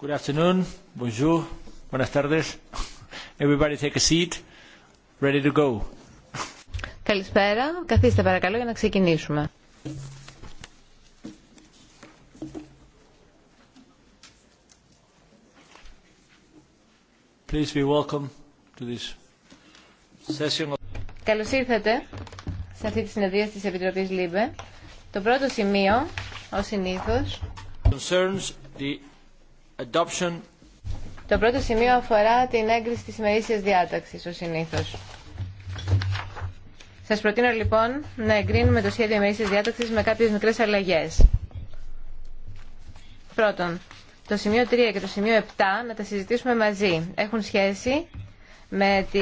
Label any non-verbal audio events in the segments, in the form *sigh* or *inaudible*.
Good afternoon. Bonjour. Buenas tardes. Everybody take a seat. Ready to go. Καλησπέρα. Καθίστε παρακαλώ για να ξεκινήσουμε. Please be welcome to this session. Καλώς ήρθατε σε αυτή τη συνεδρία της Επιτροπής ΛΥΜΠΕ. Το πρώτο σημείο, ως συνήθως, concerns the το πρώτο σημείο αφορά την έγκριση της ημερήσιας διάταξης, ο συνήθως. Σας προτείνω λοιπόν να εγκρίνουμε το σχέδιο ημερήσιας διάταξης με κάποιες μικρές αλλαγές. Πρώτον, το σημείο 3 και το σημείο 7 να τα συζητήσουμε μαζί. Έχουν σχέση με, τη,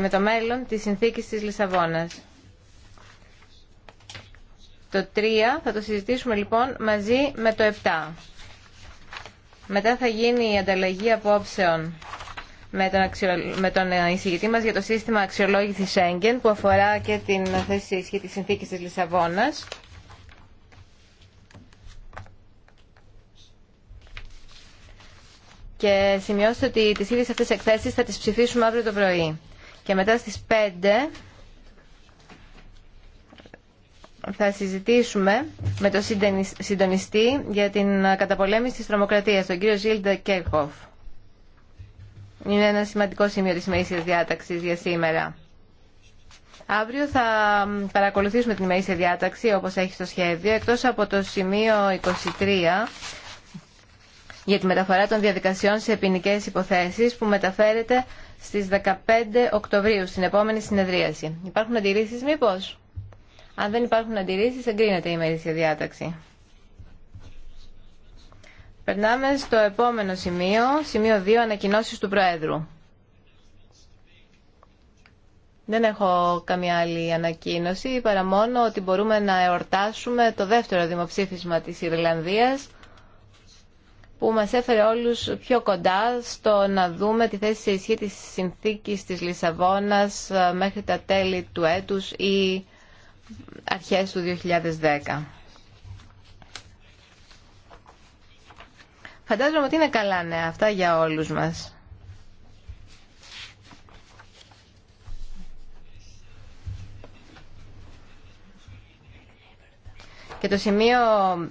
με το μέλλον της συνθήκης της Λισαβόνας. Το 3 θα το συζητήσουμε λοιπόν μαζί με το 7. Μετά θα γίνει η ανταλλαγή απόψεων με τον, με τον ε, εισηγητή μας για το σύστημα αξιολόγηση Schengen που αφορά και την θέση ισχύ της συνθήκης της Λισαβόνας. Και σημειώστε ότι τις ίδιες αυτές εκθέσεις θα τις ψηφίσουμε αύριο το πρωί. Και μετά στις 5 θα συζητήσουμε με τον συντονιστή για την καταπολέμηση της τρομοκρατίας, τον κύριο Ζίλντα Κέρχοφ. Είναι ένα σημαντικό σημείο της ημερήσιας διάταξης για σήμερα. Αύριο θα παρακολουθήσουμε την ημερήσια διάταξη όπως έχει στο σχέδιο, εκτός από το σημείο 23 για τη μεταφορά των διαδικασιών σε ποινικέ υποθέσεις που μεταφέρεται στις 15 Οκτωβρίου, στην επόμενη συνεδρίαση. Υπάρχουν αντιρρήσεις μήπως? Αν δεν υπάρχουν αντιρρήσει, εγκρίνεται η ημερήσια διάταξη. Περνάμε στο επόμενο σημείο, σημείο 2, ανακοινώσεις του Προέδρου. Δεν έχω καμία άλλη ανακοίνωση, παρά μόνο ότι μπορούμε να εορτάσουμε το δεύτερο δημοψήφισμα της Ιρλανδίας, που μας έφερε όλους πιο κοντά στο να δούμε τη θέση σε ισχύ της συνθήκης της Λισαβόνας ε, μέχρι τα τέλη του έτους ή αρχές του 2010. Φαντάζομαι ότι είναι καλά νέα αυτά για όλους μας. Και το σημείο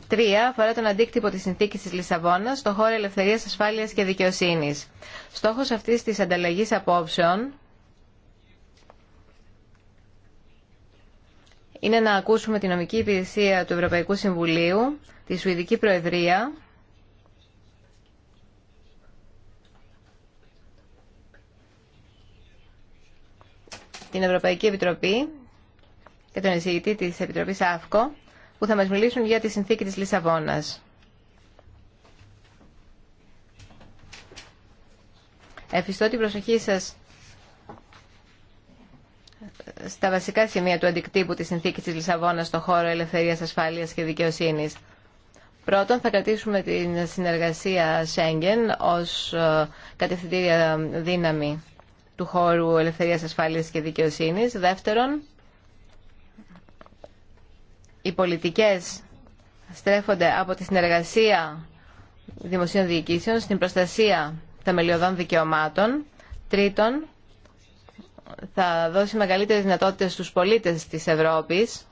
3 αφορά τον αντίκτυπο της συνθήκης της Λισαβόνας στο χώρο ελευθερίας, ασφάλειας και δικαιοσύνης. Στόχος αυτής της ανταλλαγής απόψεων είναι να ακούσουμε την νομική υπηρεσία του Ευρωπαϊκού Συμβουλίου, τη Σουηδική Προεδρία, την Ευρωπαϊκή Επιτροπή και τον εισηγητή της Επιτροπής ΑΦΚΟ που θα μας μιλήσουν για τη συνθήκη της Λισαβόνας. Ευχαριστώ την προσοχή σας στα βασικά σημεία του αντικτύπου της συνθήκης της Λισαβόνας στον χώρο ελευθερίας, ασφάλειας και δικαιοσύνης. Πρώτον, θα κρατήσουμε την συνεργασία Σέγγεν ως ε, κατευθυντήρια δύναμη του χώρου ελευθερίας, ασφάλειας και δικαιοσύνης. Δεύτερον, οι πολιτικές στρέφονται από τη συνεργασία δημοσίων διοικήσεων στην προστασία θεμελιωδών δικαιωμάτων. Τρίτον, θα δώσει μεγαλύτερες δυνατότητες στους πολίτες της Ευρώπης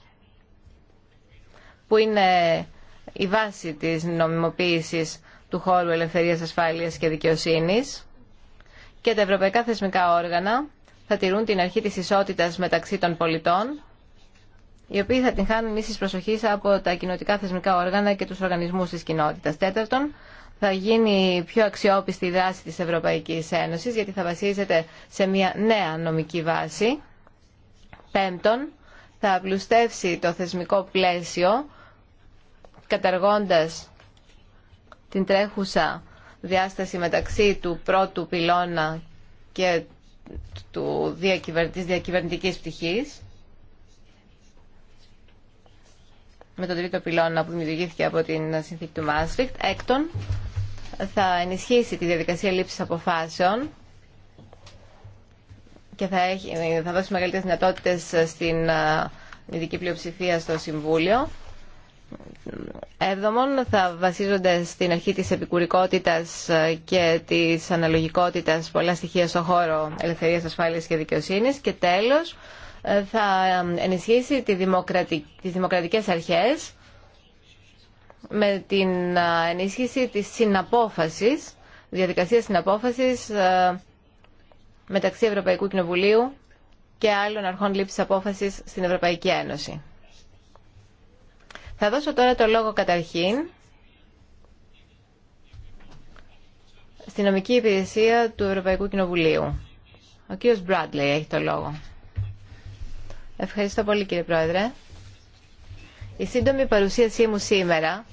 που είναι η βάση της νομιμοποίησης του χώρου ελευθερίας, ασφάλειας και δικαιοσύνης και τα ευρωπαϊκά θεσμικά όργανα θα τηρούν την αρχή της ισότητας μεταξύ των πολιτών οι οποίοι θα την χάνουν ίσης προσοχής από τα κοινοτικά θεσμικά όργανα και τους οργανισμούς της κοινότητας. Τέταρτον, θα γίνει πιο αξιόπιστη η δράση της Ευρωπαϊκής Ένωσης γιατί θα βασίζεται σε μια νέα νομική βάση. Πέμπτον, θα απλουστεύσει το θεσμικό πλαίσιο καταργώντας την τρέχουσα διάσταση μεταξύ του πρώτου πυλώνα και του διακυβερνητικής, διακυβερνητικής πτυχής με τον τρίτο πυλώνα που δημιουργήθηκε από την συνθήκη του Μάστριχτ. Έκτον, θα ενισχύσει τη διαδικασία λήψη αποφάσεων και θα, έχει, θα δώσει μεγαλύτερε δυνατότητε στην ειδική πλειοψηφία στο Συμβούλιο. Έβδομον, θα βασίζονται στην αρχή της επικουρικότητας και της αναλογικότητας πολλά στοιχεία στον χώρο ελευθερίας, ασφάλειας και δικαιοσύνης. Και τέλος, ε, θα ενισχύσει τις δημοκρατικές αρχές με την ενίσχυση της συναπόφασης, διαδικασίας συναπόφασης μεταξύ Ευρωπαϊκού Κοινοβουλίου και άλλων αρχών λήψης απόφασης στην Ευρωπαϊκή Ένωση. Θα δώσω τώρα το λόγο καταρχήν στην νομική υπηρεσία του Ευρωπαϊκού Κοινοβουλίου. Ο κύριος Μπράντλεϊ έχει το λόγο. Ευχαριστώ πολύ κύριε Πρόεδρε. Η σύντομη παρουσίασή μου σήμερα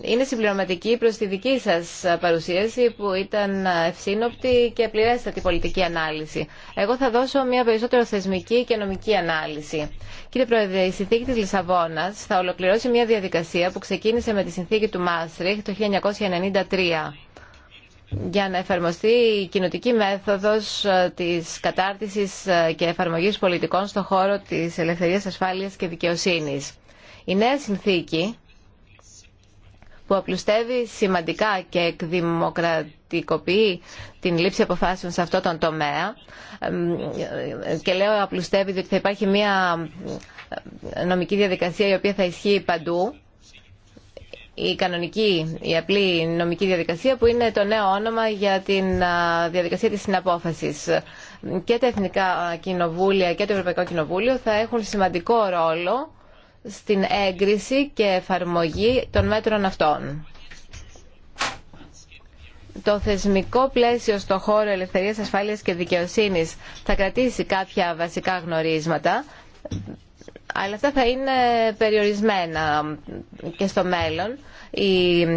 είναι συμπληρωματική προς τη δική σας παρουσίαση που ήταν ευσύνοπτη και πληρέστατη πολιτική ανάλυση. Εγώ θα δώσω μια περισσότερο θεσμική και νομική ανάλυση. Κύριε Πρόεδρε, η συνθήκη της Λισαβόνας θα ολοκληρώσει μια διαδικασία που ξεκίνησε με τη συνθήκη του Μάστριχ το 1993 για να εφαρμοστεί η κοινοτική μέθοδος της κατάρτισης και εφαρμογής πολιτικών στον χώρο της ελευθερίας, ασφάλειας και δικαιοσύνης. Η νέα συνθήκη που απλουστεύει σημαντικά και εκδημοκρατικοποιεί την λήψη αποφάσεων σε αυτό τον τομέα και λέω απλουστεύει διότι θα υπάρχει μια ε, νομική διαδικασία η οποία θα ισχύει παντού η κανονική, η απλή νομική διαδικασία που είναι το νέο όνομα για τη ε, διαδικασία της συναπόφασης. Και τα Εθνικά Κοινοβούλια και το Ευρωπαϊκό Κοινοβούλιο θα έχουν σημαντικό ρόλο στην έγκριση και εφαρμογή των μέτρων αυτών. Το θεσμικό πλαίσιο στο χώρο ελευθερίας, ασφάλειας και δικαιοσύνης θα κρατήσει κάποια βασικά γνωρίσματα, αλλά αυτά θα είναι περιορισμένα και στο μέλλον. Η ε,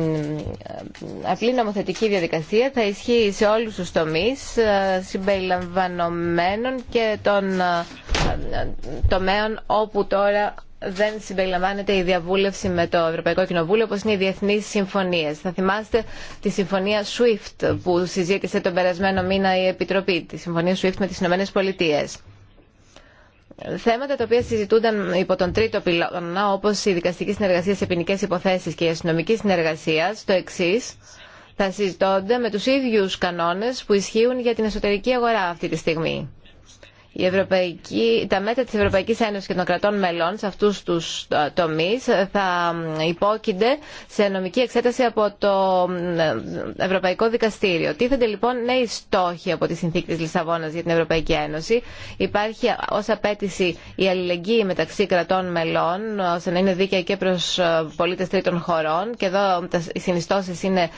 απλή νομοθετική διαδικασία θα ισχύει σε όλους τους τομείς ε, συμπεριλαμβανομένων και των ε, τομέων όπου τώρα δεν συμπεριλαμβάνεται η διαβούλευση με το Ευρωπαϊκό Κοινοβούλιο, όπω είναι οι διεθνεί συμφωνίε. Θα θυμάστε τη συμφωνία SWIFT που συζήτησε τον περασμένο μήνα η Επιτροπή, τη συμφωνία SWIFT με τι Ηνωμένες Πολιτείες. Θέματα τα οποία συζητούνταν υπό τον τρίτο πυλώνα, όπω η δικαστική συνεργασία σε ποινικέ υποθέσει και η αστυνομική συνεργασία, το εξή θα συζητώνται με τους ίδιους κανόνες που ισχύουν για την εσωτερική αγορά αυτή τη στιγμή τα μέτρα της Ευρωπαϊκής Ένωσης και των κρατών μελών σε αυτούς τους ε, τομείς ε, θα υπόκεινται σε νομική εξέταση από το ε, Ευρωπαϊκό Δικαστήριο. Τίθενται λοιπόν νέοι στόχοι από τη Συνθήκη της Λισαβόνας για την Ευρωπαϊκή Ένωση. Υπάρχει ως απέτηση η αλληλεγγύη μεταξύ κρατών μελών, ώστε να είναι δίκαια και προς πολίτες τρίτων χωρών. Και εδώ οι συνιστώσεις είναι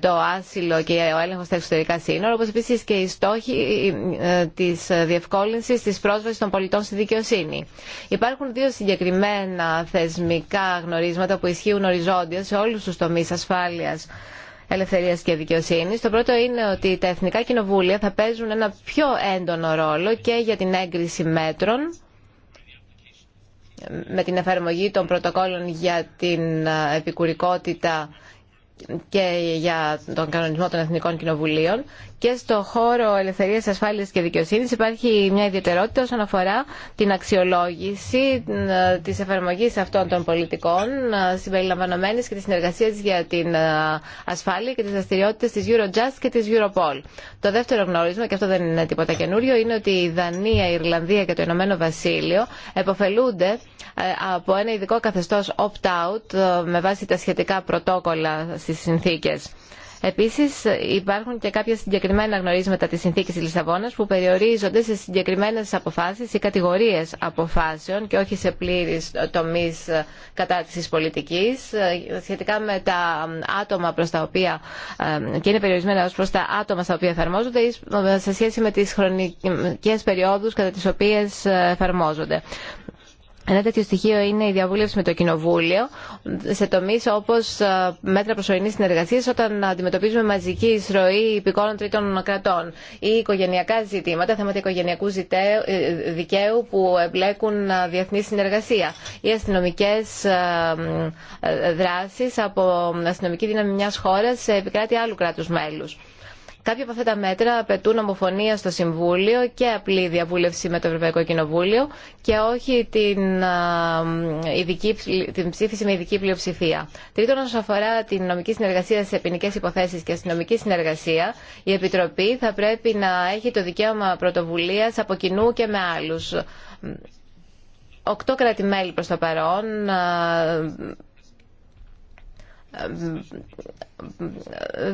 το άσυλο και ο έλεγχος στα εξωτερικά σύνορα, όπως επίσης και οι στόχοι της διευκόλυνσης τη των πολιτών στη δικαιοσύνη. Υπάρχουν δύο συγκεκριμένα θεσμικά γνωρίσματα που ισχύουν οριζόντια σε όλους τους τομείς ασφάλεια ελευθερίας και δικαιοσύνης. Το πρώτο είναι ότι τα εθνικά κοινοβούλια θα παίζουν ένα πιο έντονο ρόλο και για την έγκριση μέτρων με την εφαρμογή των πρωτοκόλων για την ε, επικουρικότητα και για τον κανονισμό των Εθνικών Κοινοβουλίων και στο χώρο ελευθερίας, ασφάλειας και δικαιοσύνης υπάρχει μια ιδιαιτερότητα όσον αφορά την αξιολόγηση της εφαρμογής αυτών των πολιτικών συμπεριλαμβανομένης και της συνεργασία για την ασφάλεια και τι δραστηριότητε της Eurojust και της Europol. Το δεύτερο γνώρισμα, και αυτό δεν είναι τίποτα καινούριο, είναι ότι η Δανία, η Ιρλανδία και το Ηνωμένο Βασίλειο εποφελούνται ε, από ένα ειδικό καθεστώς opt-out ε, με βάση τα σχετικά πρωτόκολλα στι συνθήκε. Επίσης υπάρχουν και κάποια συγκεκριμένα γνωρίσματα τη συνθήκη της Λισαβόνας που περιορίζονται σε συγκεκριμένε αποφάσεις ή κατηγορίες αποφάσεων και όχι σε πλήρης τομείς κατάρτισης πολιτικής σχετικά με τα άτομα προς τα οποία ε, και είναι περιορισμένα ω προς τα άτομα στα οποία εφαρμόζονται ή ε, σε σχέση με τι χρονικέ περιόδου κατά τι οποίε ε, εφαρμόζονται. Ένα τέτοιο στοιχείο είναι η διαβούλευση με το Κοινοβούλιο σε τομεί όπω ε, μέτρα προσωρινή συνεργασία όταν αντιμετωπίζουμε μαζική εισρωή υπηκόνων τρίτων κρατών ή οικογενειακά ζητήματα, θέματα οικογενειακού ε, δικαίου που εμπλέκουν ε, διεθνή συνεργασία ή αστυνομικέ δράσει από αστυνομική δύναμη μια χώρα σε επικράτη άλλου κράτου μέλου. Κάποια από αυτά τα μέτρα απαιτούν ομοφωνία στο Συμβούλιο και απλή διαβούλευση με το Ευρωπαϊκό Κοινοβούλιο και όχι την, ειδική, την ψήφιση με ειδική πλειοψηφία. Τρίτον, όσον αφορά την νομική συνεργασία σε ποινικέ υποθέσει και αστυνομική συνεργασία, η Επιτροπή θα πρέπει να έχει το δικαίωμα πρωτοβουλία από κοινού και με άλλου. Οκτώ κράτη-μέλη προς το παρόν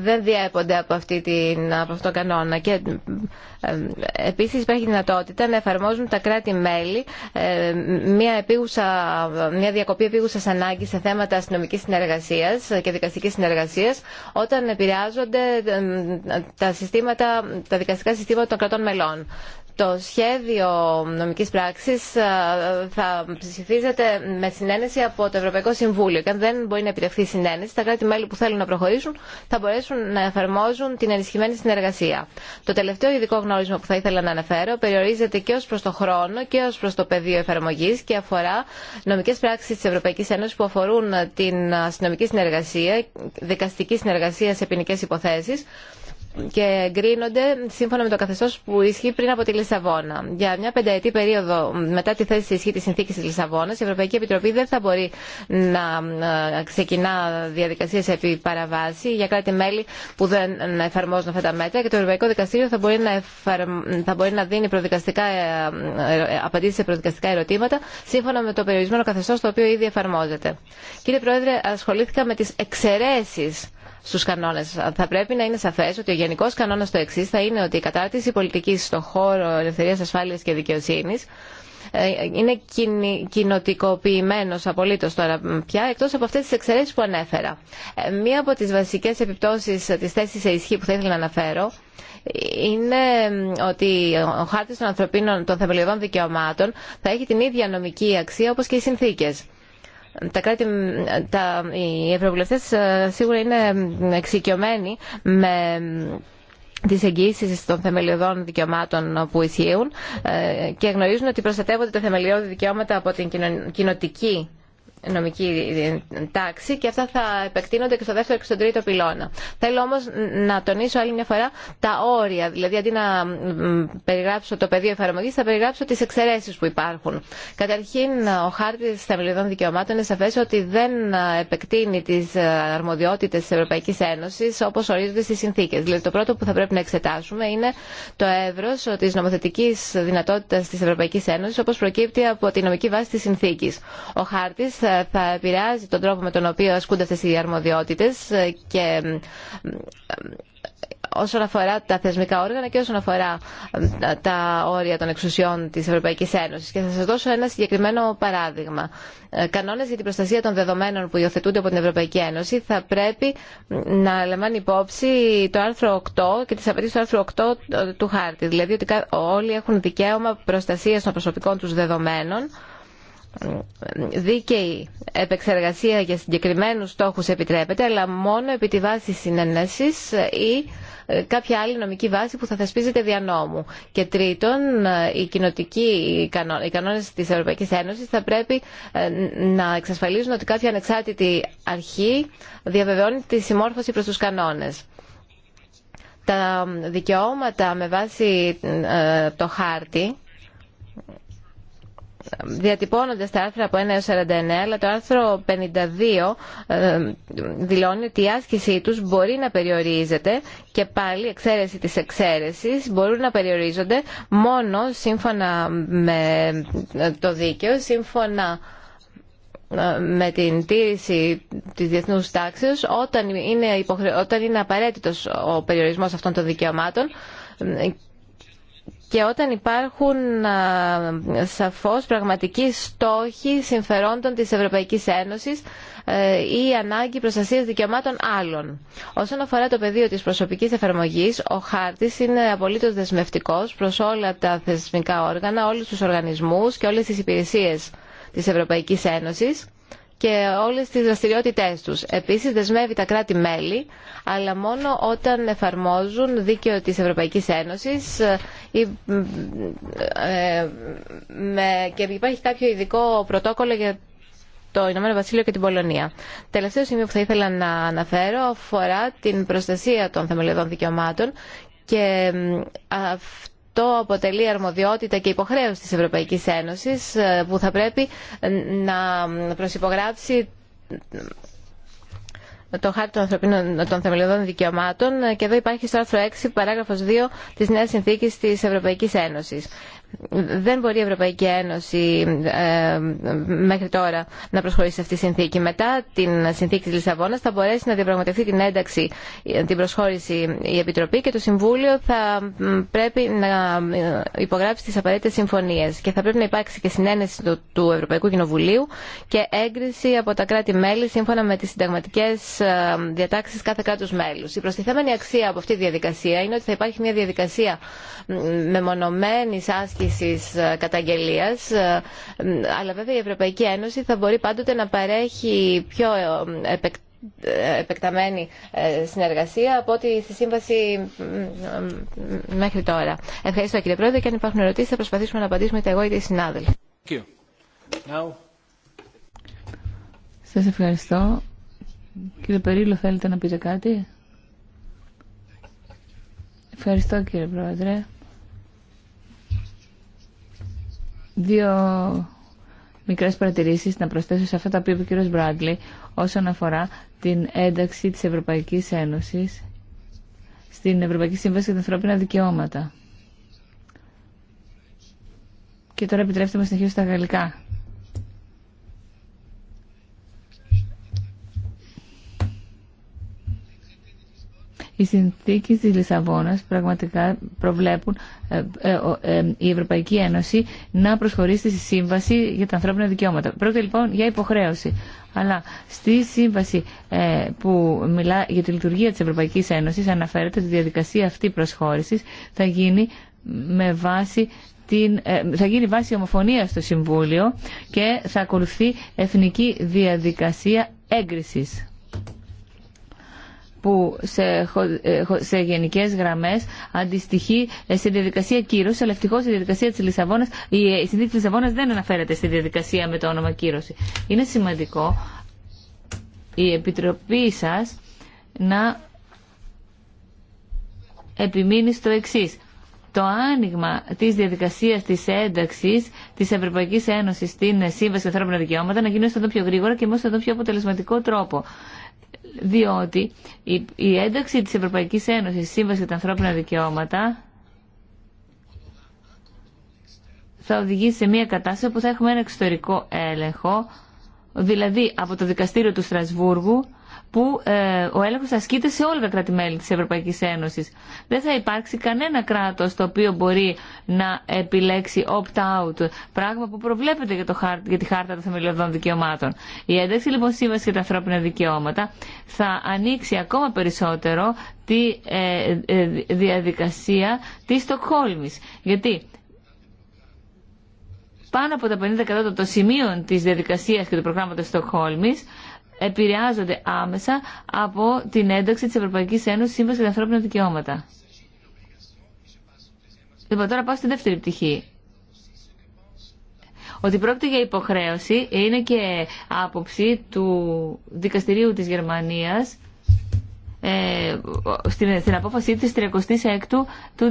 δεν διέπονται από, αυτή την, από αυτόν τον κανόνα. Και ε, επίσης υπάρχει δυνατότητα να εφαρμόζουν τα κράτη-μέλη ε, μια, μια διακοπή επίγουσας ανάγκη σε θέματα αστυνομική συνεργασίας και δικαστικής συνεργασίας όταν επηρεάζονται ε, τα, συστήματα, τα δικαστικά συστήματα των κρατών μελών. Το σχέδιο νομική πράξη ε, θα ψηφίζεται με συνένεση από το Ευρωπαϊκό Συμβούλιο και αν δεν μπορεί να επιτευχθεί συνένεση, τα κράτη-μέλη που θέλουν να προχωρήσουν θα μπορέσουν να εφαρμόζουν την ενισχυμένη συνεργασία. Το τελευταίο ειδικό γνώρισμα που θα ήθελα να αναφέρω περιορίζεται και ω προ το χρόνο και ω προ το πεδίο εφαρμογή και αφορά νομικέ πράξει τη Ευρωπαϊκή Ένωση που αφορούν την αστυνομική συνεργασία, δικαστική συνεργασία σε ποινικέ υποθέσει και εγκρίνονται σύμφωνα με το καθεστώ που ισχύει πριν από τη Λισαβόνα. Για μια πενταετή περίοδο μετά τη θέση ισχύ τη συνθήκη τη Λισαβόνα, η Ευρωπαϊκή Επιτροπή δεν θα μπορεί να ε, ξεκινά διαδικασίε επί παραβάση για κράτη-μέλη που δεν εφαρμόζουν αυτά τα μέτρα και το Ευρωπαϊκό Δικαστήριο θα μπορεί να, θα μπορεί να δίνει προδικαστικά... Ε, ε, απαντήσει σε προδικαστικά ερωτήματα σύμφωνα με το περιορισμένο καθεστώ το οποίο ήδη εφαρμόζεται. Κύριε Πρόεδρε, ασχολήθηκα με τι εξαιρέσει στους κανόνες. Θα πρέπει να είναι σαφές ότι ο γενικός κανόνας το εξή θα είναι ότι η κατάρτιση πολιτικής στον χώρο ελευθερίας, ασφάλειας και δικαιοσύνης ε, είναι κοινοτικοποιημένο απολύτω τώρα πια, εκτό από αυτέ τι εξαιρέσει που ανέφερα. Ε, μία από τι βασικέ επιπτώσει τη θέση σε ισχύ που θα ήθελα να αναφέρω είναι ότι ο χάρτη των ανθρωπίνων των θεμελιωδών δικαιωμάτων θα έχει την ίδια νομική αξία όπω και οι συνθήκε τα κράτη, τα, οι ευρωβουλευτέ ε, σίγουρα είναι εξοικειωμένοι με τις εγγύσει των θεμελιωδών δικαιωμάτων που ισχύουν ε, και γνωρίζουν ότι προστατεύονται τα θεμελιώδη δικαιώματα από την κοινοτική νομική τάξη και αυτά θα επεκτείνονται και στο δεύτερο και στον τρίτο πυλώνα. Θέλω όμω να τονίσω άλλη μια φορά τα όρια, δηλαδή αντί να περιγράψω το πεδίο εφαρμογή, θα περιγράψω τι εξαιρεσει που υπάρχουν. Καταρχήν ο χάρτης θεμελιωδών δικαιωμάτων είναι σαφέ ότι δεν επεκτείνει τι ε, αρμοδιότητε τη Ευρωπαϊκή Ένωση, όπω ορίζονται στις συνθήκε. Δηλαδή το πρώτο που θα πρέπει να εξετάσουμε είναι το εύρο τη νομοθετική δυνατότητα τη Ευρωπαϊκή Ένωση, όπω προκύπτει από τη νομική βάση τη συνθήκη. Ο Χάρτη. Ε, θα επηρεάζει τον τρόπο με τον οποίο ασκούνται αυτές οι αρμοδιότητες και ε, όσον αφορά τα θεσμικά όργανα και όσον αφορά ε, τα όρια των εξουσιών της Ευρωπαϊκής Ένωσης. Και θα σας δώσω ένα συγκεκριμένο παράδειγμα. Ε, κανόνες για την προστασία των δεδομένων που υιοθετούνται από την Ευρωπαϊκή Ένωση θα πρέπει να λαμβάνει υπόψη το άρθρο 8 και τις απαιτήσεις του άρθρου 8 του χάρτη. Δηλαδή ότι όλοι έχουν δικαίωμα προστασίας των προσωπικών τους δεδομένων δίκαιη επεξεργασία για συγκεκριμένους στόχους επιτρέπεται, αλλά μόνο επί τη βάση συνένεσης ή ε, κάποια άλλη νομική βάση που θα θεσπίζεται δια νόμου. Και τρίτον, ε, οι κοινοτικοί οι κανόνες της Ευρωπαϊκής Ένωσης θα πρέπει ε, να εξασφαλίζουν ότι κάποια ανεξάρτητη αρχή διαβεβαιώνει τη συμμόρφωση προς τους κανόνες. Τα δικαιώματα με βάση το χάρτη διατυπώνονται στα άρθρα από 1 49, αλλά το άρθρο 52 ε, δηλώνει ότι η άσκησή τους μπορεί να περιορίζεται και πάλι εξαίρεση της εξαίρεσης μπορούν να περιορίζονται μόνο σύμφωνα με ε, το δίκαιο, σύμφωνα ε, με την τήρηση της διεθνούς τάξης όταν είναι, υποχρε... όταν είναι απαραίτητος ο περιορισμός αυτών των δικαιωμάτων και όταν υπάρχουν σαφώς πραγματικοί στόχοι συμφερόντων της Ευρωπαϊκής Ένωσης ε, ή ανάγκη προστασίας δικαιωμάτων άλλων. Όσον αφορά το πεδίο της προσωπικής εφαρμογής, ο χάρτης είναι απολύτως δεσμευτικός προς όλα τα θεσμικά όργανα, όλους τους οργανισμούς και όλες τις υπηρεσίες της Ευρωπαϊκής Ένωσης και όλες τις δραστηριότητές τους. Επίσης δεσμεύει τα κράτη-μέλη, αλλά μόνο όταν εφαρμόζουν δίκαιο της Ευρωπαϊκής Ένωσης ε, ε, και υπάρχει κάποιο ειδικό πρωτόκολλο για το Ηνωμένο Βασίλειο και την Πολωνία. Τελευταίο σημείο που θα ήθελα να αναφέρω αφορά την προστασία των θεμελιωδών δικαιωμάτων και το αποτελεί αρμοδιότητα και υποχρέωση της Ευρωπαϊκής Ένωσης ε, που θα πρέπει να προσυπογράψει το χάρτη των, των θεμελιωδών δικαιωμάτων και εδώ υπάρχει στο άρθρο 6 παράγραφος 2 της νέας συνθήκης της Ευρωπαϊκής Ένωσης δεν μπορεί η Ευρωπαϊκή Ένωση ε, μέχρι τώρα να προσχωρήσει σε αυτή τη συνθήκη. Μετά την συνθήκη τη Λισαβόνα θα μπορέσει να διαπραγματευτεί την ένταξη, την προσχώρηση η Επιτροπή και το Συμβούλιο θα πρέπει να ε, υπογράψει τι απαραίτητε συμφωνίε. και θα πρέπει να υπάρξει και συνένεση του, Ευρωπαϊκού Κοινοβουλίου και έγκριση από τα κράτη-μέλη σύμφωνα με τι συνταγματικέ ε, διατάξει κάθε κράτου μέλους. Η προστιθέμενη αξία από αυτή τη διαδικασία είναι ότι θα υπάρχει μια διαδικασία μεμονωμένη άσκηση άσκησης ε, καταγγελίας ε, αλλά βέβαια η Ευρωπαϊκή Ένωση θα μπορεί πάντοτε να παρέχει πιο ε, επεκταμένη συνεργασία από ό,τι στη σύμβαση μέχρι τώρα. Ευχαριστώ κύριε Πρόεδρε και αν υπάρχουν ερωτήσεις θα προσπαθήσουμε να απαντήσουμε είτε εγώ είτε οι συνάδελφοι. Now... Σας ευχαριστώ. Κύριε Περίλο, θέλετε να πείτε κάτι. Ευχαριστώ κύριε Πρόεδρε. Δύο μικρές παρατηρήσεις να προσθέσω σε αυτά τα οποία είπε ο κύριος Μπράγκλη όσον αφορά την ένταξη της Ευρωπαϊκής Ένωσης στην Ευρωπαϊκή Σύμβαση για τα Ανθρώπινα Δικαιώματα. Και τώρα επιτρέψτε μου να συνεχίσω στα γαλλικά. Οι συνθήκε τη Λισαβόνα πραγματικά προβλέπουν ε, ε, ε, η Ευρωπαϊκή Ένωση να προσχωρήσει στη Σύμβαση για τα ανθρώπινα δικαιώματα. Πρώτα λοιπόν για υποχρέωση. Αλλά στη σύμβαση που μιλά για τη λειτουργία της Ευρωπαϊκής Ένωσης αναφέρεται ότι η διαδικασία αυτή προσχώρησης θα γίνει με βάση την, θα γίνει βάση ομοφωνία στο Συμβούλιο και θα ακολουθεί εθνική διαδικασία έγκρισης που σε, ε, σε γενικέ γραμμέ αντιστοιχεί ε, στη διαδικασία κύρωση, αλλά ευτυχώ η διαδικασία τη Λισαβόνα, ε, η συνθήκη τη Λισαβόνα δεν αναφέρεται στη διαδικασία με το όνομα κύρωση. Είναι σημαντικό η επιτροπή σα να επιμείνει στο εξή. Το άνοιγμα τη διαδικασία τη ένταξη τη Ευρωπαϊκή Ένωση στην Σύμβαση Ανθρώπινα Δικαιώματα να γίνει όσο το πιο γρήγορα και με όσο το πιο αποτελεσματικό τρόπο διότι η ένταξη της Ευρωπαϊκής Ένωσης στη Σύμβαση για τα Ανθρώπινα Δικαιώματα θα οδηγήσει σε μια κατάσταση που θα έχουμε ένα εξωτερικό έλεγχο, δηλαδή από το δικαστήριο του Στρασβούργου που ε, ο έλεγχος ασκείται σε όλα τα κράτη-μέλη της Ευρωπαϊκής Ένωσης. Δεν θα υπάρξει κανένα κράτο το οποίο μπορεί να επιλέξει opt-out, πράγμα που προβλέπεται για, το χάρ, για τη Χάρτα των Θεμελιωδών Δικαιωμάτων. Η ένταξη λοιπόν σύμβαση για τα ανθρώπινα δικαιώματα θα ανοίξει ακόμα περισσότερο τη ε, ε, διαδικασία τη Στοκχόλμη. Γιατί πάνω από τα 50% των σημείων της διαδικασίας και του προγράμματος Στοκχόλμης επηρεάζονται άμεσα από την ένταξη της Ευρωπαϊκής Ένωσης Σύμβαση για τα Ανθρώπινα Δικαιώματα. Λοιπόν, τώρα πάω στη δεύτερη πτυχή. Ότι πρόκειται για υποχρέωση είναι και άποψη του Δικαστηρίου της Γερμανίας ε, στην, στην απόφαση της 36ου του 2009.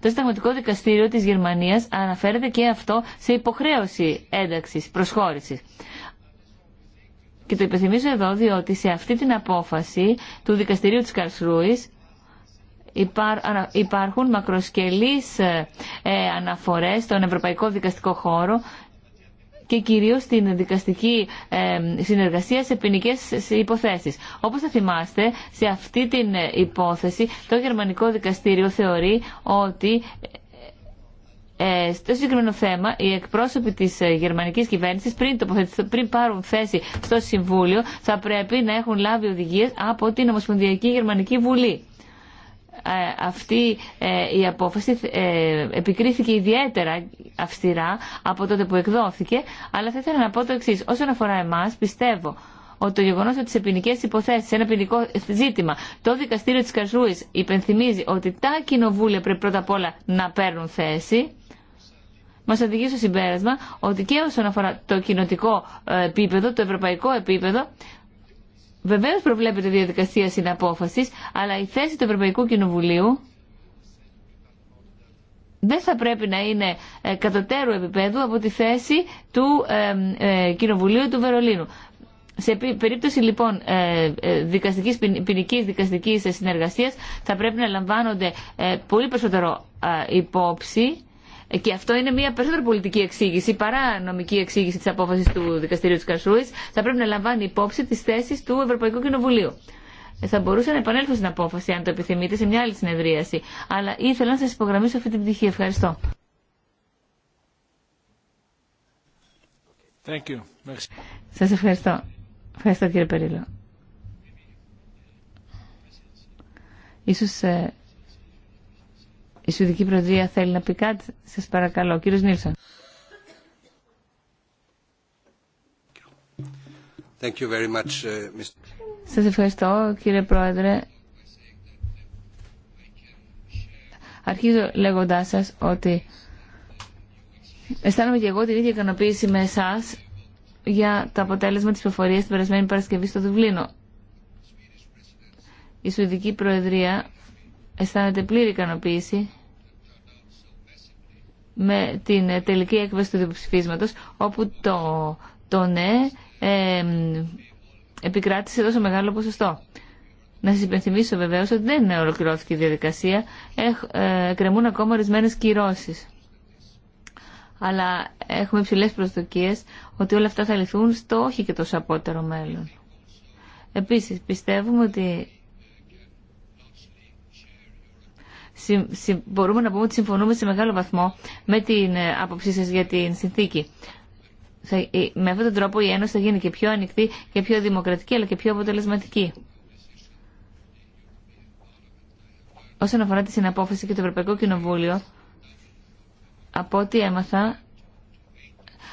Το Συνταγματικό Δικαστήριο της Γερμανίας αναφέρεται και αυτό σε υποχρέωση ένταξης, προσχώρησης. Και το υπενθυμίζω εδώ διότι σε αυτή την απόφαση του δικαστηρίου της Καρσρούης υπάρχουν μακροσκελείς ε, ε, αναφορές στον Ευρωπαϊκό Δικαστικό Χώρο και κυρίως στην δικαστική ε, συνεργασία σε ποινικέ υποθέσεις. Όπως θα θυμάστε, σε αυτή την υπόθεση το Γερμανικό Δικαστήριο θεωρεί ότι ε, στο συγκεκριμένο θέμα, οι εκπρόσωποι τη ε, γερμανική κυβέρνηση, πριν, πριν πάρουν θέση στο Συμβούλιο, θα πρέπει να έχουν λάβει οδηγίε από την Ομοσπονδιακή Γερμανική Βουλή. Ε, αυτή ε, η απόφαση επικρίθηκε ιδιαίτερα αυστηρά από τότε που εκδόθηκε, αλλά θα ήθελα να πω το εξή. Όσον αφορά εμά, πιστεύω ότι το γεγονό ότι σε ποινικέ υποθέσει, ένα ποινικό ζήτημα, το δικαστήριο τη Καρσούη υπενθυμίζει ότι τα κοινοβούλια πρέπει πρώτα απ' όλα να παίρνουν θέση μα οδηγεί στο συμπέρασμα ότι και όσον αφορά το κοινοτικό ε, επίπεδο, το ευρωπαϊκό επίπεδο, βεβαίω προβλέπεται διαδικασία συναπόφαση, αλλά η θέση του Ευρωπαϊκού Κοινοβουλίου δεν θα πρέπει να είναι ε, κατωτέρου επίπεδου από τη θέση του ε, Κοινοβουλίου του Βερολίνου. Σε περίπτωση λοιπόν δικαστικής, ποινική δικαστικής συνεργασίας θα πρέπει να λαμβάνονται πολύ περισσότερο υπόψη και αυτό είναι μια περισσότερο πολιτική εξήγηση παρά νομική εξήγηση τη απόφαση του Δικαστηρίου τη Καρσούη, θα πρέπει να λαμβάνει υπόψη τι θέσει του Ευρωπαϊκού Κοινοβουλίου. Ε, θα μπορούσα να επανέλθω στην απόφαση, αν το επιθυμείτε, σε μια άλλη συνεδρίαση. Αλλά ήθελα να σα υπογραμμίσω αυτή την πτυχή. Ευχαριστώ. Thank Σας ευχαριστώ. Ευχαριστώ κύριε Περίλο. Ίσως ε, η Σουηδική Προεδρία θέλει να πει κάτι. Σας παρακαλώ. Κύριος Νίλσον. Thank uh, Σας ευχαριστώ κύριε Πρόεδρε. Αρχίζω λέγοντάς σας ότι αισθάνομαι και εγώ την ίδια ικανοποίηση με εσά για το αποτέλεσμα της προφορίας την περασμένη Παρασκευή στο Δουβλίνο. Η Σουηδική Προεδρία αισθάνεται πλήρη ικανοποίηση με την τελική έκβαση του δημοψηφίσματος, όπου το, το ναι επικράτησε τόσο μεγάλο ποσοστό. Να σα υπενθυμίσω βεβαίω ότι δεν ολοκληρώθηκε η διαδικασία. Ε, Κρεμούν ακόμα ορισμένε κυρώσει. Αλλά έχουμε υψηλέ προσδοκίε ότι όλα αυτά θα λυθούν στο όχι και το σαπότερο μέλλον. Επίση, πιστεύουμε ότι μπορούμε να πούμε ότι συμφωνούμε σε μεγάλο βαθμό με την ε, άποψή σας για την συνθήκη. Με αυτόν τον τρόπο η Ένωση θα γίνει και πιο ανοιχτή και πιο δημοκρατική αλλά και πιο αποτελεσματική. Όσον αφορά τη συναπόφαση και το Ευρωπαϊκό Κοινοβούλιο, από ό,τι έμαθα,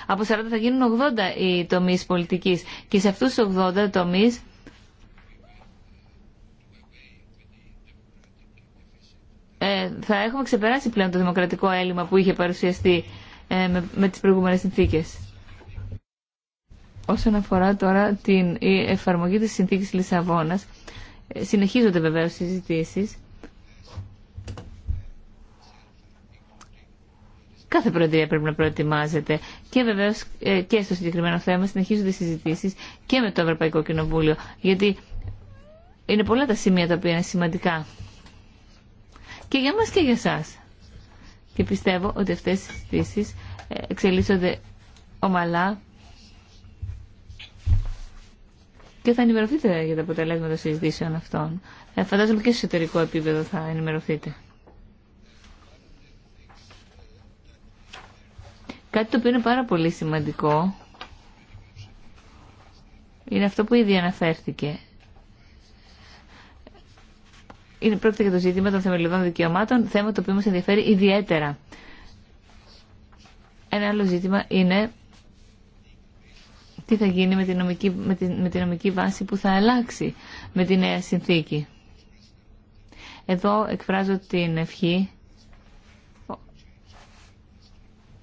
από 40 θα γίνουν 80 οι τομείς πολιτικής και σε αυτούς τους 80 τομείς Ε, θα έχουμε ξεπεράσει πλέον το δημοκρατικό έλλειμμα που είχε παρουσιαστεί ε, με τις προηγούμενες συνθήκες. Όσον αφορά τώρα την εφαρμογή της συνθήκης Λισαβόνας, ε, συνεχίζονται βεβαίως συζητήσεις. Κάθε προεδρία πρέπει να προετοιμάζεται και βεβαίω και στο συγκεκριμένο θέμα συνεχίζονται συζητήσει και με το Ευρωπαϊκό Κοινοβούλιο. Γιατί είναι πολλά τα σημεία τα οποία είναι σημαντικά και για μας και για σας. Και πιστεύω ότι αυτές οι συζητήσεις ε, εξελίσσονται ομαλά και θα ενημερωθείτε για τα αποτελέσματα συζητήσεων αυτών. Ε, φαντάζομαι και σε εσωτερικό επίπεδο θα ενημερωθείτε. Κάτι το οποίο είναι πάρα πολύ σημαντικό είναι αυτό που ήδη αναφέρθηκε είναι πρόκειται για το ζήτημα των θεμελιωδών δικαιωμάτων, θέμα το οποίο μας ενδιαφέρει ιδιαίτερα. Ένα άλλο ζήτημα είναι τι θα γίνει με τη νομική, με την, με νομική βάση που θα αλλάξει με τη νέα συνθήκη. Εδώ εκφράζω την ευχή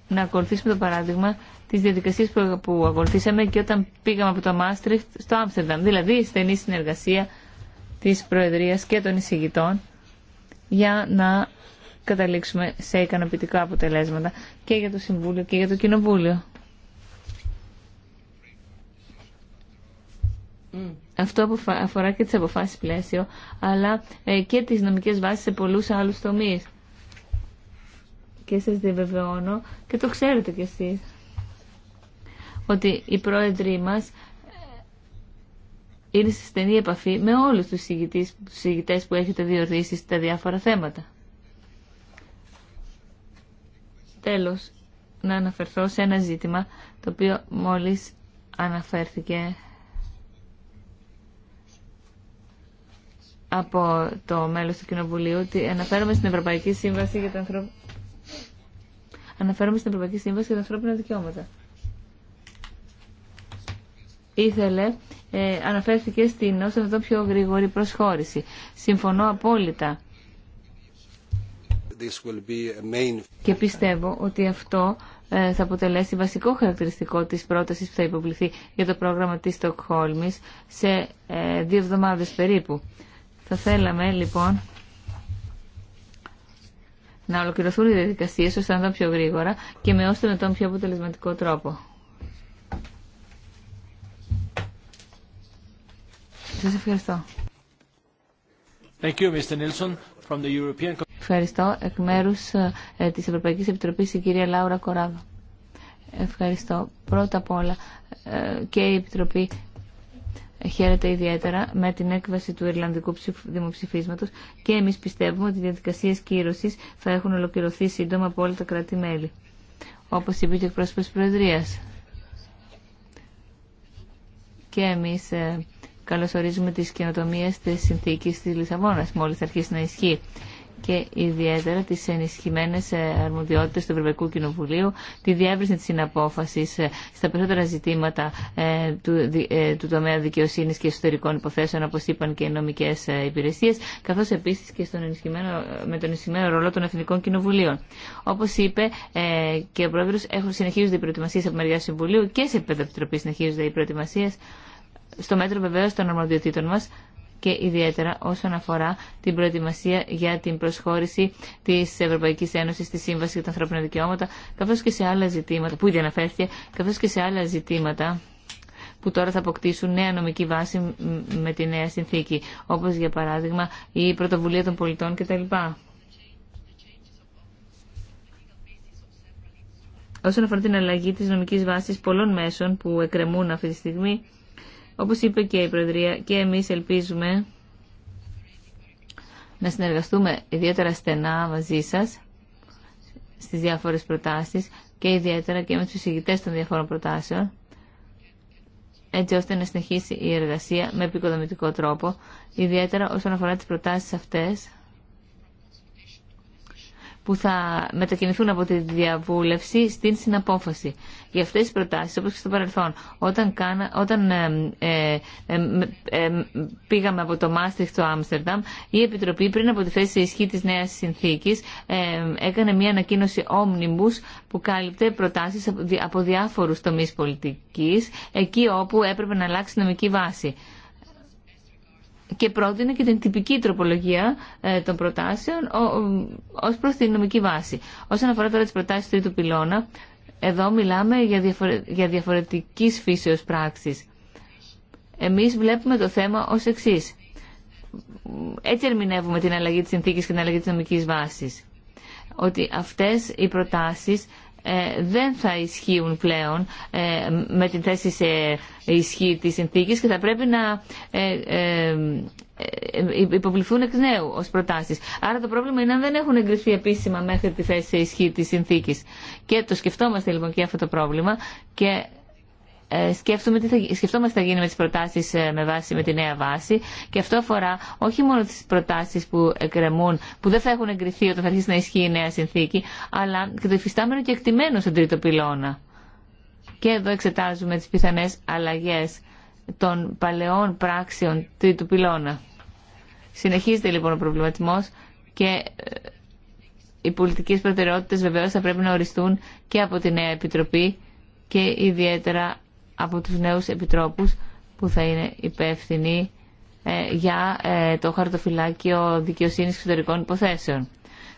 να ακολουθήσουμε το παράδειγμα της διαδικασίας που ακολουθήσαμε και όταν πήγαμε από το Μάστριχτ στο Άμστερνταμ. Δηλαδή, στενή συνεργασία της Προεδρίας και των εισηγητών για να καταλήξουμε σε ικανοποιητικά αποτελέσματα και για το Συμβούλιο και για το Κοινοβούλιο. Αυτό αφορά και τις αποφάσεις πλαίσιο, αλλά ε, και τις νομικές βάσεις σε πολλούς άλλους τομείς. Και σας διαβεβαιώνω, και το ξέρετε κι εσείς, ότι οι πρόεδροι μας είναι σε στενή επαφή με όλους τους συγητές που έχετε διορίσει στα διάφορα θέματα. Τέλος, να αναφερθώ σε ένα ζήτημα το οποίο μόλις αναφέρθηκε από το μέλος του Κοινοβουλίου ότι στην Ευρωπαϊκή Σύμβαση για Αναφέρομαι στην Ευρωπαϊκή Σύμβαση για τα ανθρώπινα δικαιώματα ήθελε, ε, αναφέρθηκε στην όσο το πιο γρήγορη προσχώρηση. Συμφωνώ απόλυτα. Και πιστεύω ότι αυτό ε, θα αποτελέσει βασικό χαρακτηριστικό της πρότασης που θα υποβληθεί για το πρόγραμμα της Στοκχόλμης σε ε, δύο εβδομάδες περίπου. Θα θέλαμε λοιπόν να ολοκληρωθούν οι διαδικασίε ώστε να πιο γρήγορα και με ώστε να τον πιο αποτελεσματικό τρόπο. ευχαριστώ. Ευχαριστώ εκ μέρου ε, τη Ευρωπαϊκή Επιτροπή, η κυρία Λάουρα Κοράδο. Ευχαριστώ. Πρώτα απ' όλα ε, και η Επιτροπή χαίρεται ιδιαίτερα με την έκβαση του Ιρλανδικού δημοψηφίσματος και εμείς πιστεύουμε ότι οι διαδικασίε κύρωσης θα έχουν ολοκληρωθεί σύντομα από όλα τα κράτη-μέλη. όπω είπε και ο εκπρόσωπος της Προεδρίας. Και ε, καλωσορίζουμε τις καινοτομίες της συνθήκης της Λισαβόνας, μόλις αρχίσει να ισχύει και ιδιαίτερα τι ενισχυμένε αρμοδιότητε του Ευρωπαϊκού Κοινοβουλίου, τη διεύρυνση της συναπόφαση ε, στα περισσότερα ζητήματα ε, του, ε, του τομέα δικαιοσύνη και εσωτερικών υποθέσεων, όπω είπαν και οι νομικές υπηρεσίες, καθώς επίσης και στον με τον ενισχυμένο ρόλο των Εθνικών Κοινοβουλίων. Όπω είπε και ο πρόεδρο έχουν συνεχίζονται οι προετοιμασίε από μεριά Συμβουλίου και σε επίπεδο επιτροπή συνεχίζονται οι στο μέτρο βεβαίω των αρμοδιοτήτων μα και ιδιαίτερα όσον αφορά την προετοιμασία για την προσχώρηση τη Ευρωπαϊκή Ένωση στη Σύμβαση για τα Ανθρώπινα Δικαιώματα, καθώ και σε άλλα ζητήματα που ήδη αναφέρθηκε, καθώ και σε άλλα ζητήματα που τώρα θα αποκτήσουν νέα νομική βάση με τη νέα συνθήκη, όπω για παράδειγμα η πρωτοβουλία των πολιτών κτλ. Όσον αφορά την αλλαγή της νομικής βάσης πολλών μέσων που εκκρεμούν αυτή τη στιγμή, όπως είπε και η Προεδρία, και εμείς ελπίζουμε να συνεργαστούμε ιδιαίτερα στενά μαζί σας στις διάφορες προτάσεις και ιδιαίτερα και με τους εισηγητές των διαφόρων προτάσεων έτσι ώστε να συνεχίσει η εργασία με επικοδομητικό τρόπο, ιδιαίτερα όσον αφορά τις προτάσεις αυτές που θα μετακινηθούν από τη διαβούλευση στην συναπόφαση. Για αυτές τις προτάσεις, όπως και στο παρελθόν, όταν, κάνα, όταν ε, ε, ε, ε πήγαμε από το Μάστριχ στο Άμστερνταμ, η Επιτροπή πριν από τη θέση ισχύ της νέας συνθήκης έκανε μια ανακοίνωση όμνιμπους που κάλυπτε προτάσεις από διάφορους τομείς πολιτικής, εκεί όπου έπρεπε να αλλάξει νομική βάση και πρότεινε και την τυπική τροπολογία ε, των προτάσεων ως προς την νομική βάση. Όσον αφορά τώρα τι προτάσεις του τρίτου πυλώνα, εδώ μιλάμε για διαφορετικής φύσεως πράξη. Εμείς βλέπουμε το θέμα ως εξή. Έτσι ερμηνεύουμε την αλλαγή της συνθήκης και την αλλαγή της νομική βάσης. Ότι αυτές οι προτάσεις ε, δεν θα ισχύουν πλέον ε, με την θέση σε ισχύ της συνθήκης και θα πρέπει να ε, υποβληθούν εκ νέου ως προτάσεις. Άρα το πρόβλημα είναι αν δεν έχουν εγκριθεί επίσημα μέχρι τη θέση σε ισχύ της συνθήκης. Και το σκεφτόμαστε λοιπόν και αυτό το πρόβλημα και ε, σκέφτομαι τι θα, σκεφτόμαστε τι θα γίνει με τις προτάσεις ε, με, βάση, με τη νέα βάση και αυτό αφορά όχι μόνο τις προτάσεις που εκκρεμούν, που δεν θα έχουν εγκριθεί όταν θα αρχίσει να ισχύει η νέα συνθήκη, αλλά και το υφιστάμενο και εκτιμένο στον τρίτο πυλώνα. Και εδώ εξετάζουμε τις πιθανές αλλαγές των παλαιών πράξεων τρίτου πυλώνα. Συνεχίζεται λοιπόν ο προβληματισμός και ε, οι πολιτικές προτεραιότητες βεβαίως θα πρέπει να οριστούν και από τη νέα Επιτροπή και ιδιαίτερα από τους νέους επιτρόπους που θα είναι υπεύθυνοι ε, για ε, το χαρτοφυλάκιο δικαιοσύνης εξωτερικών υποθέσεων.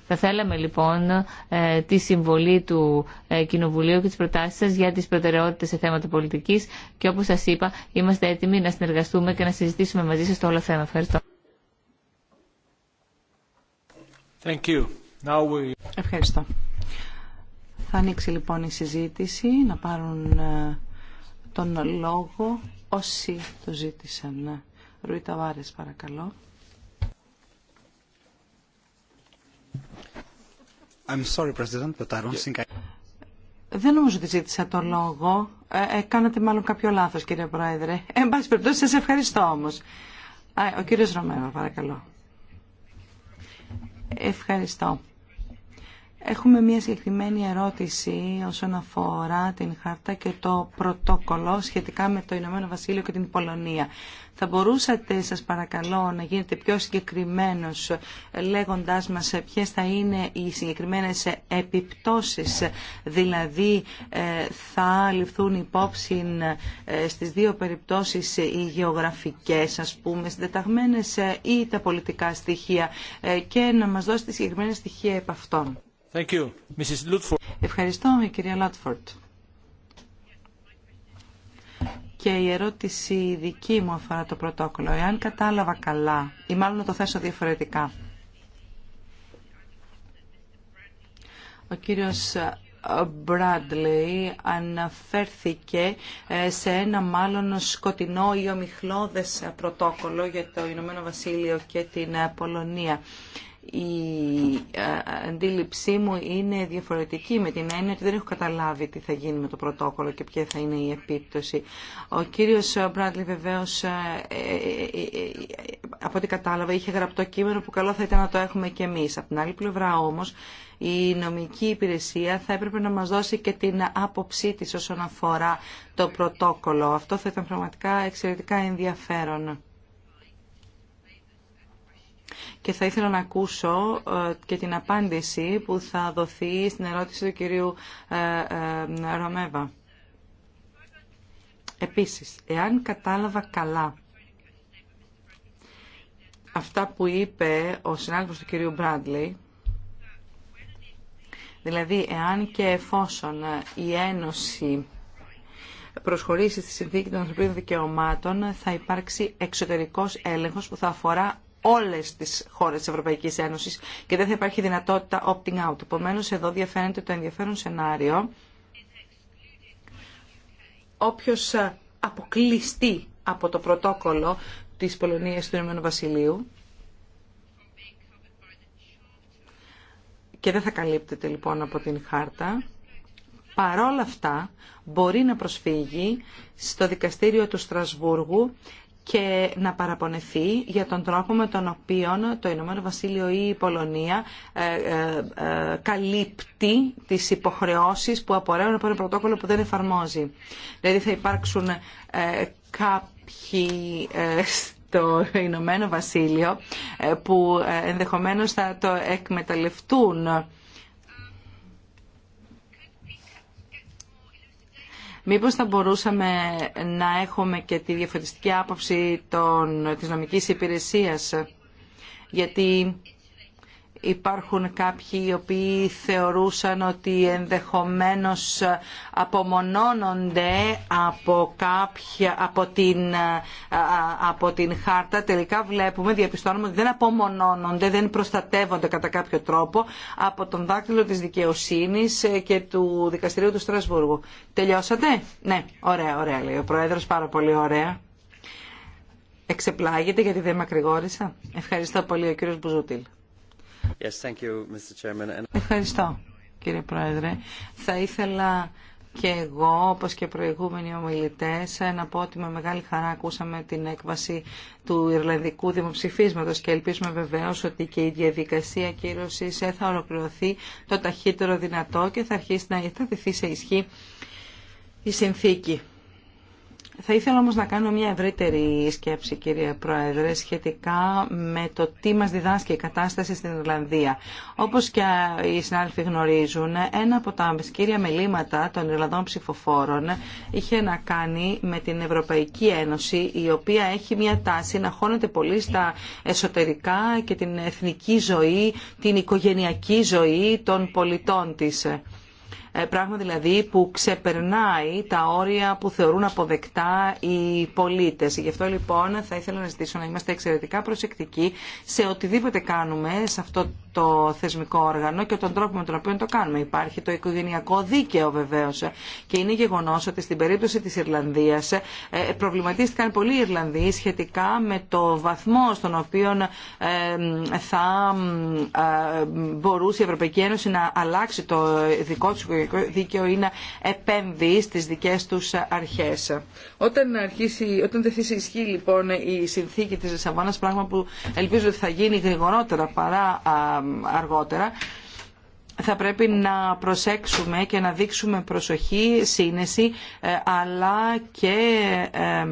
Θα θέλαμε λοιπόν ε, τη συμβολή του Κοινοβουλίου και τις προτάσεις σας για τις προτεραιότητες σε θέματα πολιτικής και όπως σας είπα είμαστε έτοιμοι να συνεργαστούμε και να συζητήσουμε μαζί σας το όλο θέμα. Ευχαριστώ. Thank you. Now we... Ευχαριστώ. Θα ανοίξει λοιπόν η συζήτηση, να πάρουν τον λόγο όσοι το ζήτησαν. Ναι. Ρούιτα Ταβάρες παρακαλώ. I'm sorry, President, but I don't think I... Δεν νομίζω ότι ζήτησα τον λόγο. Ε, ε, κάνατε μάλλον κάποιο λάθος, κύριε Πρόεδρε. Ε, εν πάση περιπτώσει, σας ευχαριστώ όμως. Α, ο κύριος Ρωμαίος, παρακαλώ. Ευχαριστώ. Έχουμε μια συγκεκριμένη ερώτηση όσον αφορά την χάρτα και το πρωτόκολλο σχετικά με το Ηνωμένο Βασίλειο και την Πολωνία. Θα μπορούσατε, σας παρακαλώ, να γίνετε πιο συγκεκριμένος λέγοντάς μας ποιες θα είναι οι συγκεκριμένες επιπτώσεις. Δηλαδή, ε, θα ληφθούν υπόψη ε, στις δύο περιπτώσεις οι γεωγραφικές, ας πούμε, συντεταγμένες ή τα πολιτικά στοιχεία ε, και να μας δώσετε συγκεκριμένα στοιχεία επ' αυτών. Ευχαριστώ, κυρία Λάτφορντ. Και η ερώτηση δική μου αφορά το πρωτόκολλο. Εάν κατάλαβα καλά, ή μάλλον να το θέσω διαφορετικά. Ο κύριος Bradley αναφέρθηκε ε, σε ένα μάλλον σκοτεινό ή ομιχλώδες πρωτόκολλο για το Ηνωμένο Βασίλειο και την ε, Πολωνία η ε, αντίληψή μου είναι διαφορετική με την έννοια ότι δεν έχω καταλάβει τι θα γίνει με το πρωτόκολλο και ποια θα είναι η επίπτωση. Ο κύριος Μπράντλι βεβαίως, ε, ε, από ό,τι κατάλαβα, είχε γραπτό κείμενο που καλό θα ήταν να το έχουμε και εμείς. Από την άλλη πλευρά όμως, η νομική υπηρεσία θα έπρεπε να μας δώσει και την άποψή της όσον αφορά το πρωτόκολλο. Αυτό θα ήταν πραγματικά εξαιρετικά ενδιαφέρον και θα ήθελα να ακούσω ε, και την απάντηση που θα δοθεί στην ερώτηση του κυρίου ε, ε, Ρομέβα. Επίσης, εάν κατάλαβα καλά αυτά που είπε ο συνάδελφος του κυρίου Μπράντλη, δηλαδή εάν και εφόσον η Ένωση προσχωρήσει στη συνθήκη των ανθρωπίνων δικαιωμάτων θα υπάρξει εξωτερικός έλεγχος που θα αφορά όλες τις χώρες της Ευρωπαϊκής Ένωσης και δεν θα υπάρχει δυνατότητα opting out. Επομένω, εδώ διαφαίνεται το ενδιαφέρον σενάριο. Όποιος ε, αποκλειστεί από το πρωτόκολλο της Πολωνίας του Ηνωμένου Βασιλείου και δεν θα καλύπτεται λοιπόν από την χάρτα, παρόλα αυτά μπορεί να προσφύγει στο δικαστήριο του Στρασβούργου και να παραπονεθεί για τον τρόπο με τον οποίο το Ηνωμένο Βασίλειο ή η Πολωνία ε, ε, ε, καλύπτει τις υποχρεώσεις που απορρέουν από ένα πρωτόκολλο που δεν εφαρμόζει. Δηλαδή θα υπάρξουν κάποιοι στο Ηνωμένο Βασίλειο που ενδεχομένως θα το εκμεταλλευτούν Μήπως θα μπορούσαμε να έχουμε και τη διαφορετική άποψη των, της νομικής υπηρεσίας, γιατί Υπάρχουν κάποιοι οι οποίοι θεωρούσαν ότι ενδεχομένως απομονώνονται από, κάποια, από, την, ε, ε, από την χάρτα. Τελικά βλέπουμε, διαπιστώνουμε ότι δεν απομονώνονται, δεν προστατεύονται κατά κάποιο τρόπο από τον δάκτυλο της δικαιοσύνης ε, και του δικαστηρίου του Στρασβούργου. Τελειώσατε? Ναι, ωραία, ωραία λέει ο Πρόεδρος, πάρα πολύ ωραία. Εξεπλάγεται γιατί δεν μακρηγόρησα. Ευχαριστώ πολύ ο κύριος Μπουζούτιλ. Ευχαριστώ, κύριε Πρόεδρε. Θα ήθελα και εγώ, όπως και προηγούμενοι ομιλητές, να πω ότι με μεγάλη χαρά ακούσαμε την έκβαση του Ιρλανδικού Δημοψηφίσματος και ελπίζουμε βεβαίως ότι και η διαδικασία κύρωσης θα ολοκληρωθεί το ταχύτερο δυνατό και θα αρχίσει να θα σε ισχύ η συνθήκη. Θα ήθελα όμως να κάνω μια ευρύτερη σκέψη, κύριε Πρόεδρε, σχετικά με το τι μας διδάσκει η κατάσταση στην Ιρλανδία. Όπως και οι συνάδελφοι γνωρίζουν, ένα από τα κύρια μελήματα των Ιρλανδών ψηφοφόρων είχε να κάνει με την Ευρωπαϊκή Ένωση, η οποία έχει μια τάση να χώνεται πολύ στα εσωτερικά και την εθνική ζωή, την οικογενειακή ζωή των πολιτών της. Ε, πράγμα δηλαδή που ξεπερνάει τα όρια που θεωρούν αποδεκτά οι πολίτες. Γι' αυτό λοιπόν θα ήθελα να ζητήσω να είμαστε εξαιρετικά προσεκτικοί σε οτιδήποτε κάνουμε σε αυτό το θεσμικό όργανο και τον τρόπο με τον οποίο το κάνουμε. Υπάρχει το οικογενειακό δίκαιο βεβαίω. Και είναι γεγονό ότι στην περίπτωση της Ιρλανδίας ε, προβληματίστηκαν πολλοί Ιρλανδοί σχετικά με το βαθμό στον οποίο ε, θα μπορούσε η Ευρωπαϊκή Ένωση να αλλάξει το δικό του αρχές. Όταν, αρχίσει, όταν τεθεί σε ισχύ λοιπόν είναι να επεμβει στις δικες τους αρχες οταν αρχισει οταν σε ισχυ λοιπον η συνθηκη της Λισαβόνας, πράγμα που ελπίζω ότι θα γίνει γρηγορότερα παρά αργότερα, θα πρέπει να προσέξουμε και να δείξουμε προσοχή, σύνεση, ε, αλλά και ε,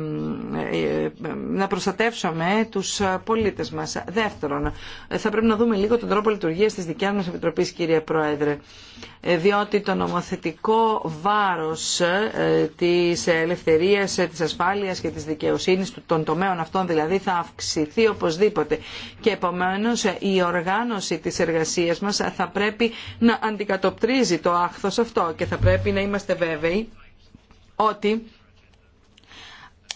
να προστατεύσουμε τους πολίτες μας. Δεύτερον, θα πρέπει να δούμε λίγο τον τρόπο λειτουργίας της δικιάς μας Επιτροπής, κύριε Πρόεδρε, ε, διότι το νομοθετικό βάρος της ελευθερίας, της ασφάλειας και της δικαιοσύνης των τομέων αυτών δηλαδή θα αυξηθεί οπωσδήποτε και επομένως η οργάνωση της εργασίας μας θα πρέπει να αντικατοπτρίζει το άχθος αυτό και θα πρέπει να είμαστε βέβαιοι ότι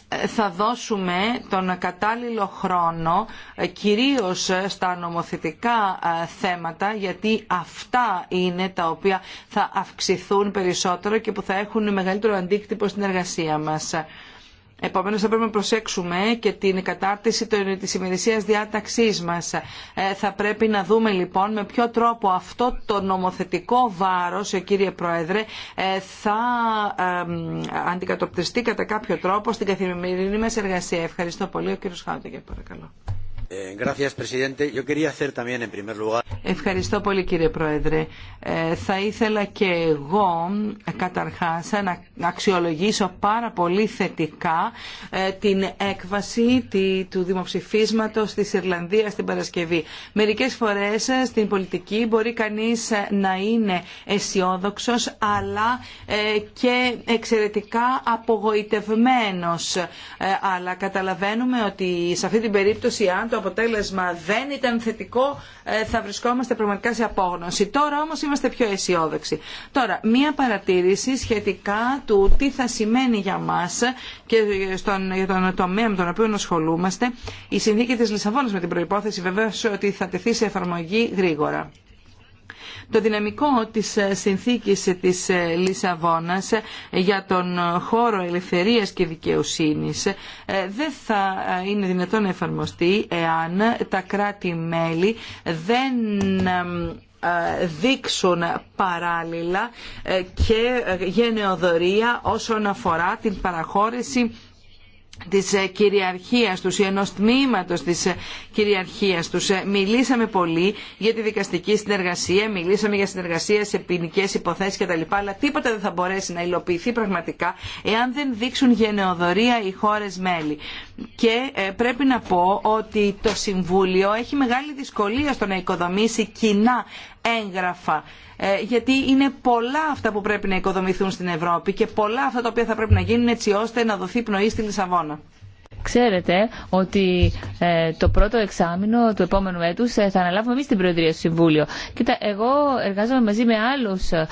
ε, θα δώσουμε τον κατάλληλο χρόνο ε, κυρίως στα νομοθετικά ε, θέματα γιατί αυτά είναι τα οποία θα αυξηθούν περισσότερο και που θα έχουν μεγαλύτερο αντίκτυπο στην εργασία μας. Επομένως θα πρέπει να προσέξουμε και την κατάρτιση της ημερησίας διάταξής μας. Ε, θα πρέπει να δούμε λοιπόν με ποιο τρόπο αυτό το νομοθετικό βάρος, ε, κύριε Πρόεδρε, ε, θα αντικατοπτριστεί κατά κάποιο τρόπο στην καθημερινή μας εργασία. Ευχαριστώ πολύ. Ο κύριος Χάουτεγκερ παρακαλώ. Eh, Ευχαριστώ πολύ κύριε Πρόεδρε. Ε, θα ήθελα και εγώ ε, καταρχάς να αξιολογήσω πάρα πολύ θετικά ε, την έκβαση τη, του δημοψηφίσματος της Ιρλανδίας την Παρασκευή. Μερικές φορές στην πολιτική μπορεί κανείς να είναι αισιόδοξο, αλλά και εξαιρετικά απογοητευμένος. Αλλά καταλαβαίνουμε ότι σε αυτή την περίπτωση αν το το αποτέλεσμα δεν ήταν θετικό, ε, θα βρισκόμαστε πραγματικά σε απόγνωση. Τώρα όμως είμαστε πιο αισιόδοξοι. Τώρα, μία παρατήρηση σχετικά του τι θα σημαίνει για μας και στον, για τον τομέα με τον οποίο ασχολούμαστε η συνθήκη της Λισαβόνα με την προϋπόθεση βεβαίω ότι θα τεθεί σε εφαρμογή γρήγορα. Το δυναμικό της ε, συνθήκης της ε, Λισαβόνας ε, για τον χώρο ελευθερίας και δικαιοσύνης δεν θα είναι δυνατόν να εφαρμοστεί εάν τα κράτη-μέλη δεν δείξουν παράλληλα και γενεοδορία όσον αφορά την παραχώρηση της ε, κυριαρχίας τους ή ενός τμήματος της ε, κυριαρχίας τους. Ε, μιλήσαμε πολύ για τη δικαστική συνεργασία, μιλήσαμε για συνεργασία σε ποινικέ υποθέσεις κτλ. Αλλά τίποτα δεν θα μπορέσει να υλοποιηθεί πραγματικά εάν δεν δείξουν γενεοδορία οι χώρες μέλη και ε, πρέπει να πω ότι το Συμβούλιο έχει μεγάλη δυσκολία στο να οικοδομήσει κοινά έγγραφα ε, γιατί είναι πολλά αυτά που πρέπει να οικοδομηθούν στην Ευρώπη και πολλά αυτά τα οποία θα πρέπει να γίνουν έτσι ώστε να δοθεί πνοή στη Λισαβόνα. Ξέρετε ότι ε, το πρώτο εξάμεινο του επόμενου έτους ε, θα αναλάβουμε εμείς την Προεδρία στο Συμβούλιο. Κοίτα, εγώ εργάζομαι μαζί με άλλους ε,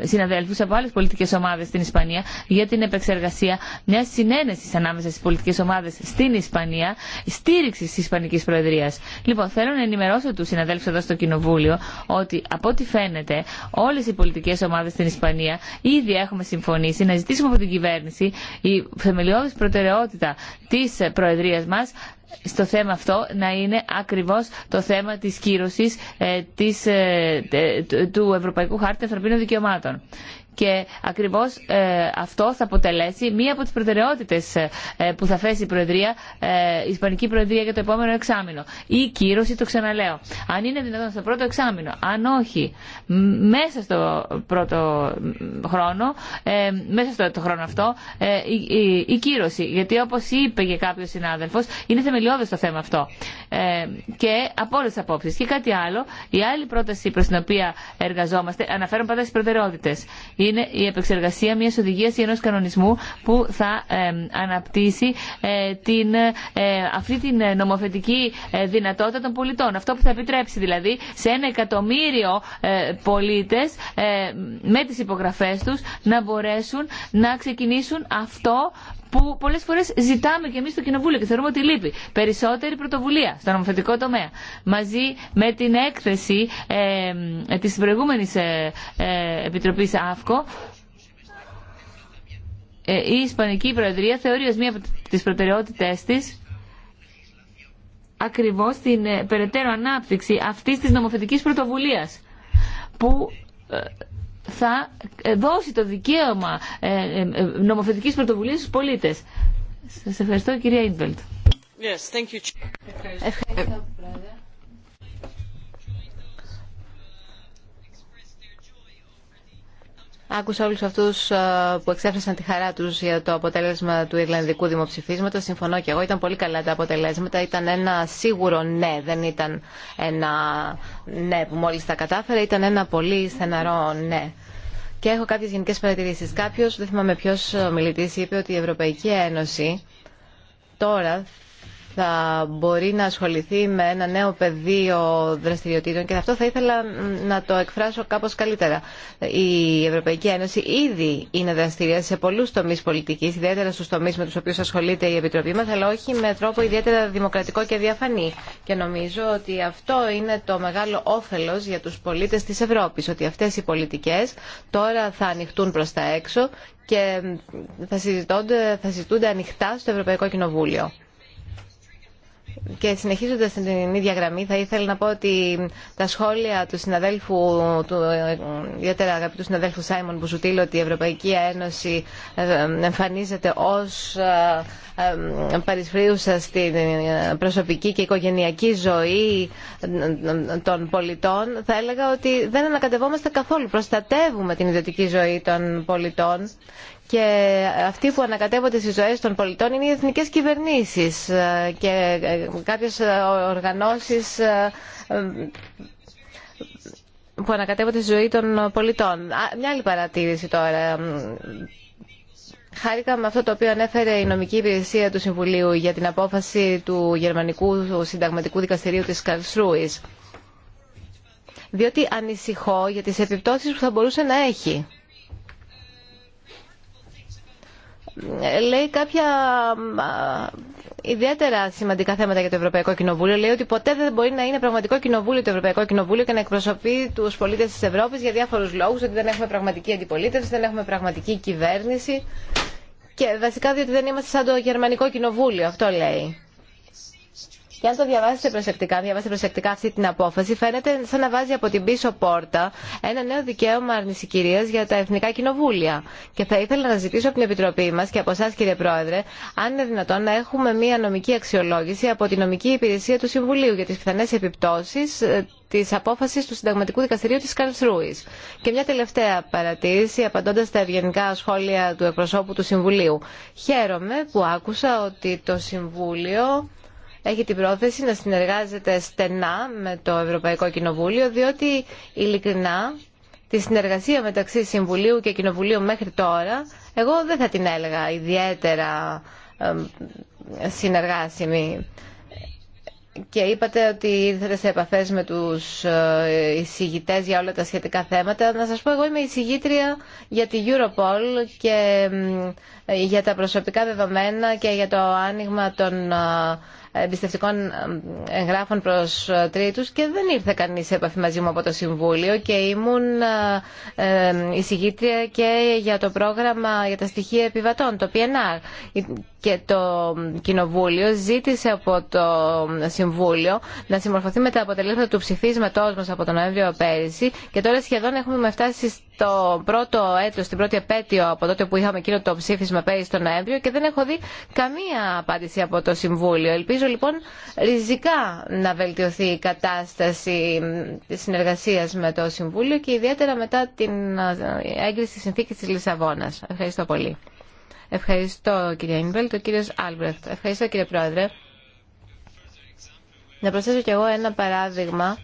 συναδέλφους από άλλες πολιτικές ομάδες στην Ισπανία για την επεξεργασία μια συνένεση ανάμεσα στις πολιτικές ομάδες στην Ισπανία, στήριξη της Ισπανικής Προεδρίας. Λοιπόν, θέλω να ενημερώσω τους συναδέλφους εδώ στο Κοινοβούλιο ότι από ό,τι φαίνεται όλες οι πολιτικές ομάδες στην Ισπανία ήδη έχουμε συμφωνήσει να ζητήσουμε από την κυβέρνηση η θεμελιώδης προτεραιότητα της Προεδρίας μας στο θέμα αυτό να είναι ακριβώς το θέμα της κύρωσης ε, της, ε, του Ευρωπαϊκού Χάρτη Ανθρωπίνων Δικαιωμάτων και ακριβώ ε, αυτό θα αποτελέσει μία από τι προτεραιότητε ε, ε, που θα θέσει η Προεδρία, η Ισπανική Προεδρία για το επόμενο εξάμεινο. Η κύρωση, το ξαναλέω. Αν είναι δυνατόν στο πρώτο εξάμεινο, αν όχι μέσα στο πρώτο χρόνο, μέσα στο χρόνο αυτό, η κύρωση. Γιατί οπως είπε και καποιος συναδελφος είναι θεμελιωδες το θέμα αυτό. Και από όλε τι απόψει. Και κάτι άλλο, η άλλη πρόταση προ την οποία εργαζόμαστε, αναφέρω πάντα στι προτεραιότητε είναι η επεξεργασία μιας οδηγίας ή ενός κανονισμού που θα αναπτύσσει ε, την, ε, αυτή την ε, νομοθετική δυνατότητα των πολιτών. Αυτό που θα επιτρέψει δηλαδή σε ένα εκατομμύριο πολίτες με τις υπογραφές τους να μπορέσουν να ξεκινήσουν αυτό που πολλέ φορέ ζητάμε και εμεί στο Κοινοβούλιο και θεωρούμε ότι λείπει. Περισσότερη πρωτοβουλία στο νομοθετικό τομέα. Μαζί με την έκθεση ε, ε τη προηγούμενη ε, ε, Επιτροπή ΑΦΚΟ, η Ισπανική Προεδρία θεωρεί ω μία από τι προτεραιότητε τη ακριβώς την περαιτέρω ανάπτυξη αυτής της νομοθετικής πρωτοβουλίας που θα ε, δώσει το δικαίωμα ε, ε, νομοθετικής πρωτοβουλίας στους πολίτες. Σας ευχαριστώ κυρία Ιντβελτ. Ευχαριστώ, Άκουσα όλους αυτούς ε, που εξέφρασαν τη χαρά τους για το αποτέλεσμα του Ιρλανδικού δημοψηφίσματος. Συμφωνώ και εγώ. Ήταν πολύ καλά τα αποτελέσματα. Ήταν ένα σίγουρο ναι. Δεν ήταν ένα ναι που μόλις τα κατάφερε. Ήταν ένα πολύ στεναρό ναι. Και έχω κάποιες γενικές παρατηρήσεις. Κάποιος, δεν θυμάμαι ποιος μιλητής, είπε ότι η Ευρωπαϊκή Ένωση τώρα θα μπορεί να ασχοληθεί με ένα νέο πεδίο δραστηριοτήτων και αυτό θα ήθελα να το εκφράσω κάπως καλύτερα. Η Ευρωπαϊκή Ένωση ήδη είναι δραστηρία σε πολλούς τομείς πολιτικής, ιδιαίτερα στους τομείς με τους οποίους ασχολείται η Επιτροπή μας, αλλά όχι με τρόπο ιδιαίτερα δημοκρατικό και διαφανή. Και νομίζω ότι αυτό είναι το μεγάλο όφελος για τους πολίτες της Ευρώπης, ότι αυτές οι πολιτικές τώρα θα ανοιχτούν προς τα έξω και θα, συζητούνται, θα συζητούνται ανοιχτά στο Ευρωπαϊκό Κοινοβούλιο. Και συνεχίζοντας την ίδια γραμμή θα ήθελα να πω ότι τα σχόλια του συναδέλφου, του ιδιαίτερα αγαπητού συναδέλφου Σάιμον Μπουζουτήλ ότι η Ευρωπαϊκή Ένωση ε, εμφανίζεται ως ε, ε, παρισφρίουσα στην προσωπική και οικογενειακή ζωή των πολιτών θα έλεγα ότι δεν ανακατευόμαστε καθόλου, προστατεύουμε την ιδιωτική ζωή των πολιτών και αυτοί που ανακατεύονται στις ζωές των πολιτών είναι οι εθνικές κυβερνήσεις ε, και ε, κάποιες ε, οργανώσεις που ανακατεύονται στη ζωή των πολιτών. Μια άλλη παρατήρηση τώρα. Χάρηκα με αυτό το οποίο ανέφερε η νομική υπηρεσία του Συμβουλίου για την απόφαση του Γερμανικού Συνταγματικού Δικαστηρίου της Καρσρούης. Διότι ανησυχώ για τις επιπτώσεις που θα μπορούσε να έχει. λέει κάποια ιδιαίτερα σημαντικά θέματα για το Ευρωπαϊκό Κοινοβούλιο. Λέει ότι ποτέ δεν μπορεί να είναι πραγματικό κοινοβούλιο το Ευρωπαϊκό Κοινοβούλιο και να εκπροσωπεί του πολίτε τη Ευρώπη για διάφορου λόγου. Ότι δεν έχουμε πραγματική αντιπολίτευση, δεν έχουμε πραγματική κυβέρνηση. Και βασικά διότι δεν είμαστε σαν το Γερμανικό Κοινοβούλιο. Αυτό λέει. Και αν το διαβάσετε προσεκτικά, διαβάσετε προσεκτικά αυτή την απόφαση, φαίνεται σαν να βάζει από την πίσω πόρτα ένα νέο δικαίωμα αρνησικυρία για τα εθνικά κοινοβούλια. Και θα ήθελα να ζητήσω από την Επιτροπή μα και από εσά, κύριε Πρόεδρε, αν είναι δυνατόν να έχουμε μία νομική αξιολόγηση από την νομική υπηρεσία του Συμβουλίου για τι πιθανέ επιπτώσει ε, τη απόφαση του Συνταγματικού Δικαστηρίου τη Καρλσρούη. Και μια τελευταία παρατήρηση, απαντώντα στα ευγενικά σχόλια του εκπροσώπου του Συμβουλίου. Χαίρομαι που άκουσα ότι το Συμβούλιο έχει την πρόθεση να συνεργάζεται στενά με το Ευρωπαϊκό Κοινοβούλιο, διότι ειλικρινά τη συνεργασία μεταξύ Συμβουλίου και Κοινοβουλίου μέχρι τώρα, εγώ δεν θα την έλεγα ιδιαίτερα συνεργάσιμη. Και είπατε ότι ήρθατε σε επαφές με τους ε, εισηγητές για όλα τα σχετικά θέματα. Να σας πω, εγώ είμαι εισηγήτρια για τη Europol και για τα προσωπικά δεδομένα και για το άνοιγμα των ε, εμπιστευτικών εγγράφων προς ε, τρίτους και δεν ήρθε κανεί σε επαφή μαζί μου από το Συμβούλιο και ήμουν ε, εισηγήτρια και για το πρόγραμμα για τα στοιχεία επιβατών, το PNR και το Κοινοβούλιο ζήτησε από το Συμβούλιο να συμμορφωθεί με τα αποτελέσματα του ψηφίσματο μα από τον Νοέμβριο πέρυσι και τώρα σχεδόν έχουμε φτάσει στο πρώτο έτος, την πρώτη επέτειο από τότε που είχαμε εκείνο το ψήφισμα πέρυσι τον Νοέμβριο και δεν έχω δει καμία απάντηση από το Συμβούλιο. Ελπίζω λοιπόν ριζικά να βελτιωθεί η κατάσταση της συνεργασίας με το Συμβούλιο και ιδιαίτερα μετά την έγκριση τη συνθήκη της Λισαβόνα. Ευχαριστώ πολύ. Ευχαριστώ κύριε Ινβελ, το κύριος Άλμπρεχτ. Ευχαριστώ κύριε Πρόεδρε. Να προσθέσω κι εγώ ένα παράδειγμα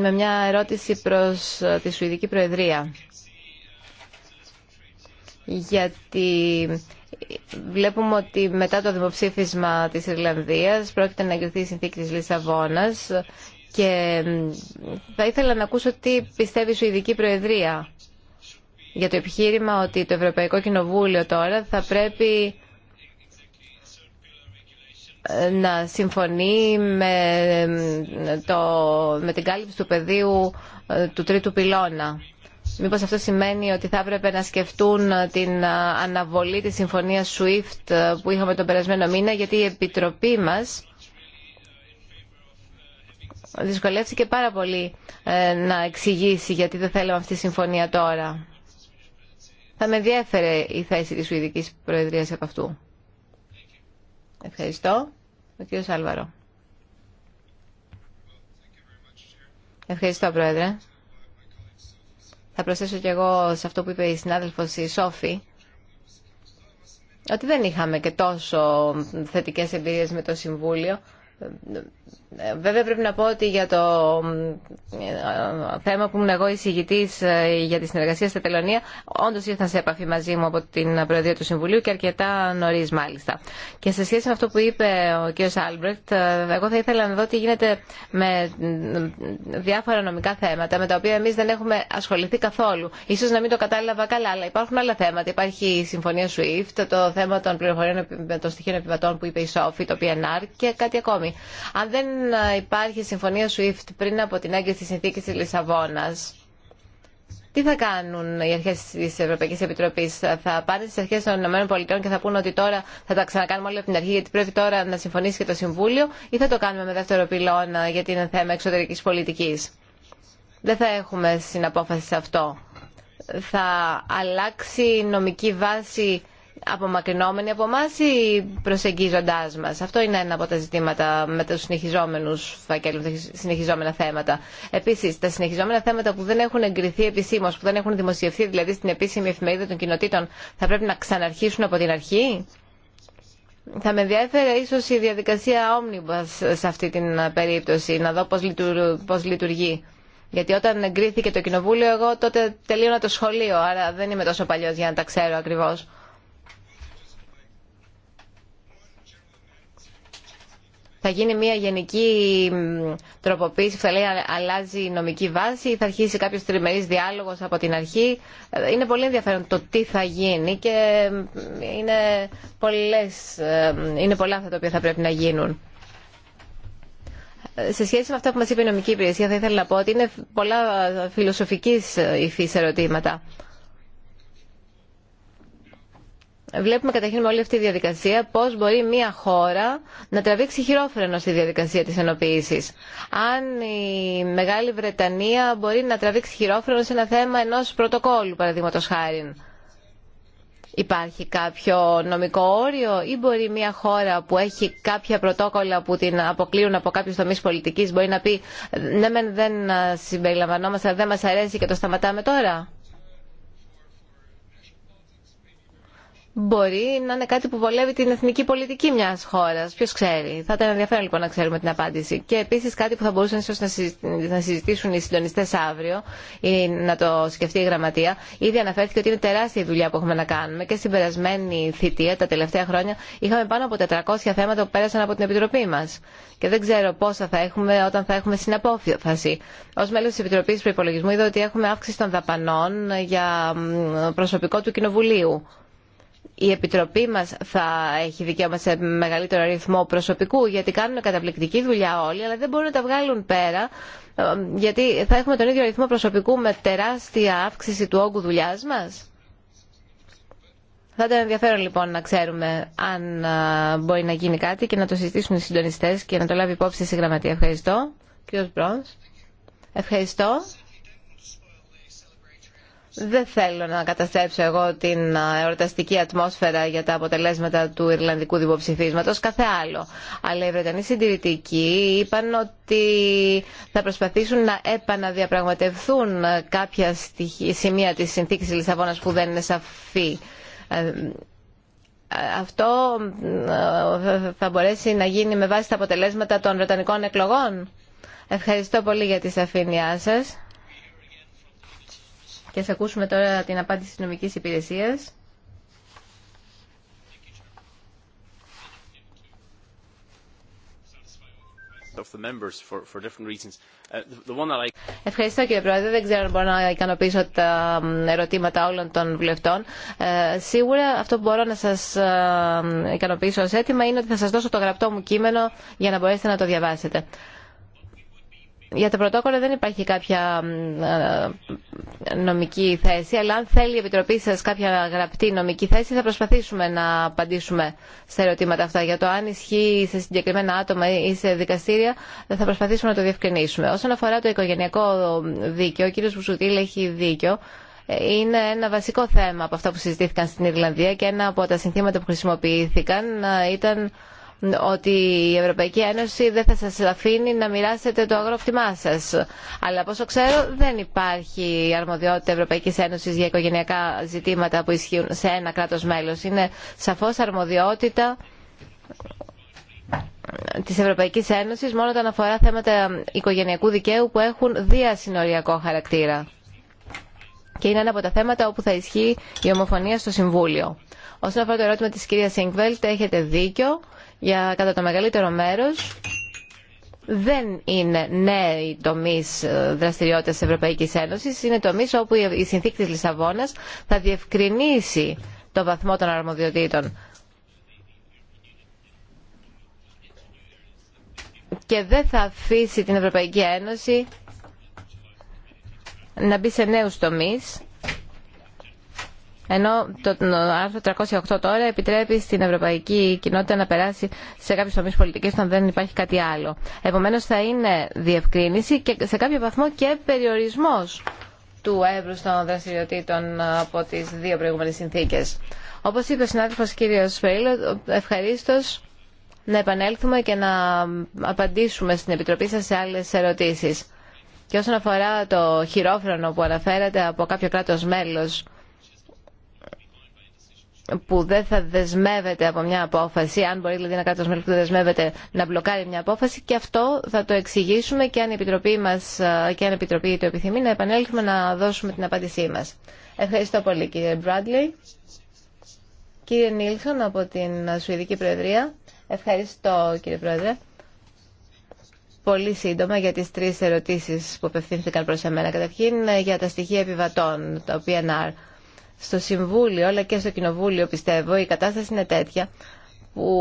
με μια ερώτηση προς τη Σουηδική Προεδρία. Γιατί βλέπουμε ότι μετά το δημοψήφισμα της Ιρλανδίας πρόκειται να εγκριθεί η συνθήκη της Λισαβόνας και θα ήθελα να ακούσω τι πιστεύει η Σουηδική Προεδρία για το επιχείρημα ότι το Ευρωπαϊκό Κοινοβούλιο τώρα θα πρέπει ε, να συμφωνεί με, ε, το, με την κάλυψη του πεδίου ε, του τρίτου πυλώνα. Μήπως αυτό σημαίνει ότι θα έπρεπε να σκεφτούν την αναβολή της συμφωνίας SWIFT που είχαμε τον περασμένο μήνα, γιατί η Επιτροπή μας δυσκολεύτηκε πάρα πολύ να εξηγήσει γιατί δεν θέλουμε αυτή τη συμφωνία τώρα. Θα με ενδιέφερε η θέση της Σουηδικής Προεδρίας από αυτού. Ευχαριστώ. Ο κύριος Άλβαρο. Ευχαριστώ, Πρόεδρε. Θα προσθέσω κι εγώ σε αυτό που είπε η συνάδελφος η Σόφη, ότι δεν είχαμε και τόσο θετικές εμπειρίες με το Συμβούλιο. Βέβαια πρέπει να πω ότι για το ε, θέμα που ήμουν εγώ εισηγητή ε, για τη συνεργασία στα Τελωνία όντως ήρθα σε επαφή μαζί μου από την Προεδρία του Συμβουλίου και αρκετά νωρί μάλιστα. Και σε σχέση με αυτό που είπε ο κ. Άλμπρεκτ ε, εγώ θα ήθελα να δω τι γίνεται με διάφορα νομικά θέματα με τα οποία εμείς δεν έχουμε ασχοληθεί καθόλου. Ίσως να μην το κατάλαβα καλά αλλά υπάρχουν άλλα θέματα. Υπάρχει η Συμφωνία SWIFT, το θέμα των πληροφοριών των στοιχείων επιβατών που είπε η Σόφη, το PNR και κάτι ακόμη. Αν δεν υπάρχει συμφωνία SWIFT πριν από την έγκριση της συνθήκης της Λισαβόνας, τι θα κάνουν οι αρχέ τη Ευρωπαϊκή Επιτροπή, θα πάνε στι αρχέ των ΗΠΑ και θα πούνε ότι τώρα θα τα ξανακάνουμε όλα από την αρχή, γιατί πρέπει τώρα να συμφωνήσει και το Συμβούλιο, ή θα το κάνουμε με δεύτερο πυλώνα, γιατί είναι θέμα εξωτερική πολιτική. Δεν θα έχουμε συναπόφαση σε αυτό. Θα αλλάξει η νομική βάση απομακρυνόμενοι από εμά ή προσεγγίζοντά μα. Αυτό είναι ένα από τα ζητήματα με του συνεχιζόμενου φακέλου, τα συνεχιζόμενα θέματα. Επίση, τα συνεχιζόμενα θέματα που δεν έχουν εγκριθεί επισήμω, που δεν έχουν δημοσιευθεί δηλαδή στην επίσημη εφημερίδα των κοινοτήτων, θα πρέπει να ξαναρχίσουν από την αρχή. Θα με ενδιαφέρε ίσω η διαδικασία Omnibus σε αυτή την περίπτωση, να δω πώ λειτουργεί. Γιατί όταν εγκρίθηκε το κοινοβούλιο, εγώ τότε τελείωνα το σχολείο, άρα δεν είμαι τόσο παλιό για να τα ξέρω ακριβώ. θα γίνει μια γενική τροποποίηση που θα λέει αλλάζει η νομική βάση ή θα αρχίσει κάποιος τριμερής διάλογος από την αρχή. Ε, είναι πολύ ενδιαφέρον το τι θα γίνει και είναι, πολλές, ε, είναι πολλά αυτά τα οποία θα πρέπει να γίνουν. Ε, σε σχέση με αυτά που μας είπε η νομική υπηρεσία θα ήθελα να πω ότι είναι πολλά φιλοσοφικής υφής ερωτήματα βλέπουμε καταρχήν με όλη αυτή τη διαδικασία πώ μπορεί μια χώρα να τραβήξει χειρόφρενο στη διαδικασία τη ενοποίηση. Αν η Μεγάλη Βρετανία μπορεί να τραβήξει χειρόφρενο σε ένα θέμα ενό πρωτοκόλου, παραδείγματο χάρη. Υπάρχει κάποιο νομικό όριο ή μπορεί μια χώρα που έχει κάποια πρωτόκολλα που την αποκλείουν από κάποιου τομεί πολιτική μπορεί να πει ναι, δεν συμπεριλαμβανόμαστε, δεν μα αρέσει και το σταματάμε τώρα. Μπορεί να είναι κάτι που βολεύει την εθνική πολιτική μια χώρα. Ποιο ξέρει. Θα ήταν ενδιαφέρον λοιπόν να ξέρουμε την απάντηση. Και επίση κάτι που θα μπορούσαν ίσω να συζητήσουν οι συντονιστέ αύριο ή να το σκεφτεί η Γραμματεία. Ήδη αναφέρθηκε ότι είναι τεράστια η δουλειά που έχουμε να κάνουμε και στην περασμένη θητεία τα τελευταία χρόνια είχαμε πάνω από 400 θέματα που πέρασαν από την Επιτροπή μα. Και δεν ξέρω πόσα θα έχουμε όταν θα έχουμε συναπόφαση. Ω μέλο τη Επιτροπή Προπολογισμού είδα ότι έχουμε αύξηση των δαπανών για προσωπικό του Κοινοβουλίου η Επιτροπή μας θα έχει δικαίωμα σε μεγαλύτερο αριθμό προσωπικού γιατί κάνουν καταπληκτική δουλειά όλοι αλλά δεν μπορούν να τα βγάλουν πέρα ε, γιατί θα έχουμε τον ίδιο αριθμό προσωπικού με τεράστια αύξηση του όγκου δουλειάς μας. Θα ήταν ενδιαφέρον λοιπόν να ξέρουμε αν ε, μπορεί να γίνει κάτι και να το συζητήσουν οι συντονιστές και να το λάβει υπόψη η γραμματεία. Ευχαριστώ. Κύριος Μπρόνς. Ευχαριστώ. Δεν θέλω να καταστρέψω εγώ την εορταστική ατμόσφαιρα για τα αποτελέσματα του Ιρλανδικού δημοψηφίσματο, κάθε άλλο. Αλλά οι Βρετανοί συντηρητικοί είπαν ότι θα προσπαθήσουν να επαναδιαπραγματευθούν κάποια σημεία τη συνθήκη Λισαβόνα που δεν είναι σαφή. Ε, αυτό ε, θα μπορέσει να γίνει με βάση τα αποτελέσματα των Βρετανικών εκλογών. Ευχαριστώ πολύ για τη σαφήνειά σας. Και θα ακούσουμε τώρα την απάντηση της νομικής υπηρεσίας. Uh, Ευχαριστώ κύριε Πρόεδρε. Δεν ξέρω αν μπορώ να ικανοποιήσω τα ερωτήματα όλων των βουλευτών. Ε, σίγουρα αυτό που μπορώ να σας ε, ικανοποιήσω ω αίτημα είναι ότι θα σας δώσω το γραπτό μου κείμενο για να μπορέσετε να το διαβάσετε. Για το πρωτόκολλο δεν υπάρχει κάποια ε, νομική θέση, αλλά αν θέλει η Επιτροπή σα κάποια γραπτή νομική θέση, θα προσπαθήσουμε να απαντήσουμε στα ερωτήματα αυτά. Για το αν ισχύει σε συγκεκριμένα άτομα ή σε δικαστήρια, θα προσπαθήσουμε να το διευκρινίσουμε. Όσον αφορά το οικογενειακό δίκαιο, ο κ. Βουσουτήλ έχει δίκιο. Είναι ένα βασικό θέμα από αυτά που συζητήθηκαν στην Ιρλανδία και ένα από τα συνθήματα που χρησιμοποιήθηκαν ε, ήταν ότι η Ευρωπαϊκή Ένωση δεν θα σας αφήνει να μοιράσετε το αγρόκτημά σας. Αλλά από ξέρω δεν υπάρχει αρμοδιότητα Ευρωπαϊκής Ένωσης για οικογενειακά ζητήματα που ισχύουν σε ένα κράτος μέλος. Είναι σαφώς αρμοδιότητα της Ευρωπαϊκής Ένωσης μόνο όταν αφορά θέματα οικογενειακού δικαίου που έχουν διασυνοριακό χαρακτήρα. Και είναι ένα από τα θέματα όπου θα ισχύει η ομοφωνία στο Συμβούλιο. Όσον αφορά το ερώτημα της κυρίας Σίγκβελτ, έχετε δίκιο για κατά το μεγαλύτερο μέρος δεν είναι νέοι τομεί ε, δραστηριότητα τη Ευρωπαϊκή Ένωση. Είναι τομεί όπου η συνθήκη τη Λισαβόνα θα διευκρινίσει το βαθμό των αρμοδιοτήτων. Και δεν θα αφήσει την Ευρωπαϊκή Ένωση να μπει σε νέους τομείς ενώ το άρθρο 308 τώρα επιτρέπει στην Ευρωπαϊκή Κοινότητα να περάσει σε κάποιου τομεί πολιτική όταν δεν υπάρχει κάτι άλλο. Επομένω θα είναι διευκρίνηση και σε κάποιο βαθμό και περιορισμό του εύρου των δραστηριοτήτων ε, από τι δύο προηγούμενε συνθήκε. Όπω είπε ο συνάδελφο κύριο Σπερίλο, ευχαρίστω να επανέλθουμε και να απαντήσουμε στην Επιτροπή σας σε άλλες ερωτήσεις. Και όσον αφορά το χειρόφρονο που αναφέρατε από κάποιο κράτος μέλος που δεν θα δεσμεύεται από μια απόφαση, αν μπορεί δηλαδή ένα κράτο μέλο που δεν δεσμεύεται να μπλοκάρει μια απόφαση, και αυτό θα το εξηγήσουμε και αν η Επιτροπή, μας, ε, και αν η Επιτροπή το επιθυμεί να επανέλθουμε να δώσουμε την απάντησή μα. Ευχαριστώ πολύ κύριε Μπράντλεϊ. Κύριε Νίλσον από την Σουηδική Προεδρία. Ευχαριστώ κύριε Πρόεδρε. Πολύ σύντομα για τις τρεις ερωτήσεις που απευθύνθηκαν προς εμένα. Καταρχήν ε, για τα στοιχεία επιβατών, τα PNR στο Συμβούλιο αλλά και στο Κοινοβούλιο πιστεύω η κατάσταση είναι τέτοια που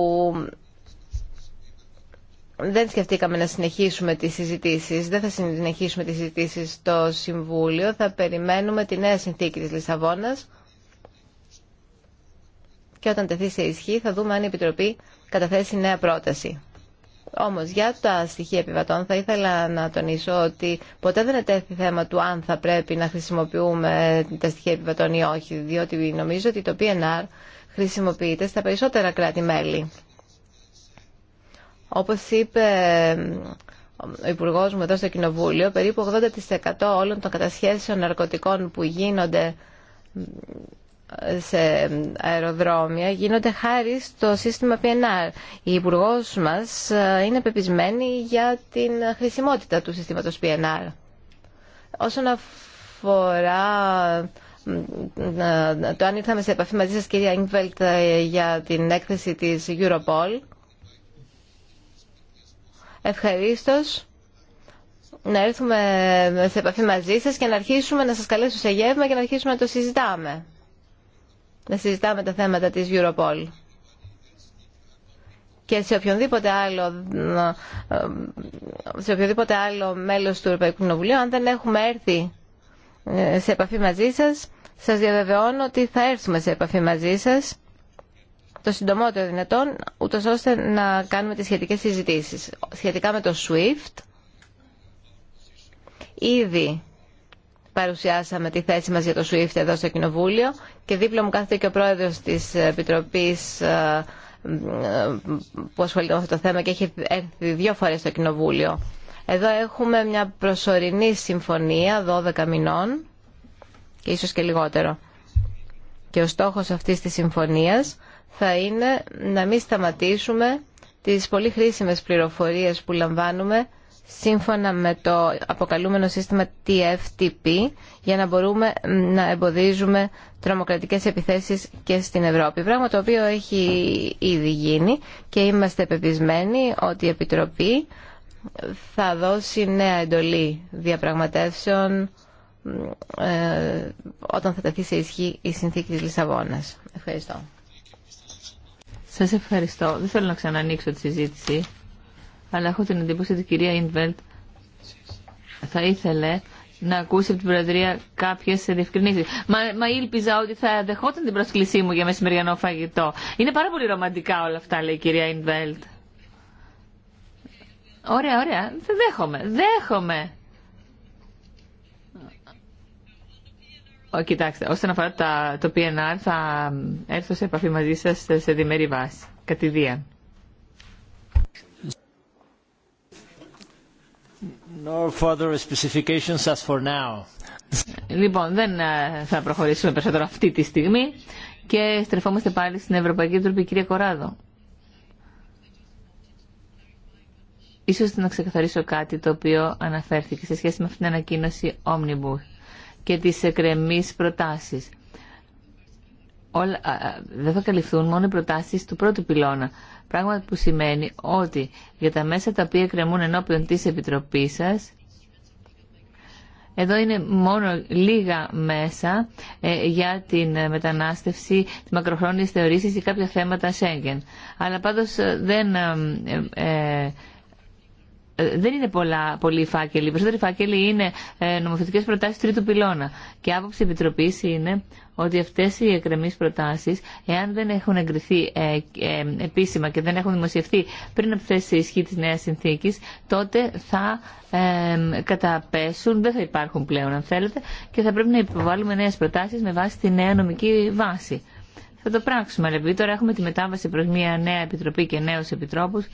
δεν σκεφτήκαμε να συνεχίσουμε τις συζητήσεις. Δεν θα συνεχίσουμε τις συζητήσεις στο Συμβούλιο. Θα περιμένουμε τη νέα συνθήκη της Λισαβόνας και όταν τεθεί σε ισχύ θα δούμε αν η Επιτροπή καταθέσει νέα πρόταση. Όμως για τα στοιχεία επιβατών θα ήθελα να τονίσω ότι ποτέ δεν ετέθη θέμα του αν θα πρέπει να χρησιμοποιούμε τα στοιχεία επιβατών ή όχι, διότι νομίζω ότι το PNR χρησιμοποιείται στα περισσότερα κράτη-μέλη. Όπω είπε ο υπουργό μου εδώ στο Κοινοβούλιο, περίπου 80% όλων των κατασχέσεων ναρκωτικών που γίνονται σε αεροδρόμια γίνονται χάρη στο σύστημα PNR. Η υπουργό μα ε, είναι πεπισμένοι για την χρησιμότητα του σύστηματο PNR. Όσον αφορά ε, το αν ήρθαμε σε επαφή μαζί σας κυρία Ιγκβελτ ε, για την έκθεση της Europol Ευχαριστώ να έρθουμε σε επαφή μαζί σας και να αρχίσουμε να σας καλέσω σε γεύμα και να αρχίσουμε να το συζητάμε να συζητάμε τα θέματα της Europol και σε οποιονδήποτε άλλο, ε, σε οποιοδήποτε άλλο μέλος του Ευρωπαϊκού Κοινοβουλίου, αν δεν έχουμε έρθει ε, σε επαφή μαζί σας, σας διαβεβαιώνω ότι θα έρθουμε σε επαφή μαζί σας το συντομότερο δυνατόν, ούτως ώστε να κάνουμε τις σχετικές συζητήσεις. Σχετικά με το SWIFT, ήδη παρουσιάσαμε τη θέση μας για το SWIFT εδώ στο Κοινοβούλιο και δίπλα μου κάθεται και ο πρόεδρος της Επιτροπής ε, που ασχολείται με αυτό το θέμα και έχει έρθει δύο φορές στο Κοινοβούλιο. Εδώ έχουμε μια προσωρινή συμφωνία 12 μηνών και ίσως και λιγότερο. Και ο στόχος αυτής της συμφωνίας θα είναι να μην σταματήσουμε τις πολύ χρήσιμες πληροφορίες που λαμβάνουμε σύμφωνα με το αποκαλούμενο σύστημα TFTP για να μπορούμε να εμποδίζουμε τρομοκρατικές επιθέσεις και στην Ευρώπη. Πράγμα το οποίο έχει ήδη γίνει και είμαστε πεπισμένοι ότι η Επιτροπή θα δώσει νέα εντολή διαπραγματεύσεων ε, όταν θα τεθεί σε ισχύ η συνθήκη της Λισαβόνας. Ευχαριστώ. Σας ευχαριστώ. Δεν θέλω να ξανανοίξω τη συζήτηση αλλά έχω την εντύπωση ότι η κυρία Ινβέλτ θα ήθελε να ακούσει από την Προεδρία κάποιε διευκρινήσει. Μα, μα ήλπιζα ότι θα δεχόταν την πρόσκλησή μου για μεσημεριανό φαγητό. Είναι πάρα πολύ ρομαντικά όλα αυτά, λέει η κυρία Ινβέλτ. Ωραία, ωραία. Δεν δέχομαι. Δέχομαι. Ο, κοιτάξτε, όσον αφορά το PNR θα ε, έρθω σε επαφή μαζί σας σε διμερή βάση, κατηδίαν. Λοιπόν, δεν ε, θα προχωρήσουμε περισσότερο αυτή τη στιγμή και στρεφόμαστε πάλι στην Ευρωπαϊκή Επιτροπή, κυρία Κοράδο. Ίσως να ξεκαθαρίσω κάτι το οποίο αναφέρθηκε σε σχέση με αυτήν την ανακοίνωση Omnibus και τις εκρεμείς προτάσεις. Ε, ε, δεν θα καλυφθούν μόνο οι προτάσεις του πρώτου πυλώνα Πράγμα που σημαίνει ότι για τα μέσα τα οποία κρεμούν ενώπιον της Επιτροπής σας, εδώ είναι μόνο λίγα μέσα ε, για την ε, μετανάστευση, τις μακροχρόνιες θεωρήσεις ή κάποια θέματα Σέγγεν. Αλλά πάντως ε, δεν ε, δεν είναι πολλά, πολλοί φάκελοι. Οι περισσότεροι φάκελοι είναι ε, νομοθετικές προτάσεις τρίτου πυλώνα. Και άποψη επιτροπής είναι ότι αυτές οι εκκρεμείς προτάσεις, εάν δεν έχουν εγκριθεί ε, επίσημα και δεν έχουν δημοσιευθεί πριν από θέση ισχύ της νέας συνθήκης, τότε θα καταπέσουν, δεν θα υπάρχουν πλέον αν θέλετε, και θα πρέπει να υποβάλουμε νέες προτάσεις με βάση τη νέα νομική βάση. Θα το πράξουμε, αλλά επειδή τώρα έχουμε τη μετάβαση προς μια νέα επιτροπή και νέους επιτρόπους,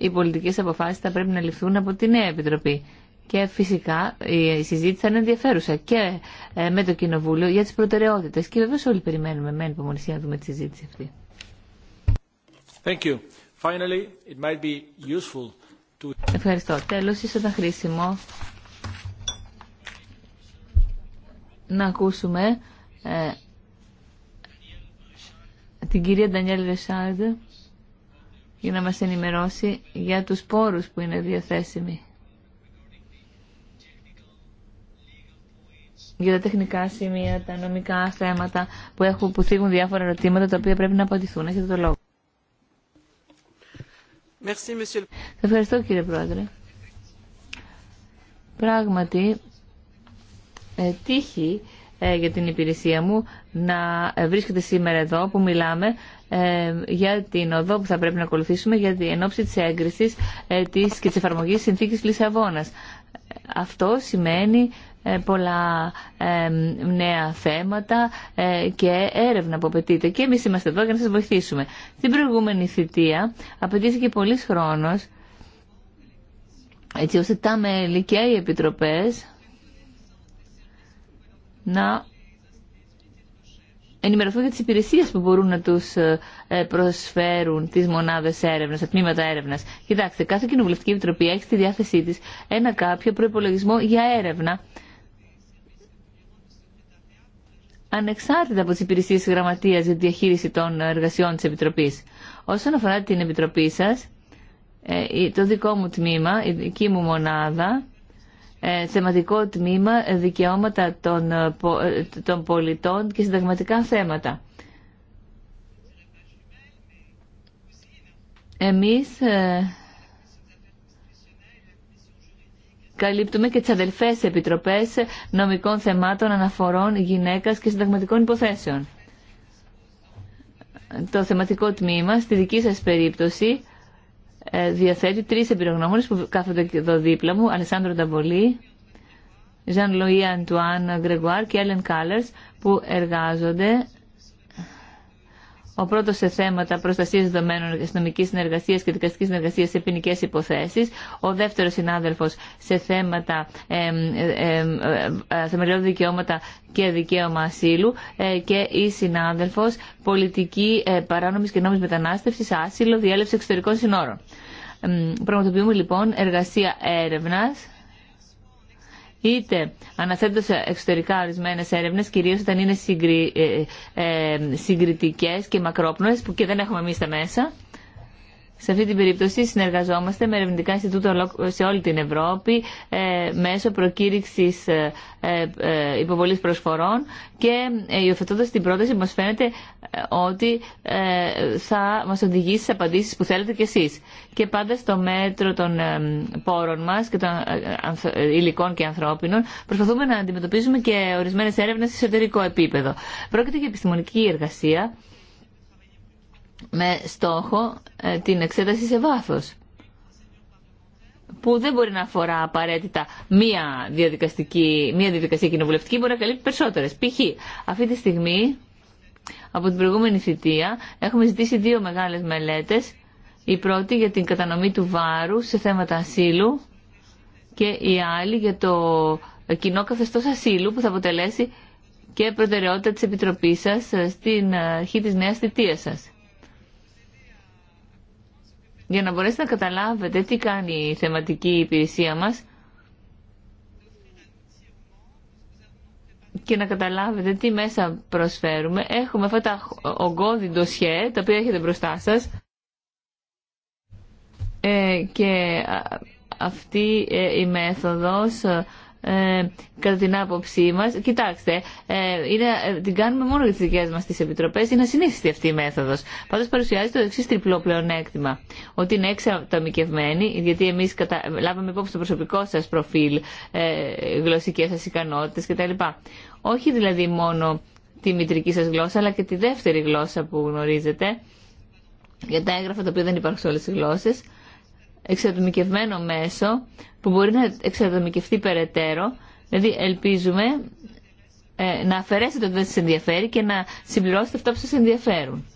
οι πολιτικές αποφάσεις θα πρέπει να ληφθούν από τη νέα Επιτροπή. Και φυσικά η συζήτηση θα είναι ενδιαφέρουσα και ε, με το Κοινοβούλιο για τις προτεραιότητες. Και βεβαίως όλοι περιμένουμε με υπομονησία να δούμε τη συζήτηση αυτή. Finally, it might be to... Ευχαριστώ. Τέλος, ίσως ήταν χρήσιμο να ακούσουμε ε, την κυρία Ντανιέλ Ρεσάρντ για να μας ενημερώσει για τους πόρους που είναι διαθέσιμοι. Για τα τεχνικά σημεία, τα νομικά θέματα που, έχουν, που θίγουν διάφορα ερωτήματα τα οποία πρέπει να απαντηθούν. Έχετε το λόγο. Merci, Ευχαριστώ κύριε Πρόεδρε. Πράγματι, ε, τύχει ε, για την υπηρεσία μου να ε, βρίσκεται σήμερα εδώ που μιλάμε για την οδό που θα πρέπει να ακολουθήσουμε για την ενόψη της έγκρισης ε, της και της εφαρμογής συνθήκης Λισαβόνας. Αυτό σημαίνει ε, πολλά νέα θέματα ε, και έρευνα που απαιτείται και εμείς είμαστε εδώ για να σας βοηθήσουμε. Στην προηγούμενη θητεία απαιτήθηκε πολύς χρόνος έτσι ώστε τα μέλη και οι επιτροπές να ενημερωθούν για τις υπηρεσίες που μπορούν να τους ε, ε, προσφέρουν τις μονάδες έρευνας, τα τμήματα έρευνας. Κοιτάξτε, κάθε κοινοβουλευτική επιτροπή έχει στη διάθεσή της ένα κάποιο προπολογισμό για έρευνα ανεξάρτητα από τις υπηρεσίες της γραμματείας για τη διαχείριση των εργασιών της Επιτροπής. Όσον αφορά την Επιτροπή σας, ε, το δικό μου τμήμα, η δική μου μονάδα, ε, θεματικό τμήμα ε, δικαιώματα των, ε, των πολιτών και συνταγματικά θέματα. Εμείς καλύπτουμε και τις αδελφές επιτροπές νομικών θεμάτων, αναφορών, γυναίκας και συνταγματικών υποθέσεων. Το θεματικό τμήμα, στη δική σας περίπτωση, ε, διαθέτει τρει εμπειρογνώμονε που κάθονται εδώ δίπλα μου, Αλεσάνδρο Νταβολή, Ζαν Λοή Αντουάν Γκρεγουάρ και Έλεν Κάλερς, που εργάζονται ο πρώτο σε θέματα προστασία δεδομένων αστυνομική συνεργασία και δικαστική συνεργασία σε ποινικέ υποθέσει. Ο δεύτερο συνάδελφο σε θέματα ε, ε, θεμελιώδη δικαιώματα και δικαίωμα ασύλου. Ε, και η συνάδελφο πολιτική ε, παράνομη και νόμιμη μετανάστευση, άσυλο, διέλευση εξωτερικών συνόρων. πραγματοποιούμε λοιπόν εργασία έρευνα είτε αναθέτω εξωτερικά ορισμένε έρευνε, κυρίω όταν είναι συγκρι... Ε, ε, συγκριτικέ και μακρόπνοε, που και δεν έχουμε εμεί τα μέσα, σε αυτή την περίπτωση συνεργαζόμαστε με ερευνητικά Ινστιτούτα σε όλη την Ευρώπη ε, μέσω προκήρυξης ε, ε, υποβολής προσφορών και υιοθετώντα την πρόταση μας φαίνεται ότι θα μας οδηγήσει στις απαντήσεις που θέλετε κι εσείς. Και πάντα στο μέτρο των πόρων μας και των υλικών και ανθρώπινων προσπαθούμε να αντιμετωπίζουμε και ορισμένες έρευνες σε εσωτερικό επίπεδο. Πρόκειται για επιστημονική εργασία με στόχο ε, την εξέταση σε βάθος που δεν μπορεί να αφορά απαραίτητα μία, διαδικαστική, μία διαδικασία κοινοβουλευτική, μπορεί να καλύπτει περισσότερες. Π.χ. αυτή τη στιγμή, από την προηγούμενη θητεία, έχουμε ζητήσει δύο μεγάλες μελέτες. Η πρώτη για την κατανομή του βάρου σε θέματα ασύλου και η άλλη για το κοινό καθεστώς ασύλου που θα αποτελέσει και προτεραιότητα της Επιτροπής σας ε, στην αρχή της νέας θητείας σας. Για να μπορέσετε να καταλάβετε τι κάνει η θεματική υπηρεσία μας και να καταλάβετε τι μέσα προσφέρουμε, έχουμε αυτά τα ογκώδη ντοσιέ, τα οποία έχετε μπροστά σας ε, και αυτή ε, η μέθοδος ε, κατά την άποψή μα, κοιτάξτε, ε, είναι, ε, την κάνουμε μόνο για τι δικέ μα τι επιτροπέ, είναι ασυνήθιστη αυτή η μέθοδο. Πάντω παρουσιάζει το εξή τριπλό πλεονέκτημα. Ότι είναι εξατομικευμένη, γιατί εμεί κατα... λάβαμε υπόψη το προσωπικό σα προφίλ, ε, γλωσσικέ σα ικανότητε κτλ. Όχι δηλαδή μόνο τη μητρική σα γλώσσα, αλλά και τη δεύτερη γλώσσα που γνωρίζετε, για τα έγγραφα τα οποία δεν υπάρχουν σε όλε τι γλώσσε εξατομικευμένο μέσο που μπορεί να εξατομικευτεί περαιτέρω. Δηλαδή ελπίζουμε ε, να αφαιρέσετε ότι δεν σας ενδιαφέρει και να συμπληρώσετε αυτά που σας ενδιαφέρουν.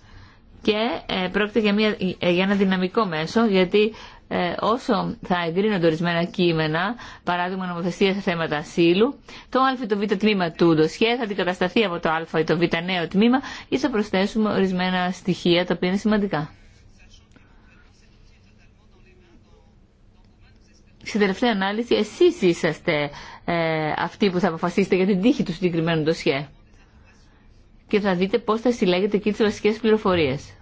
Και ε, πρόκειται για, ένα δυναμικό μέσο γιατί ε, όσο θα εγκρίνονται ορισμένα κείμενα, παράδειγμα νομοθεσία σε θέματα ασύλου, το Α ή το Β τμήμα του ντοσιέ θα αντικατασταθεί από το Α ή το Β νέο τμήμα ή θα προσθέσουμε ορισμένα στοιχεία τα οποία είναι σημαντικά. στην τελευταία ανάλυση εσείς είσαστε ε, αυτοί που θα αποφασίσετε για την τύχη του συγκεκριμένου ντοσιέ. Και θα δείτε πώς θα συλλέγετε εκεί τις βασικές πληροφορίες.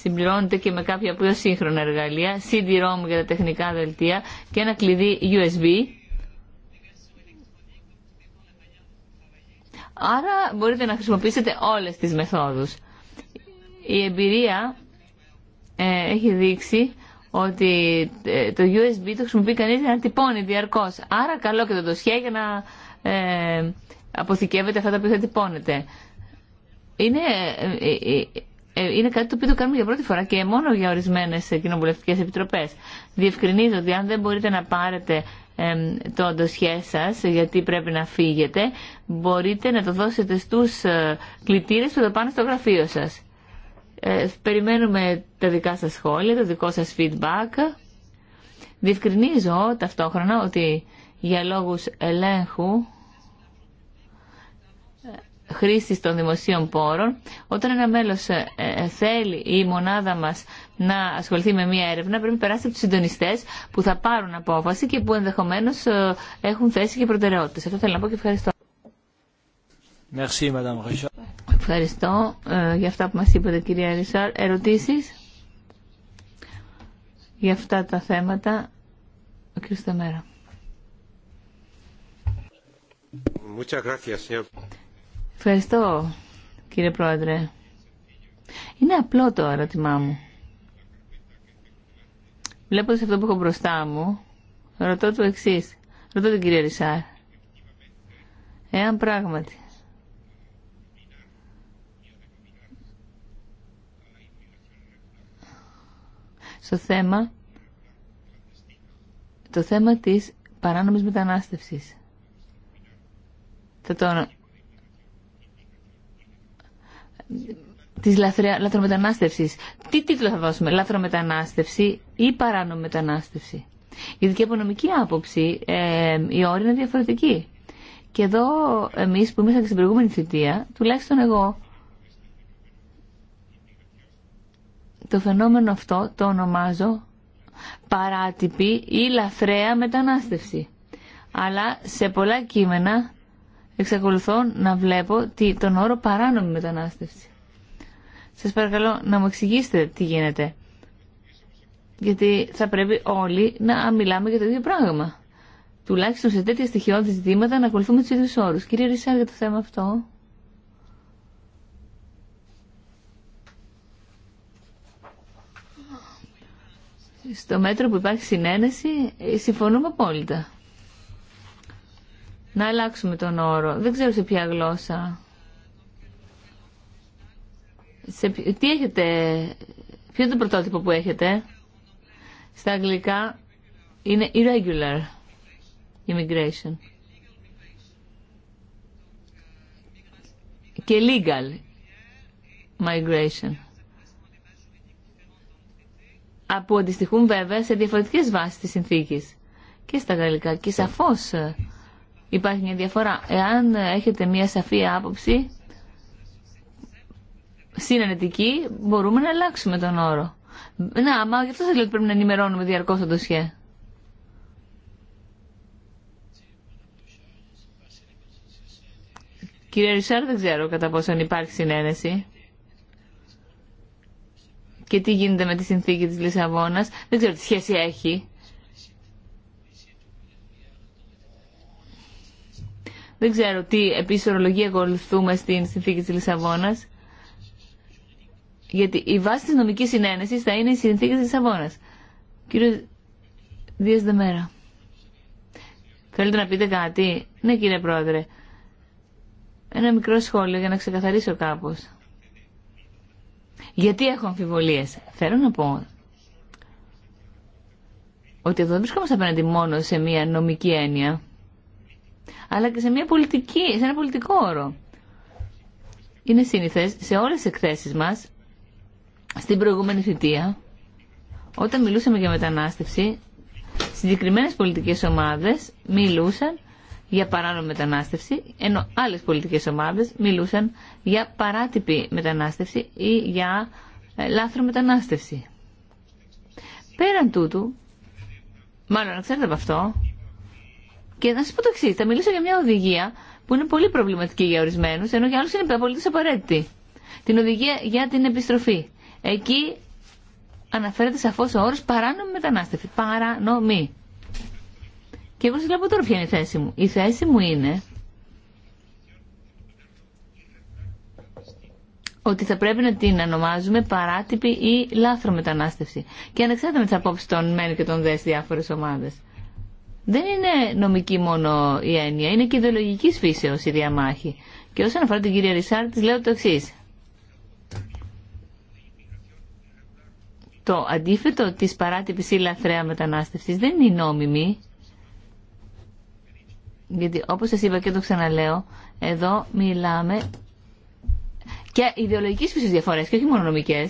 Συμπληρώνεται και με κάποια πιο σύγχρονα εργαλεία, CD-ROM για τα τεχνικά δελτία και ένα κλειδί USB. Άρα μπορείτε να χρησιμοποιήσετε όλες τις μεθόδους. Η εμπειρία ε, έχει δείξει ότι ε, το USB το χρησιμοποιεί κανείς για να τυπώνει διαρκώς. Άρα καλό και το δοσιέ για να ε, αποθηκεύετε αυτά τα οποία θα τυπώνετε. Είναι, ε, είναι κάτι το οποίο το κάνουμε για πρώτη φορά και μόνο για ορισμένες κοινοβουλευτικές επιτροπές. Διευκρινίζω ότι αν δεν μπορείτε να πάρετε το ντοσιέ σας γιατί πρέπει να φύγετε, μπορείτε να το δώσετε στους κλητήρες που το πάνε στο γραφείο σας. Ε, περιμένουμε τα δικά σας σχόλια, το δικό σας feedback. Διευκρινίζω ταυτόχρονα ότι για λόγους ελέγχου ε, χρήσης των δημοσίων πόρων, όταν ένα μέλος ε, θέλει η μονάδα μας να ασχοληθεί με μία έρευνα, πρέπει να περάσει από τους συντονιστές που θα πάρουν απόφαση και που ενδεχομένως έχουν θέση και προτεραιότητες. Αυτό θέλω να πω και ευχαριστώ. Ευχαριστώ ε, για αυτά που μας είπατε κυρία Ρισάρ. Ερωτήσεις για αυτά τα θέματα. Ο κ. Ευχαριστώ κύριε Πρόεδρε. Είναι απλό το ερώτημά μου. Βλέποντα αυτό που έχω μπροστά μου, ρωτώ το εξή. Ρωτώ την κυρία Ρισάρ. Εάν πράγματι στο θέμα, το θέμα της παράνομης μετανάστευσης. Θα τον... Της λαθρε... λαθρομετανάστευσης. Τι τίτλο θα δώσουμε, λαθρομετανάστευση ή παράνομη μετανάστευση. Γιατί και από νομική άποψη ε, η όρη είναι διαφορετική. Και εδώ εμείς που είμαστε στην προηγούμενη θητεία, τουλάχιστον εγώ, το φαινόμενο αυτό το ονομάζω παράτυπη ή λαθρέα μετανάστευση. Αλλά σε πολλά κείμενα εξακολουθώ να βλέπω τον όρο παράνομη μετανάστευση. Σας παρακαλώ να μου εξηγήσετε τι γίνεται. Γιατί θα πρέπει όλοι να μιλάμε για το ίδιο πράγμα. Τουλάχιστον σε τέτοια στοιχειώδη ζητήματα να ακολουθούμε του ίδιου όρου. Κύριε Ρησάρ, για το θέμα αυτό. στο μέτρο που υπάρχει συνένεση, ε, συμφωνούμε απόλυτα. Να αλλάξουμε τον όρο. Δεν ξέρω σε ποια γλώσσα. Σε, τι έχετε, ποιο είναι το πρωτότυπο που έχετε. Στα αγγλικά είναι irregular immigration. Και legal migration που αντιστοιχούν βέβαια σε διαφορετικές βάσεις της συνθήκης και στα γαλλικά και σαφώ ε, υπάρχει μια διαφορά. Εάν έχετε μια σαφή άποψη συνενετική μπορούμε να αλλάξουμε τον όρο. Να, μα γι' αυτό σας λέω ότι πρέπει να ενημερώνουμε διαρκώς το ντοσιέ. Κύριε Ρισάρ, δεν ξέρω κατά πόσο υπάρχει συνένεση και τι γίνεται με τη συνθήκη της Λισαβόνας. Δεν ξέρω τι σχέση έχει. Δεν ξέρω τι επίσης ορολογία ακολουθούμε στην συνθήκη της Λισαβόνας. Γιατί η βάση της νομικής συνένεσης θα είναι η συνθήκη της Λισαβόνας. Κύριε Δίας Δεμέρα. Θέλετε να πείτε κάτι. Ναι κύριε Πρόεδρε. Ένα μικρό σχόλιο για να ξεκαθαρίσω κάπως. Γιατί έχω αμφιβολίες. Θέλω να πω ότι εδώ δεν βρισκόμαστε απέναντι μόνο σε μια νομική έννοια, αλλά και σε, μια πολιτική, σε ένα πολιτικό όρο. Είναι σύνηθες σε όλες τις εκθέσεις μας, στην προηγούμενη θητεία, όταν μιλούσαμε για μετανάστευση, συγκεκριμένες πολιτικές ομάδες μιλούσαν για παράνομη μετανάστευση, ενώ άλλες πολιτικές ομάδες μιλούσαν για παράτυπη μετανάστευση ή για ε, λάθρο μετανάστευση. Πέραν τούτου, μάλλον ξέρετε από αυτό, και να σα πω το εξή, θα μιλήσω για μια οδηγία που είναι πολύ προβληματική για ορισμένου, ενώ για άλλους είναι πολύ απαραίτητη. Την οδηγία για την επιστροφή. Εκεί αναφέρεται σαφώ ο όρο παράνομη μετανάστευση. Παρανομή. Και εγώ σα λέω τώρα ποια είναι η θέση μου. Η θέση μου είναι ότι θα πρέπει να την ονομάζουμε παράτυπη ή λάθρο μετανάστευση. Και ανεξάρτητα με τι απόψει των μεν και των δε διάφορε ομάδε. Δεν είναι νομική μόνο η έννοια, είναι και ιδεολογική φύσεω η διαμάχη. Και όσον αφορά την κυρία Ρισάρ, τη λέω το εξή. Το αντίθετο τη παράτυπη ή λαθρέα μετανάστευση δεν είναι η νόμιμη, γιατί όπως σας είπα και το ξαναλέω, εδώ μιλάμε και ιδεολογικέ φύσης διαφορές και όχι μόνο νομικέ.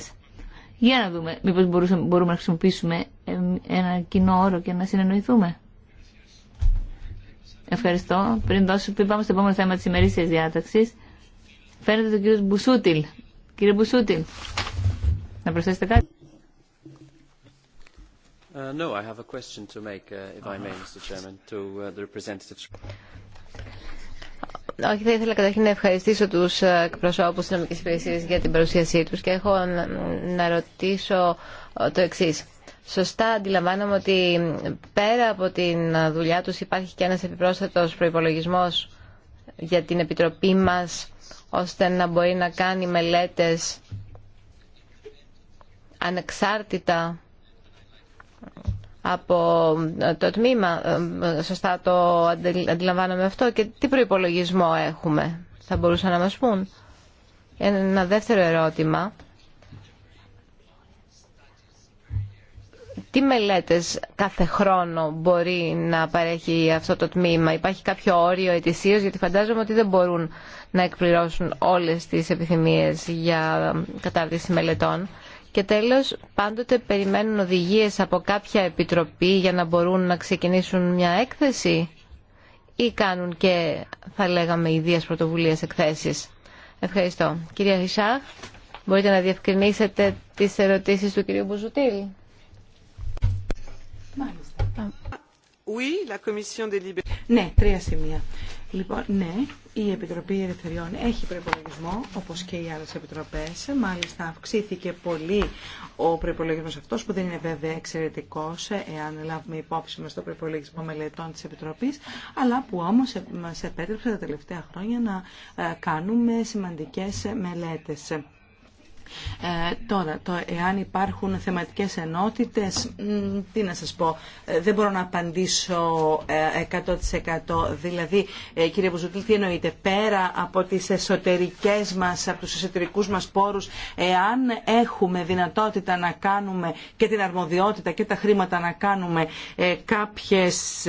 Για να δούμε μήπως μπορούμε να χρησιμοποιήσουμε ε, ένα κοινό όρο και να συνεννοηθούμε. Ευχαριστώ. Πριν δώσω, πριν πάμε στο επόμενο θέμα της ημερήσιας διάταξης, φαίνεται το κύριο Μπουσούτιλ. Κύριε Μπουσούτιλ, να προσθέσετε κάτι. Όχι, θα ήθελα καταρχήν να ευχαριστήσω τους ε, εκπροσώπου τη Νομική υπηρεσία για την παρουσίασή τους και έχω να ρωτήσω ε, το εξή. Σωστά αντιλαμβάνομαι ότι πέρα από την δουλειά τους υπάρχει και ένα επιπρόσθετος προπολογισμό για την Επιτροπή μα, ώστε να μπορεί να κάνει μελέτες ανεξάρτητα από ε, το τμήμα. Ε, ε, σωστά το αντιλαμβάνομαι αυτό. Και τι προϋπολογισμό έχουμε, θα μπορούσαν να μας πούν. Ένα δεύτερο ερώτημα. Τι μελέτες κάθε χρόνο μπορεί να παρέχει αυτό το τμήμα. Υπάρχει κάποιο όριο ετησίως, γιατί φαντάζομαι ότι δεν μπορούν να εκπληρώσουν όλες τις επιθυμίες για κατάρτιση μελετών. Και τέλος, πάντοτε περιμένουν οδηγίες από κάποια επιτροπή για να μπορούν να ξεκινήσουν μια έκθεση ή κάνουν και, θα λέγαμε, ιδία πρωτοβουλίας εκθέσεις. Ευχαριστώ. Κυρία Χισάχ, μπορείτε να διευκρινίσετε τις ερωτήσεις του κυρίου Μπουζουτήλ. Μάλιστα. Ναι, τρία σημεία. Λοιπόν, ναι, η Επιτροπή Ελευθεριών έχει προπολογισμό, όπως και οι άλλες επιτροπές. Μάλιστα αυξήθηκε πολύ ο προπολογισμό αυτός, που δεν είναι βέβαια εξαιρετικός, εάν λάβουμε υπόψη μας το προπολογισμό μελετών της Επιτροπής, αλλά που όμως μας επέτρεψε τα τελευταία χρόνια να ε, κάνουμε σημαντικές μελέτες. Ε, τώρα, το εάν υπάρχουν θεματικές ενότητες, τι να σας πω, ε, δεν μπορώ να απαντήσω 100%. Ε, δηλαδή, κύριε Βουζουτήλ, τι εννοείται, πέρα από τις εσωτερικές μας, από τους εσωτερικούς μας πόρους, εάν έχουμε δυνατότητα να κάνουμε και την αρμοδιότητα και τα χρήματα να κάνουμε κάποιες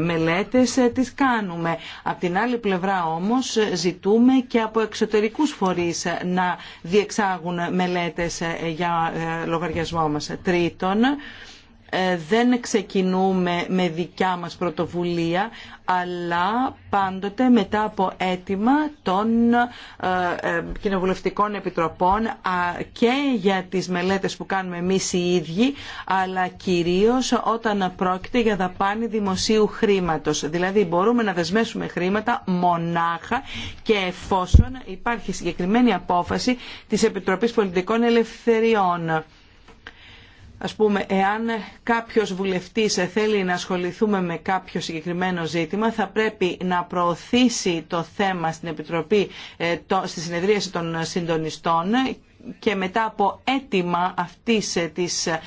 μελέτες, τις κάνουμε. Απ' την άλλη πλευρά όμως ζητούμε και από εξωτερικούς φορείς να διεξάγουν Μελέτε μελέτες ε, για ε, λογαριασμό μας. Τρίτον, ε, δεν ξεκινούμε με δικιά μας πρωτοβουλία, αλλά πάντοτε μετά από αίτημα των ε, ε, κοινοβουλευτικών επιτροπών και για τις μελέτες που κάνουμε εμείς οι ίδιοι, αλλά κυρίως όταν πρόκειται για δαπάνη δημοσίου χρήματος. Δηλαδή μπορούμε να δεσμεύσουμε χρήματα μονάχα και εφόσον υπάρχει συγκεκριμένη απόφαση της Επιτροπής Πολιτικών Ελευθεριών Ας πούμε, εάν κάποιος βουλευτής θέλει να ασχοληθούμε με κάποιο συγκεκριμένο ζήτημα, θα πρέπει να προωθήσει το θέμα στην Επιτροπή, ε, στη συνεδρίαση των συντονιστών και μετά από αίτημα αυτής ε, της ε,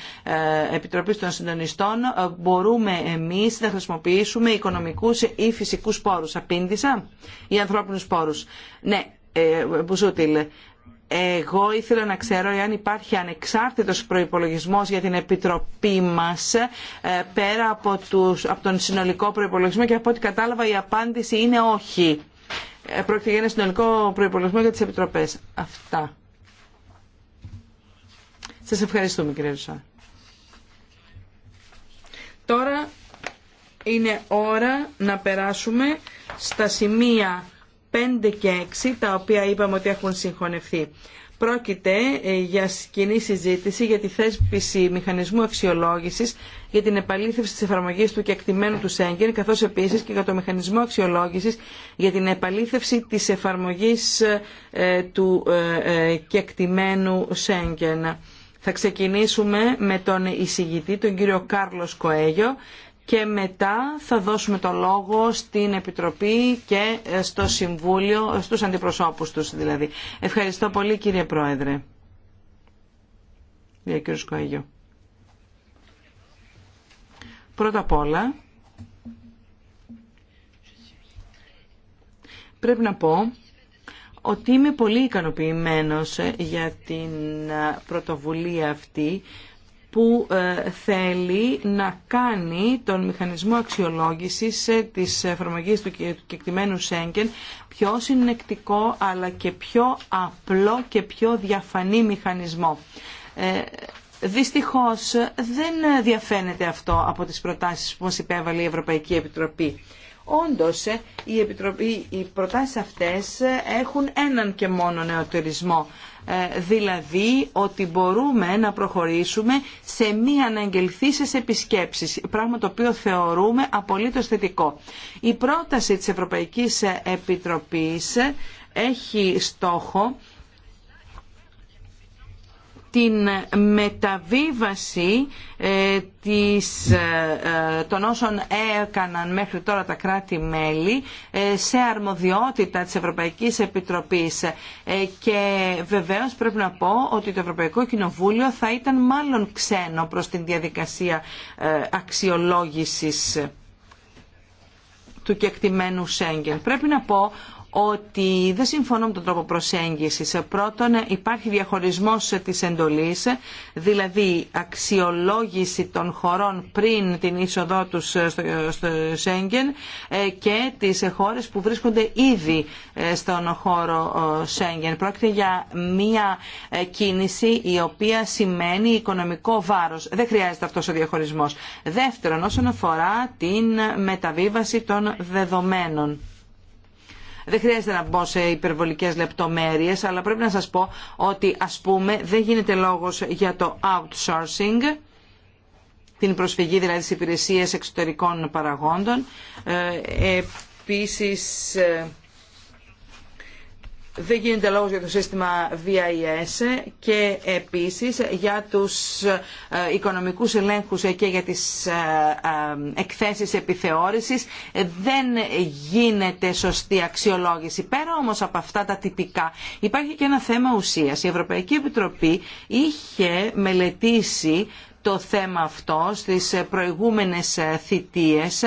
Επιτροπής των Συντονιστών μπορούμε εμείς να χρησιμοποιήσουμε οικονομικούς ή φυσικούς πόρους. Απήντησα ή ανθρώπινους πόρους. Ναι, Μπουζούτιλ, εγώ ήθελα να ξέρω εάν υπάρχει ανεξάρτητος προϋπολογισμός για την Επιτροπή μας ε, πέρα από, τους, από τον συνολικό προϋπολογισμό και από ό,τι κατάλαβα η απάντηση είναι όχι. Ε, πρόκειται για ένα συνολικό προϋπολογισμό για τις Επιτροπές. Αυτά. Σας ευχαριστούμε κύριε Ρουσά. Τώρα είναι ώρα να περάσουμε στα σημεία 5 και 6, τα οποία είπαμε ότι έχουν συγχωνευθεί. Πρόκειται ε, για κοινή συζήτηση για τη θέσπιση μηχανισμού αξιολόγηση για την επαλήθευση τη εφαρμογή του κεκτημένου του Σέγγεν, καθώ επίση και για το μηχανισμό αξιολόγηση για την επαλήθευση της εφαρμογής του κεκτημένου Σέγγεν. Θα ξεκινήσουμε με τον εισηγητή, τον κύριο Κάρλο Κοέγιο και μετά θα δώσουμε το λόγο στην Επιτροπή και ε, στο Συμβούλιο, ε, στους αντιπροσώπους τους δηλαδή. Ευχαριστώ πολύ κύριε Πρόεδρε. Για κύριο Σκοαγιο. Πρώτα απ' όλα πρέπει να πω ότι είμαι πολύ ικανοποιημένος ε, για την πρωτοβουλία αυτή που ε, θέλει να κάνει τον μηχανισμό αξιολόγησης ε, της εφαρμογής του κεκτημένου Σέγγεν πιο συνεκτικό αλλά και πιο απλό και πιο διαφανή μηχανισμό. Ε, δυστυχώς δεν διαφαίνεται αυτό από τις προτάσεις που μας υπέβαλε η Ευρωπαϊκή Επιτροπή. Όντως, ε, οι, επιτροπή, οι προτάσεις αυτές ε, έχουν έναν και μόνο νεοτερισμό. Ε, δηλαδή ότι μπορούμε να προχωρήσουμε σε μη σε επισκέψεις, πράγμα το οποίο θεωρούμε απολύτως θετικό. Η πρόταση της Ευρωπαϊκής Επιτροπής έχει στόχο την μεταβίβαση ε, της, ε, των όσων έκαναν μέχρι τώρα τα κράτη-μέλη ε, σε αρμοδιότητα της Ευρωπαϊκής Επιτροπής. Και βεβαίως πρέπει να πω ότι το Ευρωπαϊκό Κοινοβούλιο θα ήταν μάλλον ξένο προς την διαδικασία αξιολόγησης του κεκτημένου Σέγγεν. Πρέπει να πω ότι δεν συμφωνώ με τον τρόπο προσέγγισης. Πρώτον, υπάρχει διαχωρισμός της εντολής, δηλαδή αξιολόγηση των χωρών πριν την είσοδό τους στο Σέγγεν ε, και τις χώρες που βρίσκονται ήδη ε, στον χώρο Σέγγεν. Πρόκειται για μία ε, κίνηση η οποία σημαίνει οικονομικό βάρος. Δεν χρειάζεται αυτός ο διαχωρισμός. Δεύτερον, όσον αφορά την μεταβίβαση των δεδομένων. Δεν χρειάζεται να μπω σε υπερβολικές λεπτομέρειες, αλλά πρέπει να σας πω ότι ας πούμε δεν γίνεται λόγος για το outsourcing, την προσφυγή δηλαδή στις υπηρεσίες εξωτερικών παραγόντων. Ε, επίσης, ε, δεν γίνεται λόγος για το σύστημα VIS και επίσης για τους ε, οικονομικούς ελέγχους και για τις ε, ε, εκθέσεις επιθεώρησης δεν γίνεται σωστή αξιολόγηση. Πέρα όμως από αυτά τα τυπικά υπάρχει και ένα θέμα ουσίας. Η Ευρωπαϊκή Επιτροπή είχε μελετήσει το θέμα αυτό στις προηγούμενες θητείες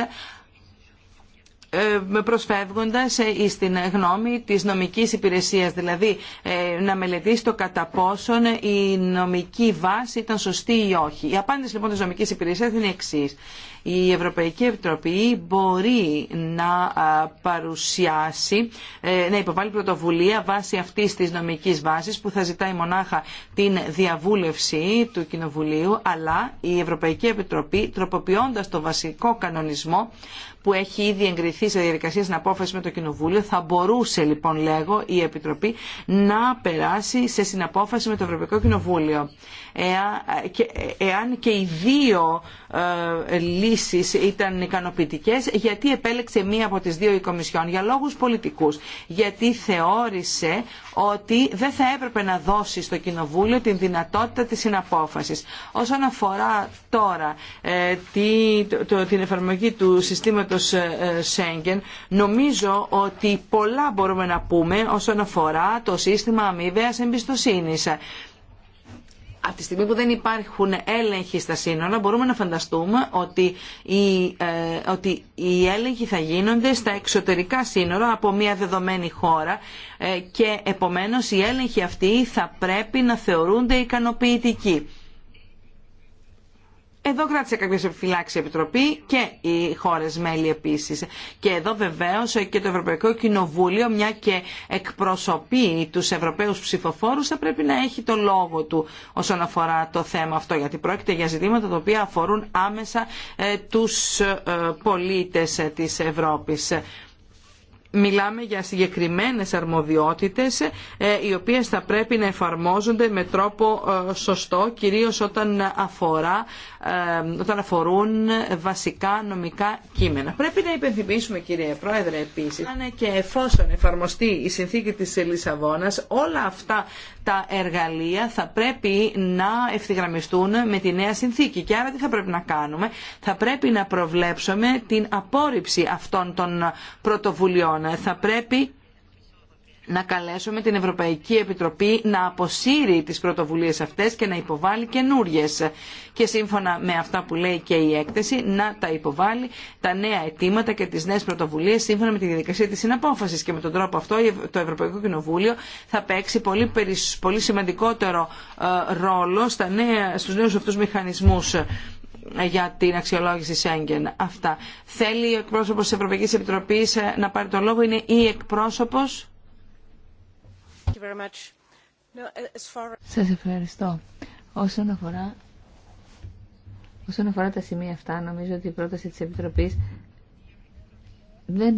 ε, προσφεύγοντας στην ε, γνώμη της νομικής υπηρεσίας, δηλαδή ε, να μελετήσει το κατά πόσον η νομική βάση ήταν σωστή ή όχι. Η απάντηση λοιπόν της νομικής υπηρεσίας είναι εξή. Η Ευρωπαϊκή Επιτροπή μπορεί να παρουσιάσει, να υποβάλει πρωτοβουλία βάσει αυτής της νομικής βάσης που θα ζητάει μονάχα την διαβούλευση του Κοινοβουλίου, αλλά η Ευρωπαϊκή Επιτροπή τροποποιώντας το βασικό κανονισμό που έχει ήδη εγκριθεί σε διαδικασία συναπόφαση με το Κοινοβούλιο. Θα μπορούσε λοιπόν, λέγω, η Επιτροπή να περάσει σε συναπόφαση με το Ευρωπαϊκό Κοινοβούλιο εάν και οι δύο ε, λύσεις ήταν ικανοποιητικές γιατί επέλεξε μία από τις δύο η Κομισιόν για λόγους πολιτικούς γιατί θεώρησε ότι δεν θα έπρεπε να δώσει στο Κοινοβούλιο την δυνατότητα της συναπόφασης. Όσον αφορά τώρα ε, την εφαρμογή του συστήματος ε, Σέγγεν νομίζω ότι πολλά μπορούμε να πούμε όσον αφορά το σύστημα αμοιβαίας εμπιστοσύνης από τη στιγμή που δεν υπάρχουν έλεγχοι στα σύνορα μπορούμε να φανταστούμε ότι οι, ε, ότι έλεγχοι θα γίνονται στα εξωτερικά σύνορα από μια δεδομένη χώρα ε, και επομένως οι έλεγχοι αυτοί θα πρέπει να θεωρούνται ικανοποιητικοί. Εδώ κράτησε κάποιες επιφυλάξει η Επιτροπή και οι χώρε μέλη επίσης. Και εδώ βεβαίω και το Ευρωπαϊκό Κοινοβούλιο, μια και εκπροσωπεί του Ευρωπαίου ψηφοφόρου θα πρέπει να έχει το λόγο του όσον αφορά το θέμα αυτό, γιατί πρόκειται για ζητήματα τα οποία αφορούν άμεσα ε, τους ε, πολίτες ε, της Ευρώπης μιλάμε για συγκεκριμένες αρμοδιότητες ε, οι οποίες θα πρέπει να εφαρμόζονται με τρόπο ε, σωστό κυρίως όταν, αφορά, ε, όταν αφορούν βασικά νομικά κείμενα. Πρέπει να υπενθυμίσουμε κύριε Πρόεδρε επίσης και εφόσον εφαρμοστεί η συνθήκη της Λισαβόνας όλα αυτά τα εργαλεία θα πρέπει να ευθυγραμμιστούν με τη νέα συνθήκη και άρα τι θα πρέπει να κάνουμε θα πρέπει να προβλέψουμε την απόρριψη αυτών των πρωτοβουλειών Λοιπόν, θα πρέπει να καλέσουμε την Ευρωπαϊκή Επιτροπή να αποσύρει τις πρωτοβουλίες αυτές και να υποβάλει καινούριε. Και σύμφωνα με αυτά που λέει και η έκθεση, να τα υποβάλει τα νέα αιτήματα και τις νέες πρωτοβουλίες σύμφωνα με τη διαδικασία της συναπόφασης. Και με τον τρόπο αυτό το Ευρωπαϊκό Κοινοβούλιο θα παίξει πολύ, πολύ σημαντικότερο ε, ρόλο στα νέα, στους νέους αυτούς μηχανισμούς για την αξιολόγηση Σέγγεν. Αυτά. Θέλει ο εκπρόσωπος της Ευρωπαϊκής Επιτροπής ε, να πάρει το λόγο. Είναι η εκπρόσωπος. Uh, Σας ευχαριστώ. Όσον αφορά, όσον αφορά τα σημεία αυτά, νομίζω ότι η πρόταση της Επιτροπής δεν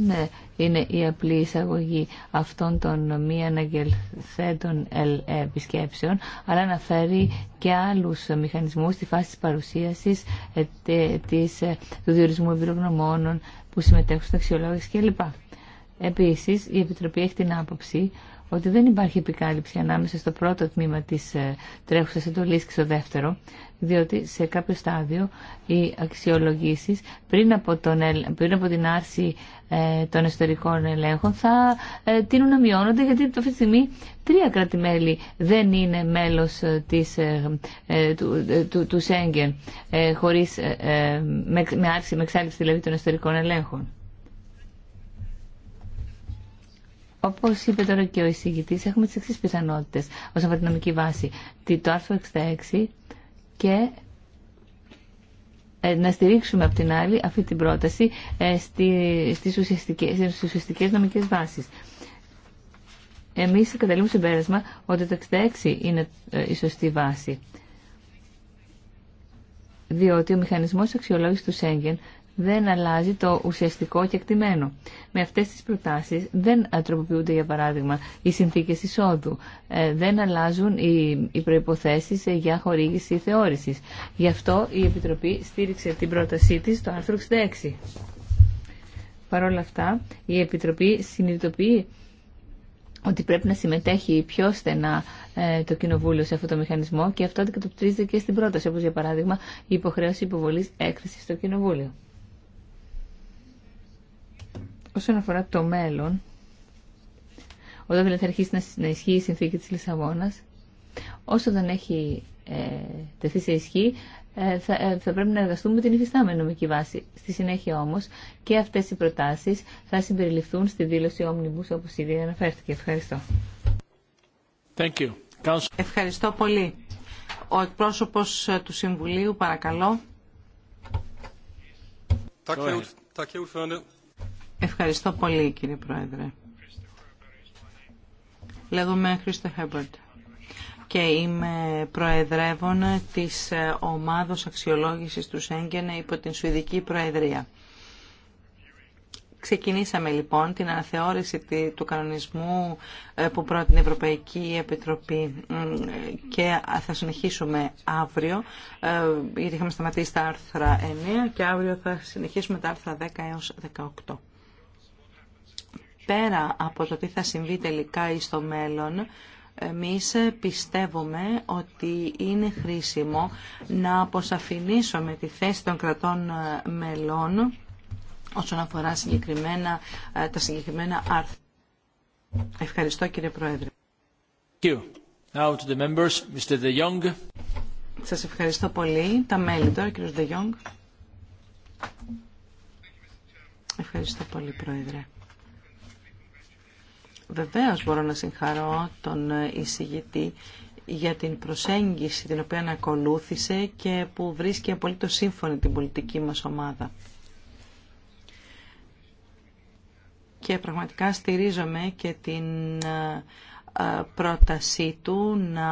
είναι η απλή εισαγωγή αυτών των μη αναγγελθέντων ε, επισκέψεων, αλλά αναφέρει και άλλους μηχανισμούς στη φάση της παρουσίασης ε, ε, του διορισμού εμπειρογνωμόνων που συμμετέχουν στους αξιολόγηση κλπ. Επίσης, η Επιτροπή έχει την άποψη ότι δεν υπάρχει επικάλυψη ανάμεσα στο πρώτο τμήμα της τρέχουσας εντολής και στο δεύτερο, διότι σε κάποιο στάδιο οι αξιολογήσει πριν από, πριν από την άρση ε, των εσωτερικών ελέγχων θα ε, τείνουν να μειώνονται γιατί αυτή τη στιγμή τρία κράτη-μέλη δεν είναι μέλος ε, της, ε, του, του, του Σέγγεν χωρίς, με, με, άρση, με εξάλληψη δηλαδή των εσωτερικών ελέγχων. Όπω είπε τώρα και ο εισηγητή, έχουμε τι εξή πιθανότητε ω αφορά την νομική βάση. Το άρθρο 66 και ε, να στηρίξουμε από την άλλη αυτή την πρόταση ε, στις ουσιαστικές, στις ουσιαστικές νομικές βάσεις. Εμείς καταλήγουμε σε πέρασμα ότι το 66 είναι ε, η σωστή βάση. Διότι ο μηχανισμός αξιολόγησης του Σέγγεν δεν αλλάζει το ουσιαστικό και εκτιμένο. Με αυτές τις προτάσεις δεν τροποποιούνται, για παράδειγμα, οι συνθήκες εισόδου, ε, δεν αλλάζουν οι προϋποθέσεις ε, για χορήγηση ή θεώρησης. Γι' αυτό Επιτροπή στήριξε την πρότασή της στο άρθρο 66. Παρ' όλα αυτά, η Επιτροπή συνειδητοποιεί ότι πρέπει να συμμετέχει πιο στενά ε, το Κοινοβούλιο σε αυτό το μηχανισμό και αυτό αντικατοπτρίζεται και στην πρόταση, όπως για παράδειγμα η υποχρέωση υποβολής έκθεσης στο Κοινοβούλιο. Όσον αφορά το μέλλον, όταν δηλαδή θα αρχίσει να ισχύει η συνθήκη της Λισαβόνας, όσο δεν έχει ε, τεθεί σε ισχύ, ε, ε, θα, πρέπει να εργαστούμε με την υφιστάμενη νομική βάση. Στη συνέχεια όμως και αυτές οι προτάσεις θα συμπεριληφθούν στη δήλωση Omnibus όπως ήδη αναφέρθηκε. Ευχαριστώ. Ευχαριστώ πολύ. Ο εκπρόσωπος του Συμβουλίου, παρακαλώ. Ευχαριστώ πολύ κύριε Πρόεδρε. Λέγομαι Χρήστο Χέμπορντ και είμαι προεδρεύων της ε, ομάδος αξιολόγησης του Σέγγενε υπό την Σουηδική Προεδρία. Ξεκινήσαμε λοιπόν την αναθεώρηση του κανονισμού ε, που πρότεινε η Ευρωπαϊκή Επιτροπή και θα συνεχίσουμε αύριο, ε, γιατί είχαμε σταματήσει τα άρθρα 9 και αύριο θα συνεχίσουμε τα άρθρα 10 έως 18 πέρα από το τι θα συμβεί τελικά ή στο μέλλον, εμείς πιστεύουμε ότι είναι χρήσιμο να αποσαφηνίσουμε τη θέση των κρατών ε, μελών όσον αφορά συγκεκριμένα, ε, τα συγκεκριμένα άρθρα. Ευχαριστώ κύριε Πρόεδρε. Σα the members, Σας ευχαριστώ πολύ. Τα μέλη τώρα, κύριος De Jong. Ευχαριστώ πολύ, Πρόεδρε. Βεβαίως μπορώ να συγχαρώ τον ε, εισηγητή για την προσέγγιση την οποία ακολούθησε και που βρίσκει απολύτω σύμφωνη την πολιτική μας ομάδα. Και πραγματικά στηρίζομαι και την ε, ε, πρότασή του να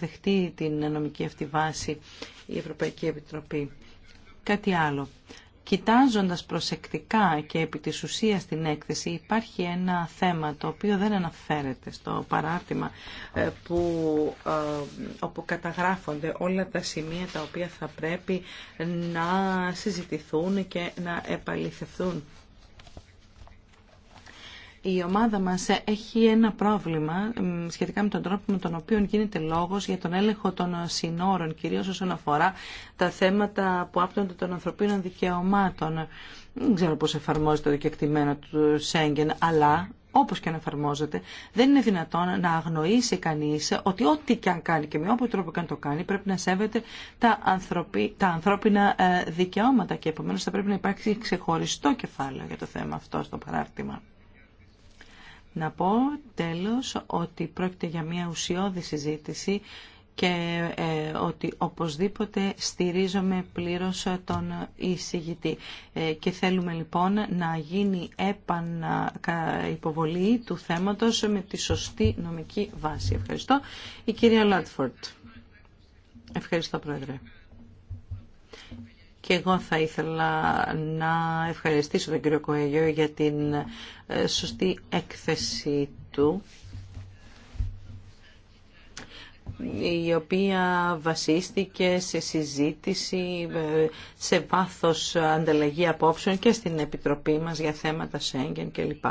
δεχτεί την νομική αυτή βάση η Ευρωπαϊκή Επιτροπή. Κάτι άλλο. Κοιτάζοντας προσεκτικά και επί της ουσίας την έκθεση υπάρχει ένα θέμα το οποίο δεν αναφέρεται στο παράρτημα ε, που, ε, όπου καταγράφονται όλα τα σημεία τα οποία θα πρέπει να συζητηθούν και να επαληθευθούν. Η ομάδα μας έχει ένα πρόβλημα σχετικά με τον τρόπο με τον οποίο γίνεται λόγος για τον έλεγχο των συνόρων, κυρίως όσον αφορά τα θέματα που άπτονται των ανθρωπίνων δικαιωμάτων. Δεν ξέρω πώς εφαρμόζεται το δικαιοκτημένο του Σέγγεν, αλλά όπω και αν εφαρμόζεται, δεν είναι δυνατόν να αγνοήσει κανεί ότι ό,τι και αν κάνει και με όποιο τρόπο και αν το κάνει πρέπει να σέβεται τα, τα ανθρώπινα ε, δικαιώματα και επομένω θα πρέπει να υπάρξει ξεχωριστό κεφάλαιο για το θέμα αυτό στο παράρτημα. Να πω τέλος ότι πρόκειται για μια ουσιώδη συζήτηση και ε, ότι οπωσδήποτε στηρίζομαι πλήρως τον εισηγητή. Ε, και θέλουμε λοιπόν να γίνει επαναυποβολή του θέματος με τη σωστή νομική βάση. Ευχαριστώ. Η κυρία Λάτφορντ. Ευχαριστώ Πρόεδρε. Και εγώ θα ήθελα να ευχαριστήσω τον κύριο Κοέγιο για την ε, σωστή έκθεση του η οποία βασίστηκε σε συζήτηση, ε, σε βάθος ανταλλαγή απόψεων και στην Επιτροπή μας για θέματα Σέγγεν κλπ.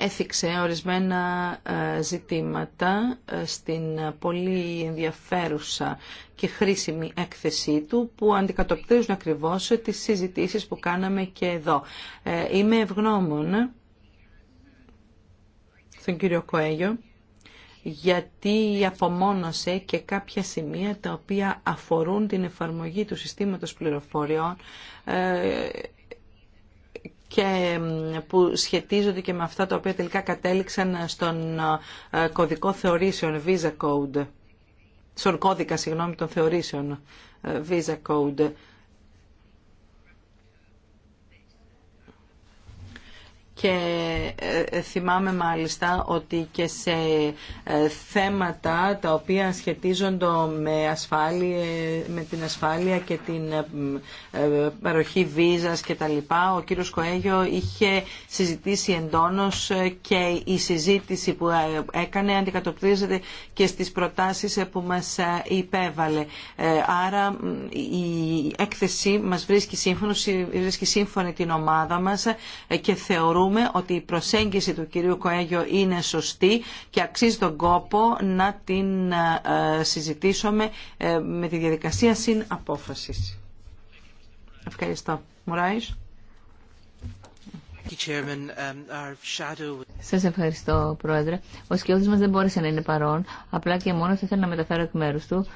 έθιξε ορισμένα ε, ζητήματα ε, στην πολύ ενδιαφέρουσα και χρήσιμη έκθεσή του που αντικατοπτρίζουν ακριβώς τις συζητήσεις που κάναμε και εδώ. Ε, είμαι ευγνώμων στον κύριο Κοέγιο γιατί απομόνωσε και κάποια σημεία τα οποία αφορούν την εφαρμογή του συστήματος πληροφοριών και που σχετίζονται και με αυτά τα οποία τελικά κατέληξαν στον ε, κωδικό θεωρήσεων, Visa Code, στον κώδικα συγγνώμη των θεωρήσεων, ε, Visa Code. και ε, ε, θυμάμαι μάλιστα ότι και σε ε, θέματα τα οποία σχετίζονται με, ασφάλεια, με την ασφάλεια και την παροχή βίζας και τα λοιπά, ο κύριος Κοέγιο είχε συζητήσει εντόνως και η συζήτηση που έκανε αντικατοπτρίζεται και στις προτάσεις που μας υπέβαλε. Άρα η έκθεση μας βρίσκει σύμφωνο, βρίσκει σύμφωνη την ομάδα μας και θεωρούμε θεωρούμε ότι η προσέγγιση του κυρίου Κοέγιο είναι σωστή και αξίζει τον κόπο να την ε, συζητήσουμε ε, με τη διαδικασία συν απόφασης. Ευχαριστώ. Μουράης. Um, Σα ευχαριστώ, Πρόεδρε. Ο σκιώδη μα δεν μπόρεσε να είναι παρόν. Απλά και μόνο θα ήθελα να μεταφέρω εκ μέρου του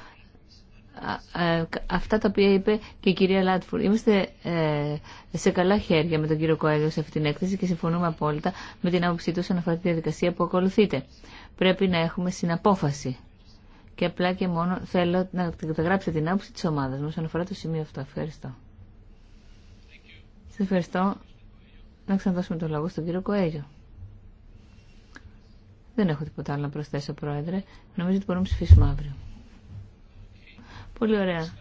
αυτά τα οποία είπε και η κυρία Λάτφουρ. Είμαστε ε, σε καλά χέρια με τον κύριο Κοέλιο σε αυτή την έκθεση και συμφωνούμε απόλυτα με την άποψή του όσον αφορά τη διαδικασία που ακολουθείτε. Πρέπει να έχουμε συναπόφαση. Και απλά και μόνο θέλω να καταγράψετε την άποψη τη ομάδα μου όσον αφορά το σημείο αυτό. Ευχαριστώ. Σα ευχαριστώ. Να ξαναδώσουμε το λόγο στον κύριο Κοέλιο. Δεν έχω τίποτα άλλο να προσθέσω, Πρόεδρε. Νομίζω ότι μπορούμε να ψηφίσουμε αύριο. Πολύ ωραία.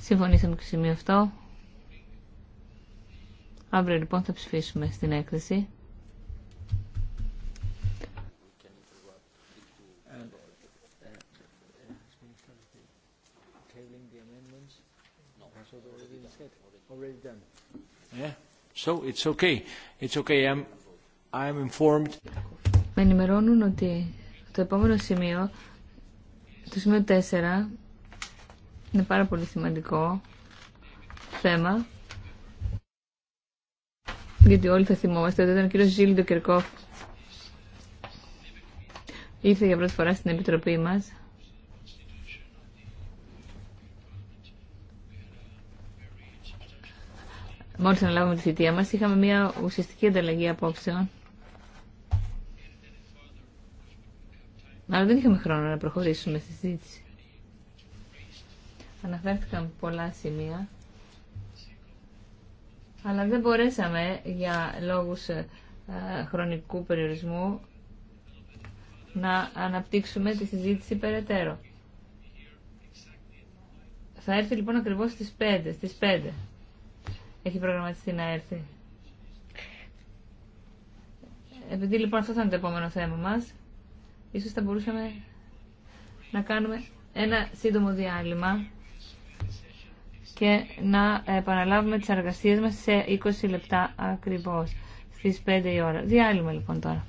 Συμφωνήσαμε και σημείο αυτό. Αύριο λοιπόν θα ψηφίσουμε στην έκθεση. Με ενημερώνουν ότι το επόμενο σημείο το σημείο 4 είναι πάρα πολύ σημαντικό θέμα. Γιατί όλοι θα θυμόμαστε ότι ήταν ο κύριος Ζήλιντο Κερκόφ ήρθε για πρώτη φορά στην Επιτροπή μας μόλις αναλάβουμε τη θητεία μας, είχαμε μια ουσιαστική ανταλλαγή απόψεων Αλλά δεν είχαμε χρόνο να προχωρήσουμε στη συζήτηση. Αναφέρθηκαν πολλά σημεία, αλλά δεν μπορέσαμε για λόγους ε, χρονικού περιορισμού να αναπτύξουμε τη συζήτηση περαιτέρω. Θα έρθει λοιπόν ακριβώς στις 5. Στις 5. Έχει προγραμματιστεί να έρθει. Επειδή λοιπόν αυτό θα είναι το επόμενο θέμα μας, Ίσως θα μπορούσαμε να κάνουμε ένα σύντομο διάλειμμα και να επαναλάβουμε τις εργασίες μας σε 20 λεπτά ακριβώς, στις 5 η ώρα. Διάλειμμα λοιπόν τώρα.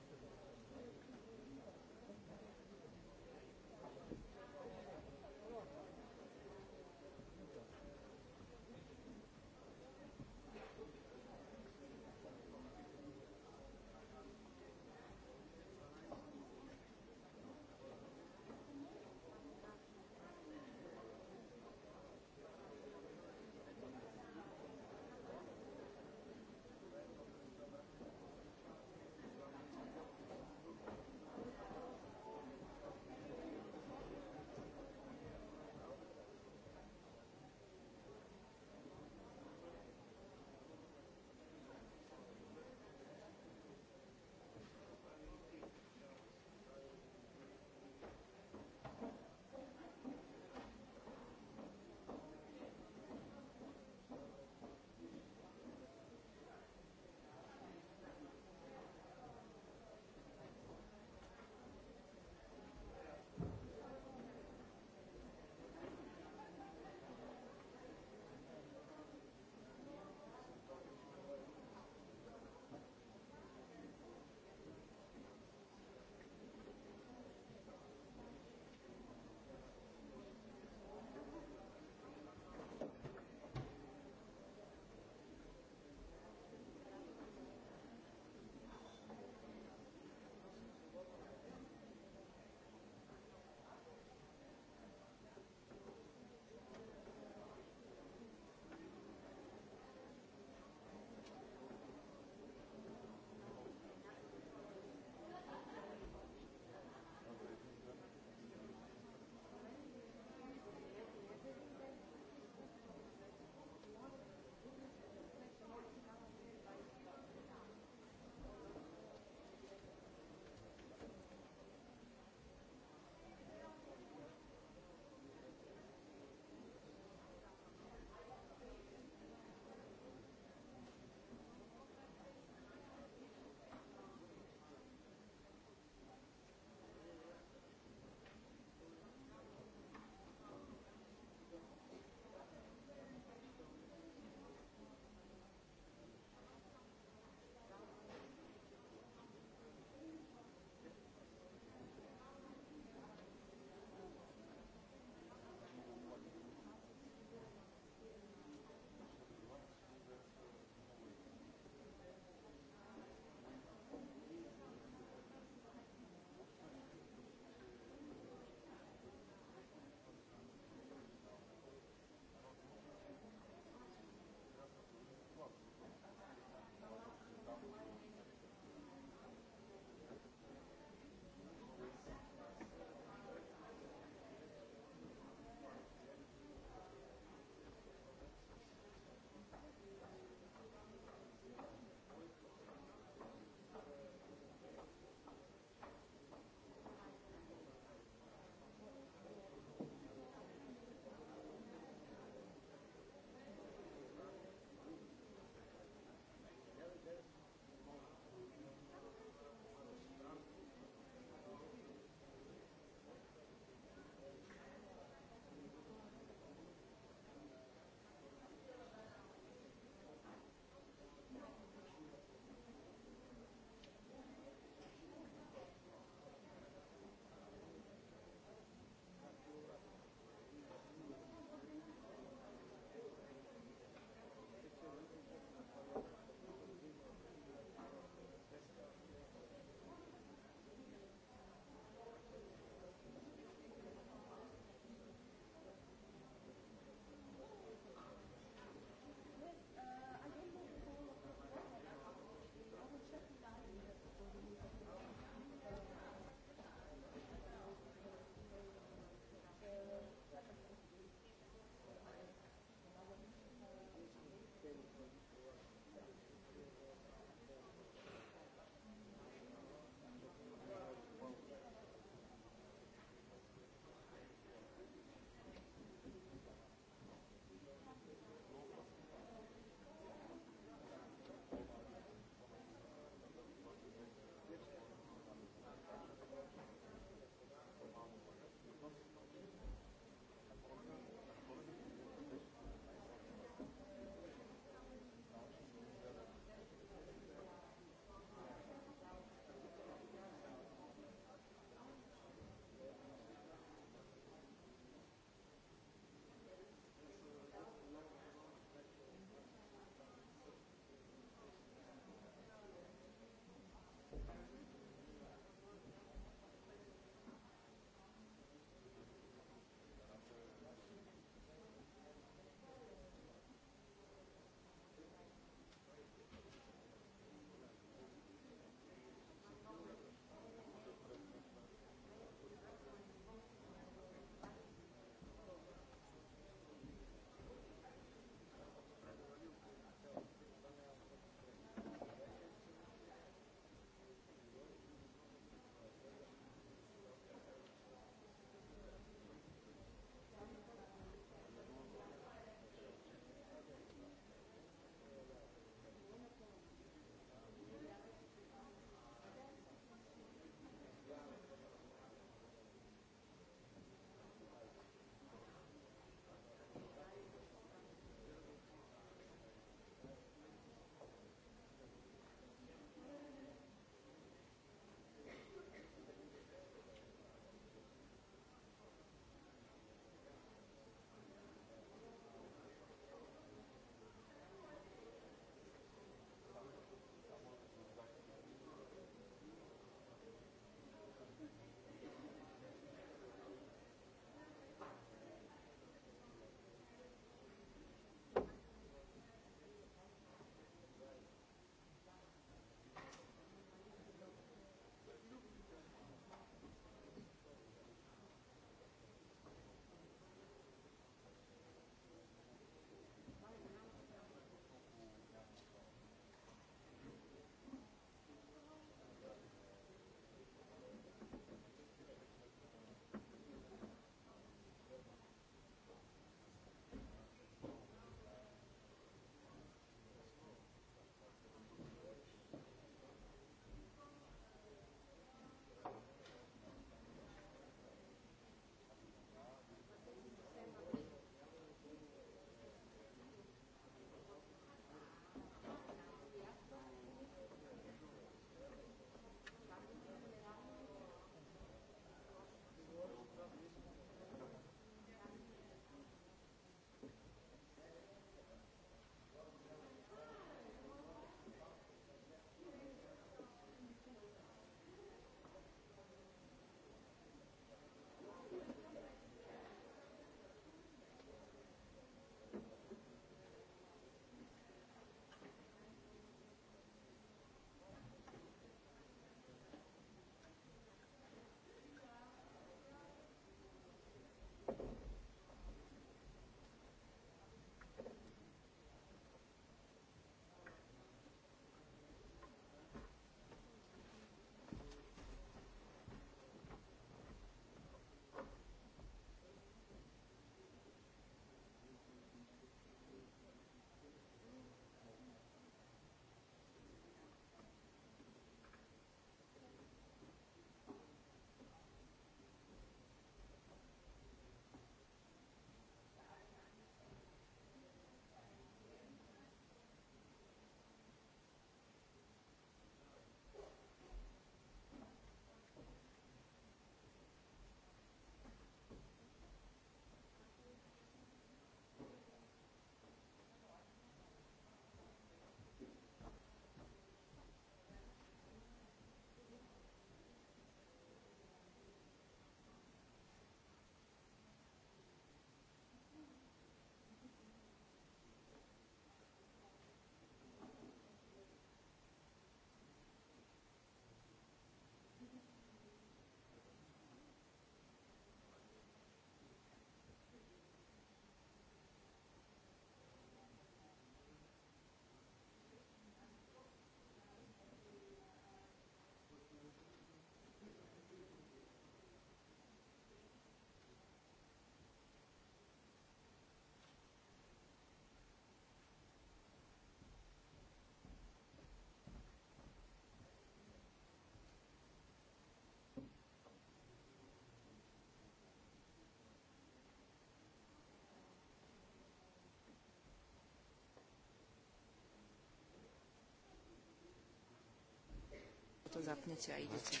zapnięcia i dzieci.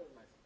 ver, maestro.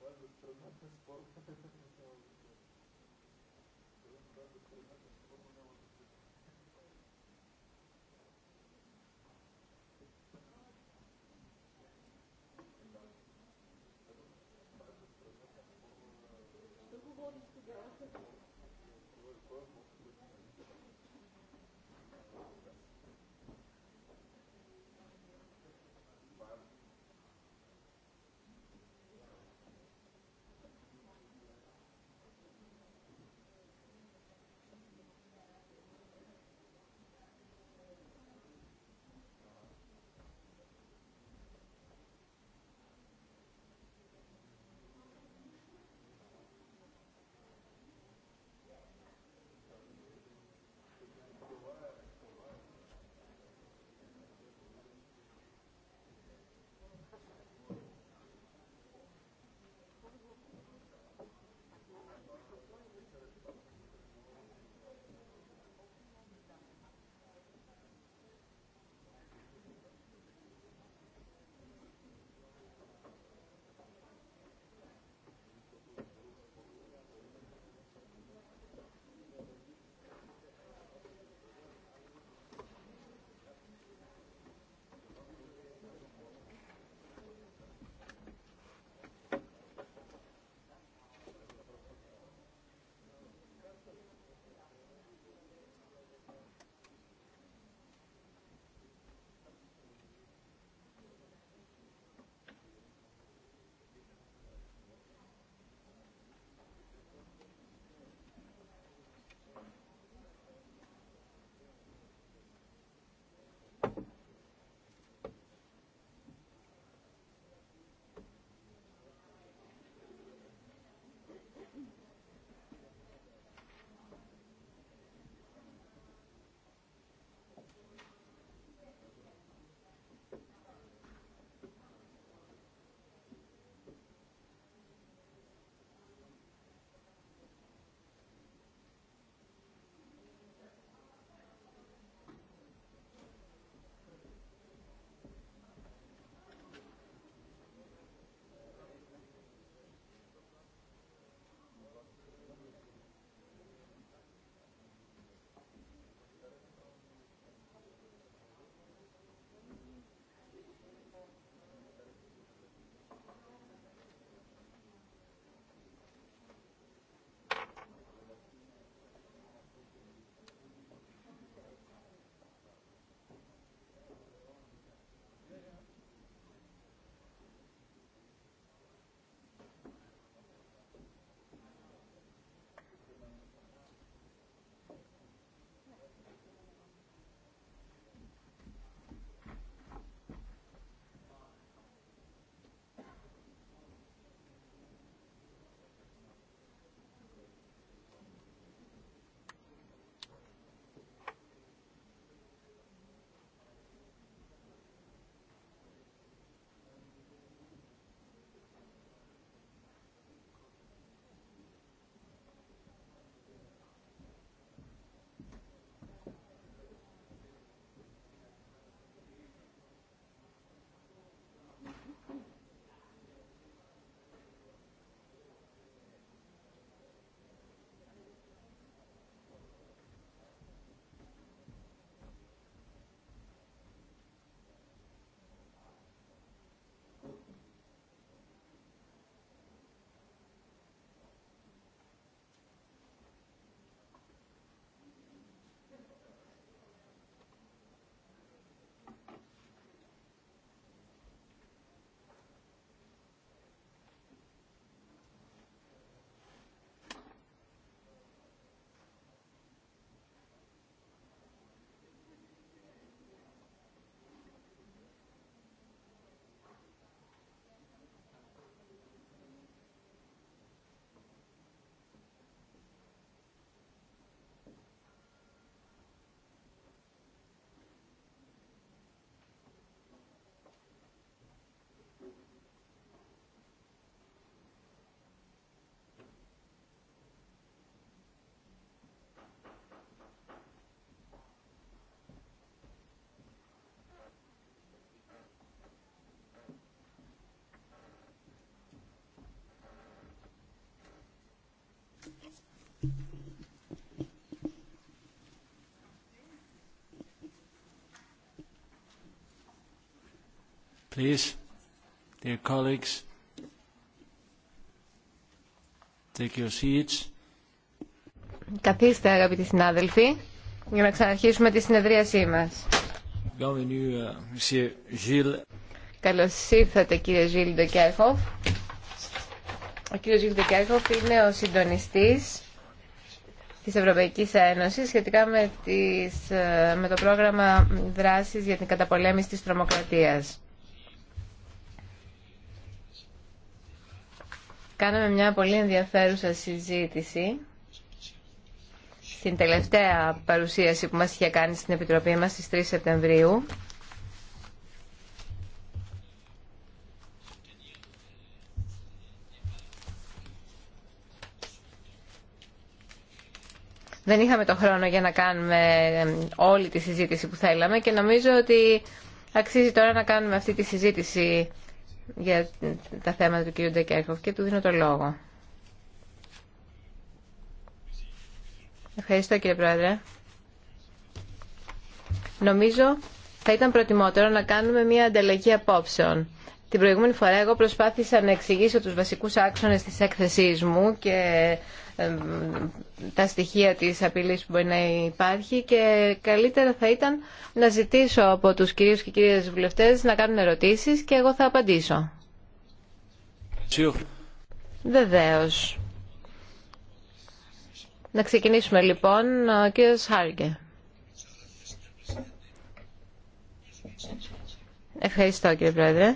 Cuando tronaste por... Cuando tronaste Please, dear colleagues, take your seats. Καθίστε αγαπητοί συνάδελφοι για να ξαναρχίσουμε τη συνεδρίασή μας. Euh, Καλώς ήρθατε κύριε Ζιλ Ντεκέρχοφ. Ο κύριος Ζιλ Ντεκέρχοφ είναι ο συντονιστής της Ευρωπαϊκής Ένωσης σχετικά με, τις, ε, με το πρόγραμμα δράσης για την καταπολέμηση της τρομοκρατίας. Κάναμε μια πολύ ενδιαφέρουσα συζήτηση στην τελευταία παρουσίαση που μας είχε κάνει στην Επιτροπή μας στις 3 Σεπτεμβρίου. Δεν είχαμε το χρόνο για να κάνουμε όλη τη συζήτηση που θέλαμε και νομίζω ότι αξίζει τώρα να κάνουμε αυτή τη συζήτηση για τα θέματα του κ. Ντεκέρχοφ και του δίνω το λόγο. Ευχαριστώ κύριε Πρόεδρε. Νομίζω θα ήταν προτιμότερο να κάνουμε μια ανταλλαγή απόψεων. Την προηγούμενη φορά εγώ προσπάθησα να εξηγήσω τους βασικούς άξονες της έκθεσής μου και τα στοιχεία της απειλής που μπορεί να υπάρχει και καλύτερα θα ήταν να ζητήσω από τους κυρίους και κυρίες βουλευτές να κάνουν ερωτήσεις και εγώ θα απαντήσω. Βεβαίω. Να ξεκινήσουμε λοιπόν, ο κύριος Χάρκε. Ευχαριστώ κύριε Πρόεδρε.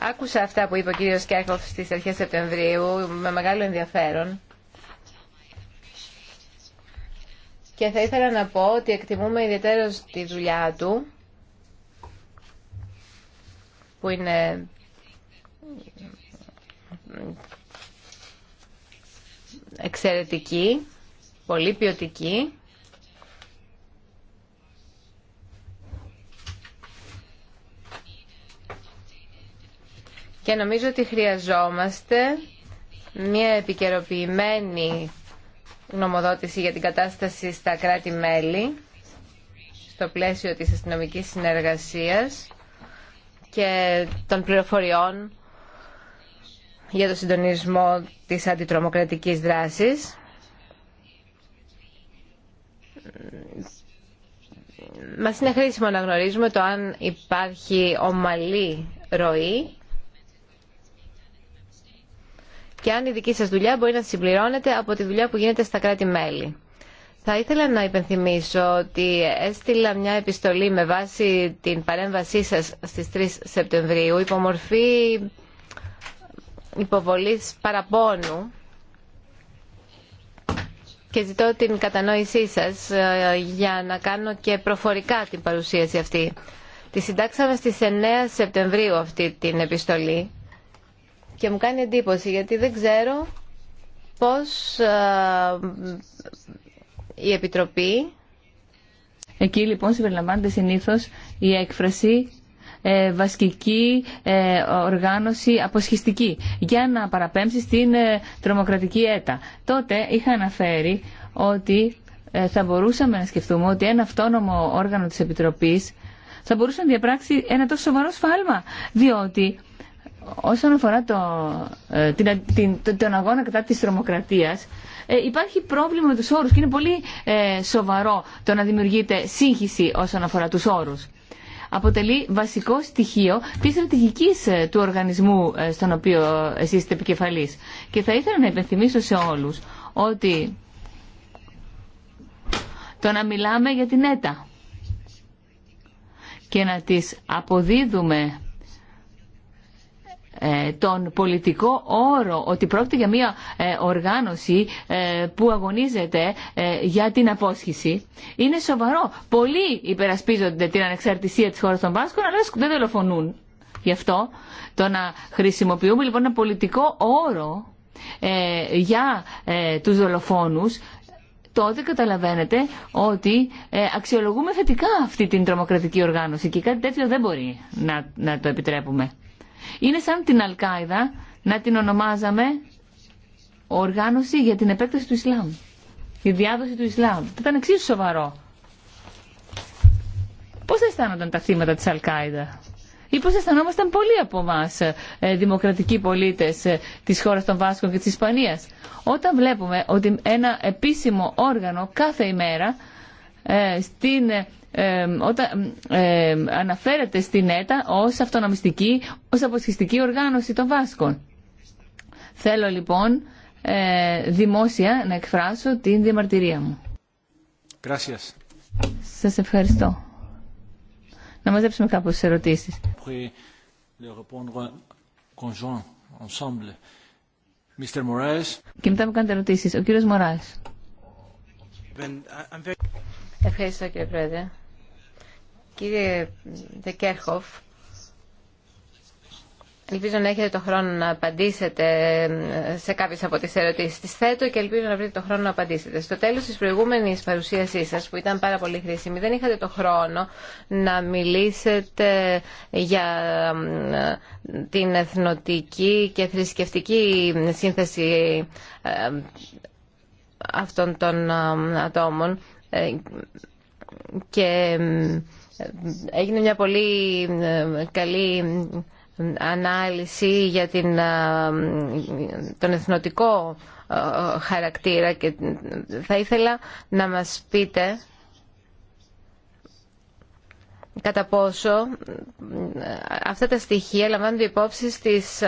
Άκουσα αυτά που είπε ο κύριος Κέρχοφ στις αρχές Σεπτεμβρίου με μεγάλο ενδιαφέρον. Και θα ήθελα να πω ότι εκτιμούμε ιδιαίτερα τη δουλειά του, που είναι εξαιρετική, πολύ ποιοτική. Και νομίζω ότι χρειαζόμαστε μια επικαιροποιημένη νομοδότηση για την κατάσταση στα κράτη-μέλη στο πλαίσιο της αστυνομικής συνεργασίας και των πληροφοριών για το συντονισμό της αντιτρομοκρατικής δράσης. Μας είναι χρήσιμο να γνωρίζουμε το αν υπάρχει ομαλή ροή και αν η δική σας δουλειά μπορεί να συμπληρώνεται από τη δουλειά που γίνεται στα κράτη-μέλη. Θα ήθελα να υπενθυμίσω ότι έστειλα μια επιστολή με βάση την παρέμβασή σας στις 3 Σεπτεμβρίου υπομορφή υποβολής παραπώνου και ζητώ την κατανόησή σας ε, για να κάνω και προφορικά την παρουσίαση αυτή. Τη συντάξαμε στις 9 Σεπτεμβρίου αυτή την επιστολή και μου κάνει εντύπωση γιατί δεν ξέρω πώς ε, η Επιτροπή... Εκεί λοιπόν συμπεριλαμβάνεται συνήθως η έκφραση ε, βασική ε, οργάνωση αποσχιστική για να παραπέμψει στην ε, τρομοκρατική έτα. Τότε είχα αναφέρει ότι θα μπορούσαμε να σκεφτούμε ότι ένα αυτόνομο όργανο της Επιτροπής θα μπορούσε να διαπράξει ένα τόσο σοβαρό σφάλμα, διότι Όσον αφορά το, ε, την, την, τον αγώνα κατά της τρομοκρατίας, ε, υπάρχει πρόβλημα με τους όρους και είναι πολύ ε, σοβαρό το να δημιουργείται σύγχυση όσον αφορά τους όρους αποτελεί βασικό στοιχείο της στρατηγικής του οργανισμού στον οποίο εσείς είστε επικεφαλής. Και θα ήθελα να υπενθυμίσω σε όλους ότι το να μιλάμε για την ΕΤΑ και να τις αποδίδουμε ε, τον πολιτικό όρο ότι πρόκειται για μια ε, οργάνωση ε, που αγωνίζεται για την απόσχηση είναι σοβαρό. Πολλοί υπερασπίζονται την ανεξαρτησία της χώρας των Βάσκων αλλά δεν δολοφονούν. Γι' αυτό το να χρησιμοποιούμε λοιπόν ένα πολιτικό όρο για τους δολοφόνους τότε καταλαβαίνετε ότι αξιολογούμε θετικά αυτή την τρομοκρατική οργάνωση και κάτι τέτοιο δεν μπορεί να το επιτρέπουμε. Είναι σαν την Αλκάιδα να την ονομάζαμε οργάνωση για την επέκταση του Ισλάμ. Η διάδοση του Ισλάμ. Το ήταν εξίσου σοβαρό. Πώ αισθάνονταν τα θύματα τη Αλκάιδα, ή πώ αισθανόμασταν πολλοί από εμά, ε, δημοκρατικοί πολίτε ε, τη χώρα των Βάσκων και τη Ισπανία, όταν βλέπουμε ότι ένα επίσημο όργανο κάθε ημέρα ε, στην, ε, ε, όταν αναφέρεται στην ΕΤΑ ως αυτονομιστική, ως αποσχιστική οργάνωση των Βάσκων. Θέλω λοιπόν δημόσια να εκφράσω την διαμαρτυρία μου. Gracias. Σας ευχαριστώ. Να μαζέψουμε κάπως ερωτήσεις. Και μετά μου κάνετε ερωτήσεις. Ο κύριος Μωράς. Ευχαριστώ κύριε Πρόεδρε. Κύριε Δεκέρχοφ, ελπίζω να έχετε το χρόνο να απαντήσετε σε κάποιες από τις ερωτήσεις Τις θέτω και ελπίζω να βρείτε το χρόνο να απαντήσετε. Στο τέλος της προηγούμενης παρουσίασής σας, που ήταν πάρα πολύ χρήσιμη, δεν είχατε το χρόνο να μιλήσετε για την εθνοτική και θρησκευτική σύνθεση αυτών των ατόμων ε, και έγινε μια πολύ καλή ανάλυση για την, τον εθνοτικό ε, ε, χαρακτήρα και θα ήθελα να μας πείτε κατά πόσο αυτά τα στοιχεία λαμβάνονται υπόψη στις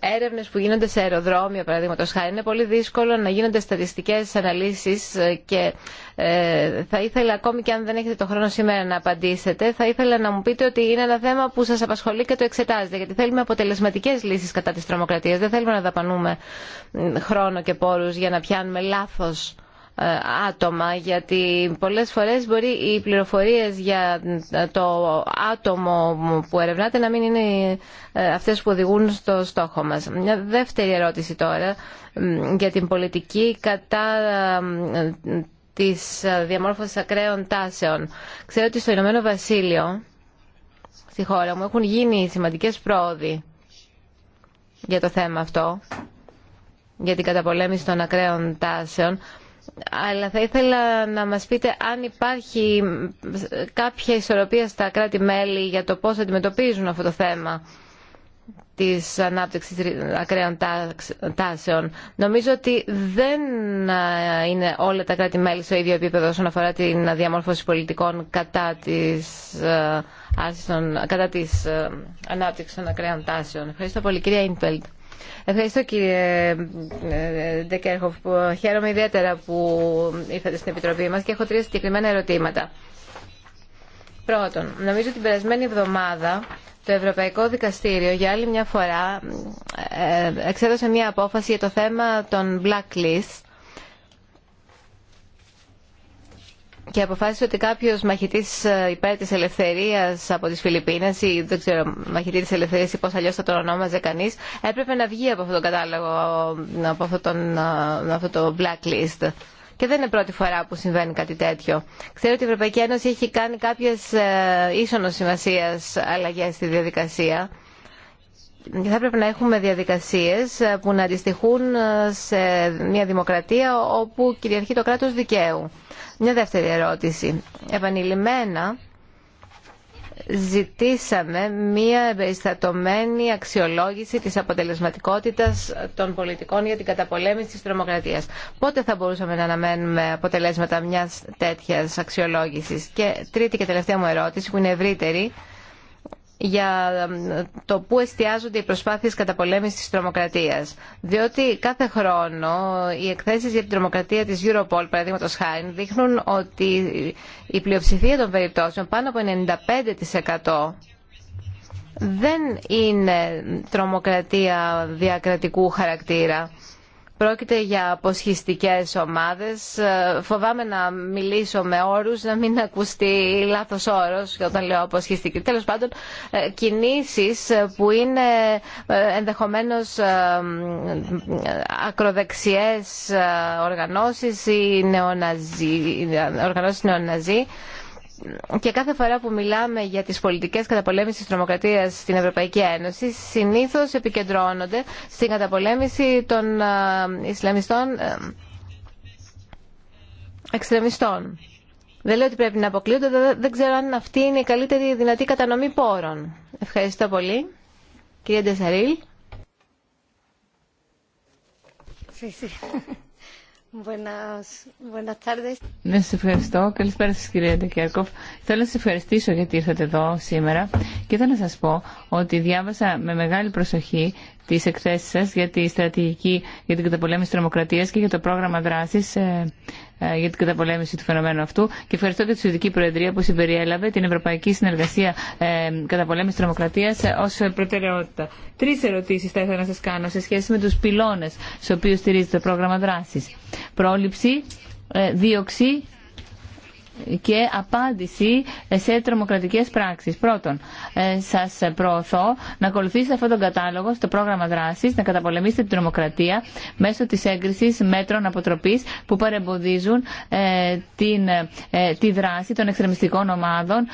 Έρευνε που γίνονται σε αεροδρόμια, παραδείγματο χάρη, είναι πολύ δύσκολο να γίνονται στατιστικές αναλύσεις και ε, θα ήθελα, ακόμη και αν δεν έχετε το χρόνο σήμερα να απαντήσετε, θα ήθελα να μου πείτε ότι είναι ένα θέμα που σας απασχολεί και το εξετάζετε, γιατί θέλουμε αποτελεσματικές λύσεις κατά της τρομοκρατίας. Δεν θέλουμε να δαπανούμε χρόνο και πόρου για να πιάνουμε λάθο. Ε, άτομα γιατί πολλές φορές μπορεί οι πληροφορίες για ε, το άτομο που ερευνάται να μην είναι ε, αυτές που οδηγούν στο στόχο μας. Μια δεύτερη ερώτηση τώρα για την πολιτική κατά της διαμόρφωσης ακραίων τάσεων. Ξέρω ότι στο Ηνωμένο Βασίλειο, στη χώρα μου, έχουν γίνει σημαντικές πρόοδοι για το θέμα αυτό, για την καταπολέμηση των ακραίων τάσεων αλλά θα ήθελα να μας πείτε αν υπάρχει κάποια ισορροπία στα κράτη-μέλη για το πώς αντιμετωπίζουν αυτό το θέμα της ανάπτυξης ακραίων τάσεων. Νομίζω ότι δεν ε, είναι όλα τα κράτη-μέλη στο ίδιο επίπεδο όσον αφορά την διαμόρφωση πολιτικών κατά της, ε, κατά της ε, ανάπτυξης των ακραίων τάσεων. Ευχαριστώ πολύ κυρία Ευχαριστώ κύριε ε, Ντεκέρχοφ. Χαίρομαι ιδιαίτερα που ήρθατε στην Επιτροπή μας και έχω τρία συγκεκριμένα ερωτήματα. Πρώτον, νομίζω την περασμένη εβδομάδα το Ευρωπαϊκό Δικαστήριο για άλλη μια φορά ε, εξέδωσε μια απόφαση για το θέμα των blacklist και αποφάσισε ότι κάποιο μαχητή ε, υπέρ τη ελευθερία από τι Φιλιππίνε ή δεν ξέρω, μαχητή τη ελευθερία ή πώ αλλιώ θα τον ονόμαζε κανεί, έπρεπε να βγει από αυτόν τον κατάλογο, από αυτό, τον, ε, αυτό το blacklist. Και δεν είναι πρώτη φορά που συμβαίνει κάτι τέτοιο. Ξέρω ότι η Ευρωπαϊκή Ένωση έχει κάνει κάποιε ίσονο σημασία αλλαγέ στη διαδικασία θα έπρεπε να έχουμε διαδικασίες ε, που να αντιστοιχούν ε, σε μια δημοκρατία όπου κυριαρχεί το κράτος δικαίου. Μια δεύτερη ερώτηση. Επανειλημμένα ζητήσαμε μια εμπεριστατωμένη αξιολόγηση της αποτελεσματικότητας των πολιτικών για την καταπολέμηση της τρομοκρατίας. Πότε θα μπορούσαμε να αναμένουμε αποτελέσματα μιας τέτοιας αξιολόγησης. Και τρίτη και τελευταία μου ερώτηση που είναι ευρύτερη για το πού εστιάζονται οι προσπάθειες καταπολέμησης της τρομοκρατίας. Διότι κάθε χρόνο οι εκθέσεις για την τρομοκρατία της Europol, παραδείγματος χάρη, δείχνουν ότι η πλειοψηφία των περιπτώσεων, πάνω από 95%, δεν είναι τρομοκρατία διακρατικού χαρακτήρα. Πρόκειται για αποσχιστικές ομάδες. Ε, φοβάμαι να μιλήσω με όρους, να μην ακουστεί λάθος όρος όταν λέω αποσχιστική. Τέλος πάντων, ε, κινήσεις ε, που είναι ενδεχομένως ακροδεξιές οργανώσεις ή νεοναζί, οργανώσεις νεοναζί και κάθε φορά που μιλάμε για τις πολιτικές καταπολέμησης της τρομοκρατίας στην Ευρωπαϊκή Ένωση συνήθως επικεντρώνονται στην καταπολέμηση των ε, Ισλαμιστών ε, εξτρεμιστών. Δεν λέω ότι πρέπει να αποκλείονται, δεν ξέρω αν αυτή είναι η καλύτερη δυνατή κατανομή πόρων. Ευχαριστώ πολύ. Κυρία Ντεσαρίλ. *laughs* Ναι, σα ευχαριστώ. Καλησπέρα σα, κυρία Ντεκέρκοφ. Θέλω να σα ευχαριστήσω γιατί ήρθατε εδώ σήμερα και θέλω να σα πω ότι διάβασα με μεγάλη προσοχή τι εκθέσει σα για τη στρατηγική για την καταπολέμηση τη τρομοκρατία και για το πρόγραμμα δράση ε, ε, για την καταπολέμηση του φαινομένου αυτού. Και ευχαριστώ και τη Σουηδική Προεδρία που συμπεριέλαβε την Ευρωπαϊκή Συνεργασία ε, Καταπολέμηση Τρομοκρατία ε, ω προτεραιότητα. Τρει ερωτήσει θα ήθελα να σα κάνω σε σχέση με του πυλώνε στου οποίου στηρίζεται το πρόγραμμα δράση. Πρόληψη, δίωξη και απάντηση σε τρομοκρατικές πράξεις. Πρώτον, ε, σας προωθώ να ακολουθήσετε αυτόν τον κατάλογο στο πρόγραμμα δράσης, να καταπολεμήσετε την τρομοκρατία μέσω της έγκρισης μέτρων αποτροπής που παρεμποδίζουν ε, την, ε, τη δράση των εξτρεμιστικών ομάδων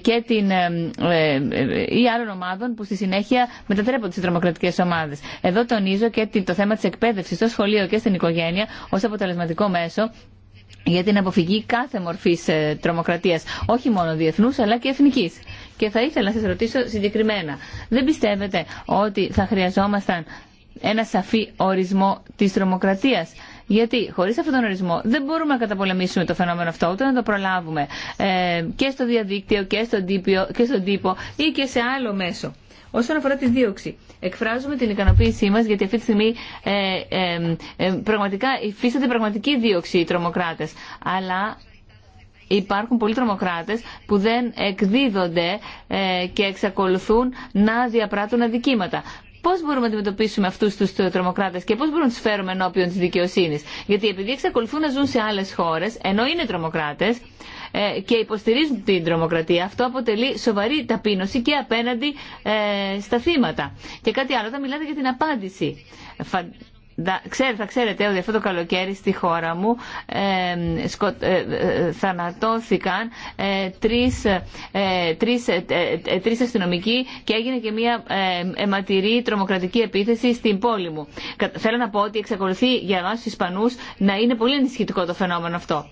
και την, ή άλλων ομάδων που στη συνέχεια μετατρέπονται σε τρομοκρατικές ομάδες. Εδώ τονίζω και το θέμα της εκπαίδευσης στο σχολείο και στην οικογένεια ως αποτελεσματικό μέσο για την αποφυγή κάθε μορφής ε, τρομοκρατίας, όχι μόνο διεθνούς αλλά και εθνικής. Και θα ήθελα να σας ρωτήσω συγκεκριμένα, δεν πιστεύετε ότι θα χρειαζόμασταν ένα σαφή ορισμό της τρομοκρατίας. Γιατί χωρίς αυτόν τον ορισμό δεν μπορούμε να καταπολεμήσουμε το φαινόμενο αυτό, ούτε να το προλάβουμε ε, και στο διαδίκτυο και και στον τύπο ή και σε άλλο μέσο. Όσον αφορά τη δίωξη, εκφράζουμε την ικανοποίησή μα γιατί αυτή τη στιγμή ε, ε, ε πραγματικά υφίσταται πραγματική δίωξη οι τρομοκράτε. Αλλά υπάρχουν πολλοί τρομοκράτες που δεν εκδίδονται ε, και εξακολουθούν να διαπράττουν αδικήματα. Πώ μπορούμε να αντιμετωπίσουμε αυτού του τρομοκράτε και πώ μπορούμε να του φέρουμε ενώπιον τη δικαιοσύνη. Γιατί επειδή εξακολουθούν να ζουν σε άλλε χώρε, ενώ είναι τρομοκράτε, ε, και υποστηρίζουν την τρομοκρατία. Αυτό αποτελεί σοβαρή ταπείνωση και απέναντι ε, στα θύματα. Και κάτι άλλο, θα μιλάτε για την απάντηση. Ξέρετε, θα ξέρετε ότι αυτό το καλοκαίρι στη χώρα μου ε, σκοτ, ε, ε, θανατώθηκαν ε, τρεις, τρεις, τρεις αστυνομικοί και έγινε και μια αιματηρή τρομοκρατική επίθεση στην πόλη μου. Θέλω να πω ότι εξακολουθεί για εμάς τους Ισπανούς να είναι πολύ ενισχυτικό το φαινόμενο αυτό.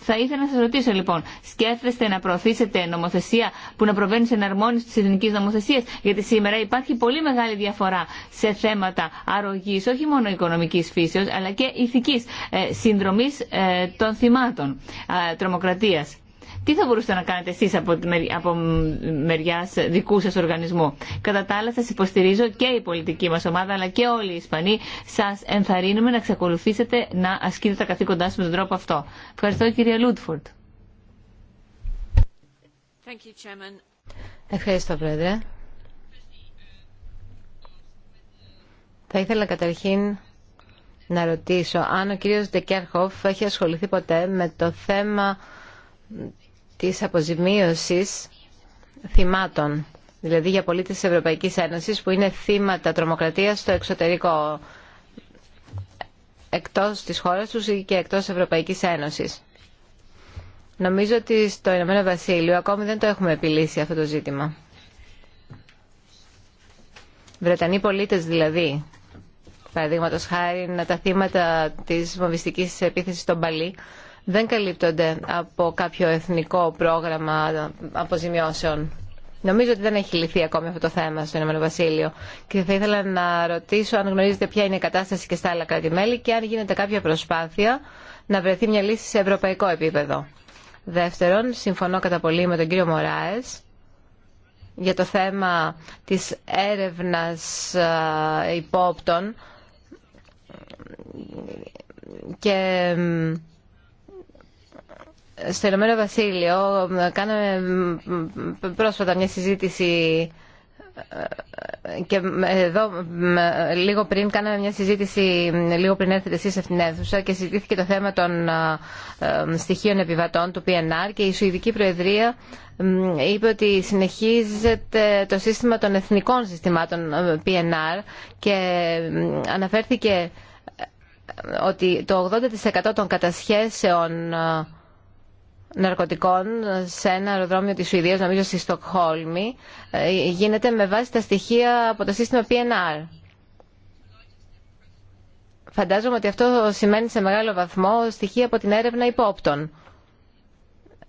Θα ήθελα να σα ρωτήσω λοιπόν, σκέφτεστε να προωθήσετε νομοθεσία που να προβαίνει σε εναρμόνιση τη ελληνική νομοθεσία, γιατί σήμερα υπάρχει πολύ μεγάλη διαφορά σε θέματα αρρωγή, όχι μόνο οικονομική φύσεω, αλλά και ηθική ε, συνδρομή ε, των θυμάτων ε, τρομοκρατία. Τι θα μπορούσατε να κάνετε εσείς από, από δικού σας οργανισμού. Κατά τα άλλα σα υποστηρίζω και η πολιτική μας ομάδα αλλά και όλοι οι Ισπανοί σας ενθαρρύνουμε να ξεκολουθήσετε να ασκείτε τα καθήκοντά σας με τον τρόπο αυτό. Ευχαριστώ κυρία Λούτφορντ. Ευχαριστώ Πρόεδρε. Θα ήθελα καταρχήν να ρωτήσω αν ο κύριος Ντεκέρχοφ έχει ασχοληθεί ποτέ με το θέμα της αποζημίωσης θυμάτων, δηλαδή για πολίτες της Ευρωπαϊκής Ένωσης που είναι θύματα τρομοκρατίας στο εξωτερικό, εκτός της χώρας τους και εκτός Ευρωπαϊκής Ένωσης. Νομίζω ότι στο Ηνωμένο Βασίλειο ακόμη δεν το έχουμε επιλύσει αυτό το ζήτημα. Βρετανοί πολίτες δηλαδή, παραδείγματος χάρη, τα θύματα της βομβιστικής επίθεσης στον Παλί, δεν καλύπτονται από κάποιο εθνικό πρόγραμμα αποζημιώσεων. Νομίζω ότι δεν έχει λυθεί ακόμη αυτό το θέμα στο Ηνωμένο Βασίλειο. Και θα ήθελα να ρωτήσω αν γνωρίζετε ποια είναι η κατάσταση και στα άλλα κράτη-μέλη και αν γίνεται κάποια προσπάθεια να βρεθεί μια λύση σε ευρωπαϊκό επίπεδο. Δεύτερον, συμφωνώ κατά πολύ με τον κύριο Μωράε για το θέμα της έρευνας υπόπτων και στο Ηνωμένο Βασίλειο κάναμε πρόσφατα μια συζήτηση ε, και εδώ λίγο πριν κάναμε μια συζήτηση λίγο πριν έρθετε εσείς σε αυτήν την αίθουσα και συζητήθηκε το θέμα των ε, ε, στοιχείων επιβατών του PNR και η Σουηδική Προεδρία είπε ότι συνεχίζεται το σύστημα των εθνικών συστημάτων PNR και αναφέρθηκε ότι το 80% των κατασχέσεων ναρκωτικών σε ένα αεροδρόμιο της Σουηδίας, νομίζω στη Στοκχόλμη, ε, γίνεται με βάση τα στοιχεία από το σύστημα PNR. Φαντάζομαι ότι αυτό σημαίνει σε μεγάλο βαθμό στοιχεία από την έρευνα υπόπτων.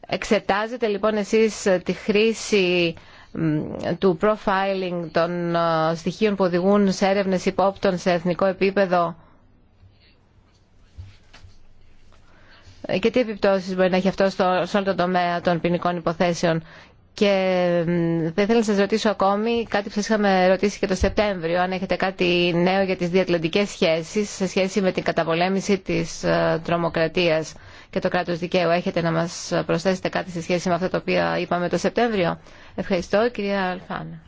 Εξετάζετε λοιπόν εσείς ε, τη χρήση του profiling των ε, στοιχείων που οδηγούν σε έρευνες υπόπτων σε εθνικό επίπεδο και τι επιπτώσεις μπορεί να έχει αυτό στο, σε όλο τον τομέα των ποινικών υποθέσεων. Και θα ήθελα να σας ρωτήσω ακόμη κάτι που σας είχαμε ρωτήσει και το Σεπτέμβριο, αν έχετε κάτι νέο για τις διατλαντικές σχέσεις σε σχέση με την καταπολέμηση της ε, τρομοκρατίας και το κράτος δικαίου. Έχετε να μας προσθέσετε κάτι σε σχέση με αυτά τα οποία είπαμε το Σεπτέμβριο. Ευχαριστώ, κυρία Αλφάνα.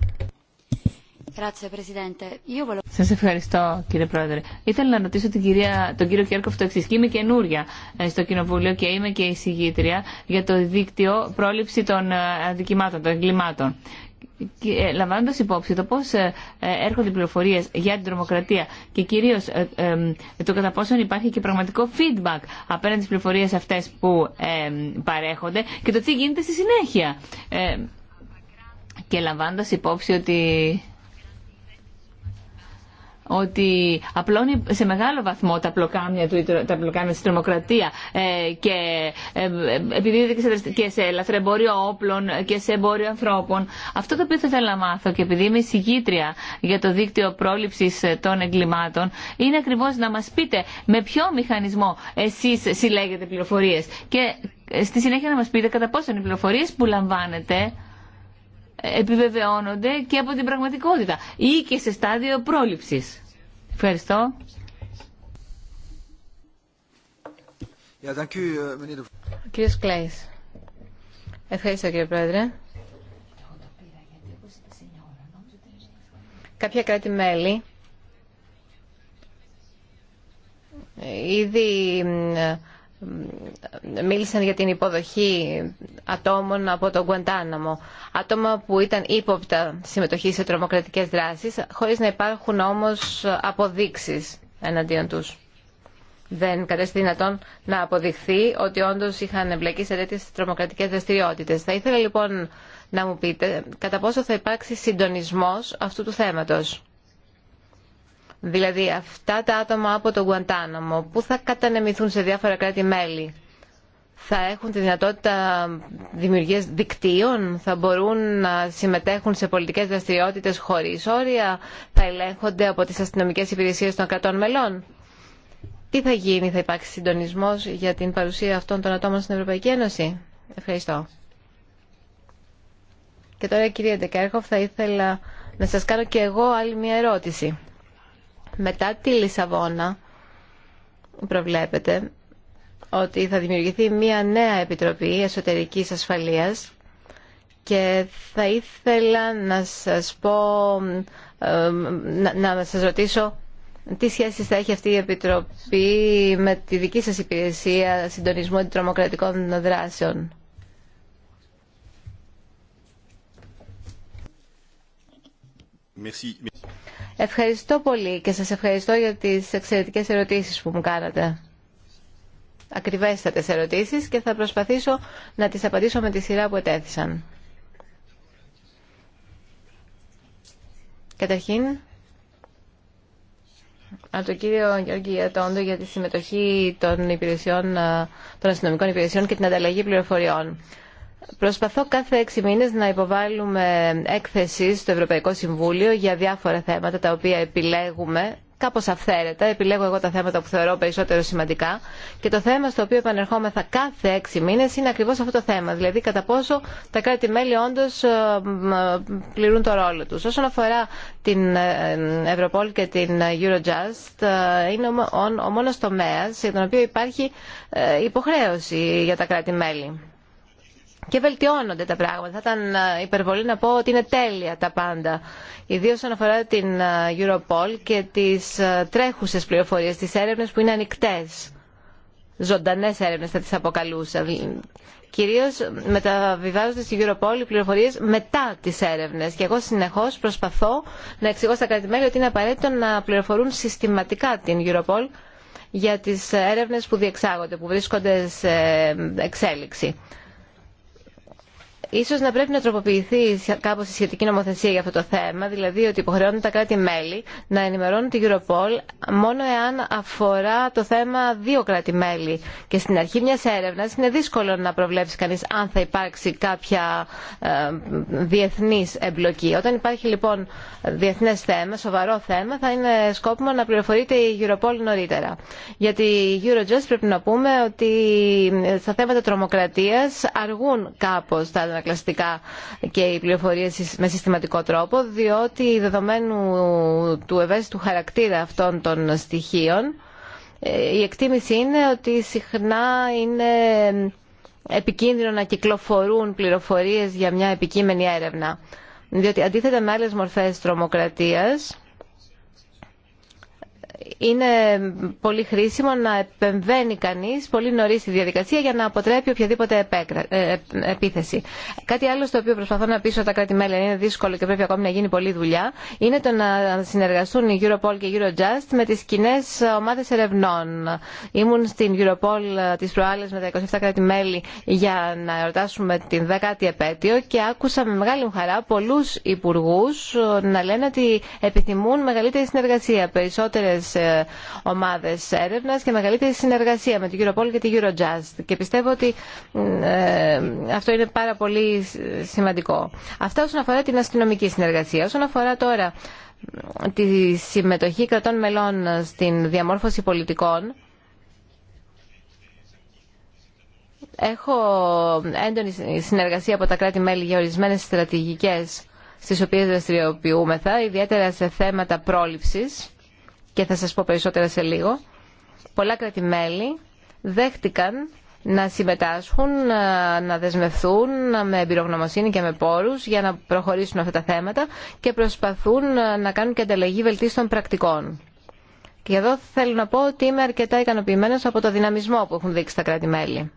Σας ευχαριστώ κύριε Πρόεδρε. Ήθελα να ρωτήσω την κυρία, τον κύριο Κέρκοφ το εξής. Και είμαι καινούρια ε, στο Κοινοβούλιο και είμαι και εισηγήτρια για το δίκτυο πρόληψη των ε, αδικημάτων, των εγκλημάτων. Ε, λαμβάνοντα υπόψη το πώ έρχονται οι πληροφορίε για την τρομοκρατία και κυρίω το κατά πόσο υπάρχει και πραγματικό feedback απέναντι στις πληροφορίε αυτέ που παρέχονται και το τι γίνεται στη συνέχεια. Και λαμβάνοντα υπόψη ότι ότι απλώνει σε μεγάλο βαθμό τα πλοκάμια, του, τα πλοκάμια της τρομοκρατία ε, και ε, ε επιδίδεται και σε λαθρεμπόριο όπλων και σε εμπόριο ανθρώπων. Αυτό το οποίο θα ήθελα να μάθω και επειδή είμαι συγκήτρια για το δίκτυο πρόληψης ε, των εγκλημάτων είναι ακριβώς να μας πείτε με ποιο μηχανισμό εσείς συλλέγετε πληροφορίες και στη συνέχεια να μας πείτε κατά πόσον οι πληροφορίες που λαμβάνετε επιβεβαιώνονται και από την πραγματικότητα ή και σε στάδιο πρόληψης ευχαριστω κυριε Κύριε Κλέης. Ευχαριστώ κύριε Πρόεδρε. Κάποια κράτη-μέλη ήδη μίλησαν για την υποδοχή ατόμων από τον Γκουαντάναμο. Άτομα που ήταν ύποπτα συμμετοχή σε τρομοκρατικές δράσεις, χωρίς να υπάρχουν όμως αποδείξεις εναντίον τους. Δεν κατέστη δυνατόν να αποδειχθεί ότι όντως είχαν εμπλακεί σε τέτοιες τρομοκρατικές δραστηριότητες. Θα ήθελα λοιπόν να μου πείτε κατά πόσο θα υπάρξει συντονισμός αυτού του θέματος δηλαδή αυτά τα άτομα από τον Γκουαντάναμο που θα κατανεμηθούν σε διάφορα κράτη-μέλη θα έχουν τη δυνατότητα δημιουργίας δικτύων, θα μπορούν να συμμετέχουν σε πολιτικές δραστηριότητες χωρίς όρια, θα ελέγχονται από τις αστυνομικές υπηρεσίες των κρατών μελών. Τι θα γίνει, θα υπάρξει συντονισμός για την παρουσία αυτών των ατόμων στην Ευρωπαϊκή Ένωση. Ευχαριστώ. Και τώρα κυρία Ντεκέρχοφ θα ήθελα να σας κάνω και εγώ άλλη μια ερώτηση. Μετά τη Λισαβόνα προβλέπεται ότι θα δημιουργηθεί μια νέα επιτροπή εσωτερικής ασφαλείας και θα ήθελα να σας πω, ε, να σας ρωτήσω τι σχέση θα έχει αυτή η Επιτροπή με τη δική σας υπηρεσία συντονισμού αντιτρομοκρατικών δράσεων. Ευχαριστώ πολύ και σας ευχαριστώ για τις εξαιρετικές ερωτήσεις που μου κάνατε. Ακριβέστατες ερωτήσεις και θα προσπαθήσω να τις απαντήσω με τη σειρά που ετέθησαν. Καταρχήν, από τον κύριο Γιώργη Ατόντο για τη συμμετοχή των, υπηρεσιών, των αστυνομικών υπηρεσιών και την ανταλλαγή πληροφοριών. Προσπαθώ κάθε έξι μήνες να υποβάλουμε έκθεση στο Ευρωπαϊκό Συμβούλιο για διάφορα θέματα τα οποία επιλέγουμε κάπως αυθαίρετα, επιλέγω εγώ τα θέματα που θεωρώ περισσότερο σημαντικά και το θέμα στο οποίο επανερχόμεθα κάθε έξι μήνες είναι ακριβώς αυτό το θέμα, δηλαδή κατά πόσο τα κράτη-μέλη όντως ε, ε, πληρούν το ρόλο τους. Όσον αφορά την ε, Ευρωπόλ και την Eurojust, είναι ο μόνος τομέας για τον οποίο υπάρχει υποχρέωση για τα κράτη-μέλη και βελτιώνονται τα πράγματα. Θα ήταν ε, υπερβολή να πω ότι είναι τέλεια τα πάντα. Ιδίω όσον αφορά την ε, Europol και τι ε, τρέχουσε πληροφορίε, τι έρευνε που είναι ανοιχτέ. Ζωντανέ έρευνε θα τι αποκαλούσα. Κυρίω μεταβιβάζονται στη Europol οι πληροφορίε μετά τι έρευνε. Και εγώ συνεχώ προσπαθώ να εξηγώ στα κρατημέλη ότι είναι απαραίτητο να πληροφορούν συστηματικά την Europol για τι έρευνε που διεξάγονται, που βρίσκονται σε εξέλιξη. Ίσως να πρέπει να τροποποιηθεί κάπως η σχετική νομοθεσία για αυτό το θέμα, δηλαδή ότι υποχρεώνουν τα κράτη-μέλη να ενημερώνουν την Europol μόνο εάν αφορά το θέμα δύο κράτη-μέλη. Και στην αρχή μια έρευνα, είναι δύσκολο να προβλέψει κανεί αν θα υπάρξει κάποια ε, διεθνή εμπλοκή. Όταν υπάρχει λοιπόν διεθνέ θέμα, σοβαρό θέμα, θα είναι σκόπιμο να πληροφορείται η Europol νωρίτερα. Γιατί η Eurojust πρέπει να πούμε ότι ε, στα θέματα τρομοκρατία αργούν κάπω τα και οι πληροφορίε με συστηματικό τρόπο, διότι δεδομένου του ευαίσθητου χαρακτήρα αυτών των στοιχείων, ε, η εκτίμηση είναι ότι συχνά είναι επικίνδυνο να κυκλοφορούν πληροφορίες για μια επικείμενη έρευνα. Διότι αντίθετα με άλλες μορφές τρομοκρατίας, είναι πολύ χρήσιμο να επεμβαίνει κανείς πολύ νωρίς στη διαδικασία για να αποτρέπει οποιαδήποτε ε, ε, επίθεση. Κάτι άλλο στο οποίο προσπαθώ να πείσω τα κράτη-μέλη, είναι δύσκολο και πρέπει ακόμη να γίνει πολλή δουλειά, είναι το να συνεργαστούν η Europol και η Eurojust με τις κοινέ ομάδες ερευνών. Ήμουν στην Europol ε, τις προάλλες με τα 27 κράτη-μέλη για να εορτάσουμε την 10η επέτειο και άκουσα με μεγάλη χαρά πολλούς υπουργούς να λένε ότι επιθυμούν μεγαλύτερη συνεργασία, περισσότερες ε, ομάδες έρευνα και μεγαλύτερη συνεργασία με την Europol και την Eurojust. Και πιστεύω ότι ε, αυτό είναι πάρα πολύ σημαντικό. Αυτά όσον αφορά την αστυνομική συνεργασία. Όσον αφορά τώρα τη συμμετοχή κρατών μελών στην διαμόρφωση πολιτικών, έχω έντονη συνεργασία από τα κράτη-μέλη για ορισμένες στρατηγικές στις οποίες δραστηριοποιούμεθα, ιδιαίτερα σε θέματα πρόληψης και θα σας πω περισσότερα σε λίγο, πολλά κράτη-μέλη δέχτηκαν να συμμετάσχουν, να δεσμευθούν με εμπειρογνωμοσύνη και με πόρους για να προχωρήσουν αυτά τα θέματα και προσπαθούν ε, να κάνουν και ανταλλαγή βελτίστων πρακτικών. Και εδώ θέλω να πω ότι είμαι αρκετά ικανοποιημένο από το δυναμισμό που έχουν δείξει τα κράτη-μέλη.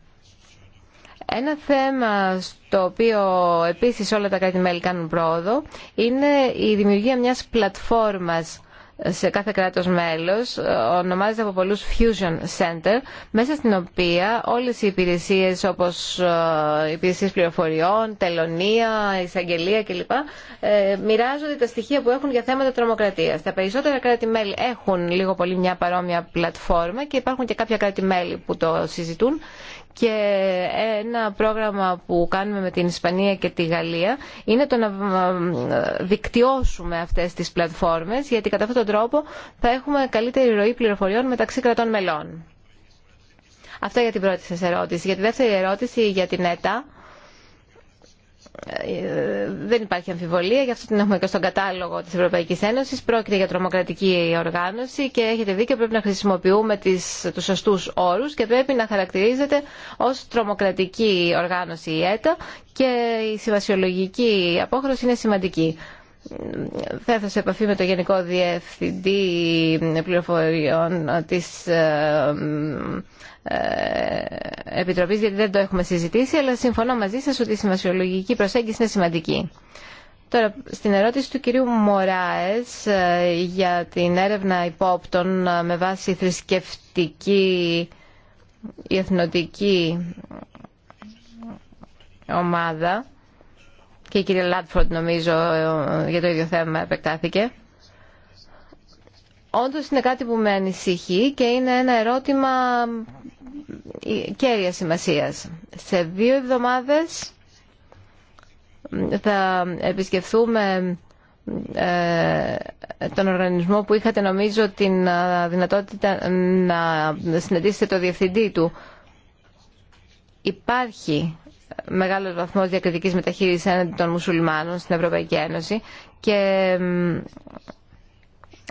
Ένα θέμα στο οποίο επίσης όλα τα κράτη-μέλη κάνουν πρόοδο είναι η δημιουργία μιας πλατφόρμας σε κάθε κράτος μέλος ε, ονομάζεται από πολλούς Fusion Center μέσα στην οποία όλες οι υπηρεσίες όπως ε, υπηρεσίες πληροφοριών, τελωνία, εισαγγελία κλπ. Ε, μοιράζονται τα στοιχεία που έχουν για θέματα τρομοκρατίας. Τα περισσότερα κράτη-μέλη έχουν λίγο πολύ μια παρόμοια πλατφόρμα και υπάρχουν και κάποια κράτη-μέλη που το συζητούν και ένα πρόγραμμα που κάνουμε με την Ισπανία και τη Γαλλία είναι το να δικτυώσουμε αυτές τις πλατφόρμες γιατί κατά αυτόν τον τρόπο θα έχουμε καλύτερη ροή πληροφοριών μεταξύ κρατών μελών. Αυτά για την πρώτη σας ερώτηση. Για τη δεύτερη ερώτηση για την ΕΤΑ ε, δεν υπάρχει αμφιβολία, γι' αυτό την έχουμε και στον κατάλογο της Ευρωπαϊκής Ένωσης. Πρόκειται για τρομοκρατική οργάνωση και έχετε δίκιο, πρέπει να χρησιμοποιούμε τις, τους σωστούς όρους και πρέπει να χαρακτηρίζεται ως τρομοκρατική οργάνωση η ΕΤΑ και η συμβασιολογική απόχρωση είναι σημαντική θα έρθω σε επαφή με το Γενικό Διευθυντή Πληροφοριών της ε, ε, Επιτροπής, γιατί δεν το έχουμε συζητήσει, αλλά συμφωνώ μαζί σας ότι η σημασιολογική προσέγγιση είναι σημαντική. Τώρα, στην ερώτηση του κυρίου Μωράες ε, για την έρευνα υπόπτων με βάση θρησκευτική ή εθνοτική ομάδα, και η κυρία Λάτφορντ νομίζω για το ίδιο θέμα επεκτάθηκε. Όντω είναι κάτι που με ανησυχεί και είναι ένα ερώτημα ε, κέρια σημασία. Σε δύο εβδομάδες θα επισκεφθούμε ε, τον οργανισμό που είχατε νομίζω την ε, δυνατότητα να συναντήσετε το διευθυντή του. Υπάρχει Μεγαλο βαθμό διακριτική μεταχείρισης έναντι των μουσουλμάνων στην Ευρωπαϊκή Ένωση και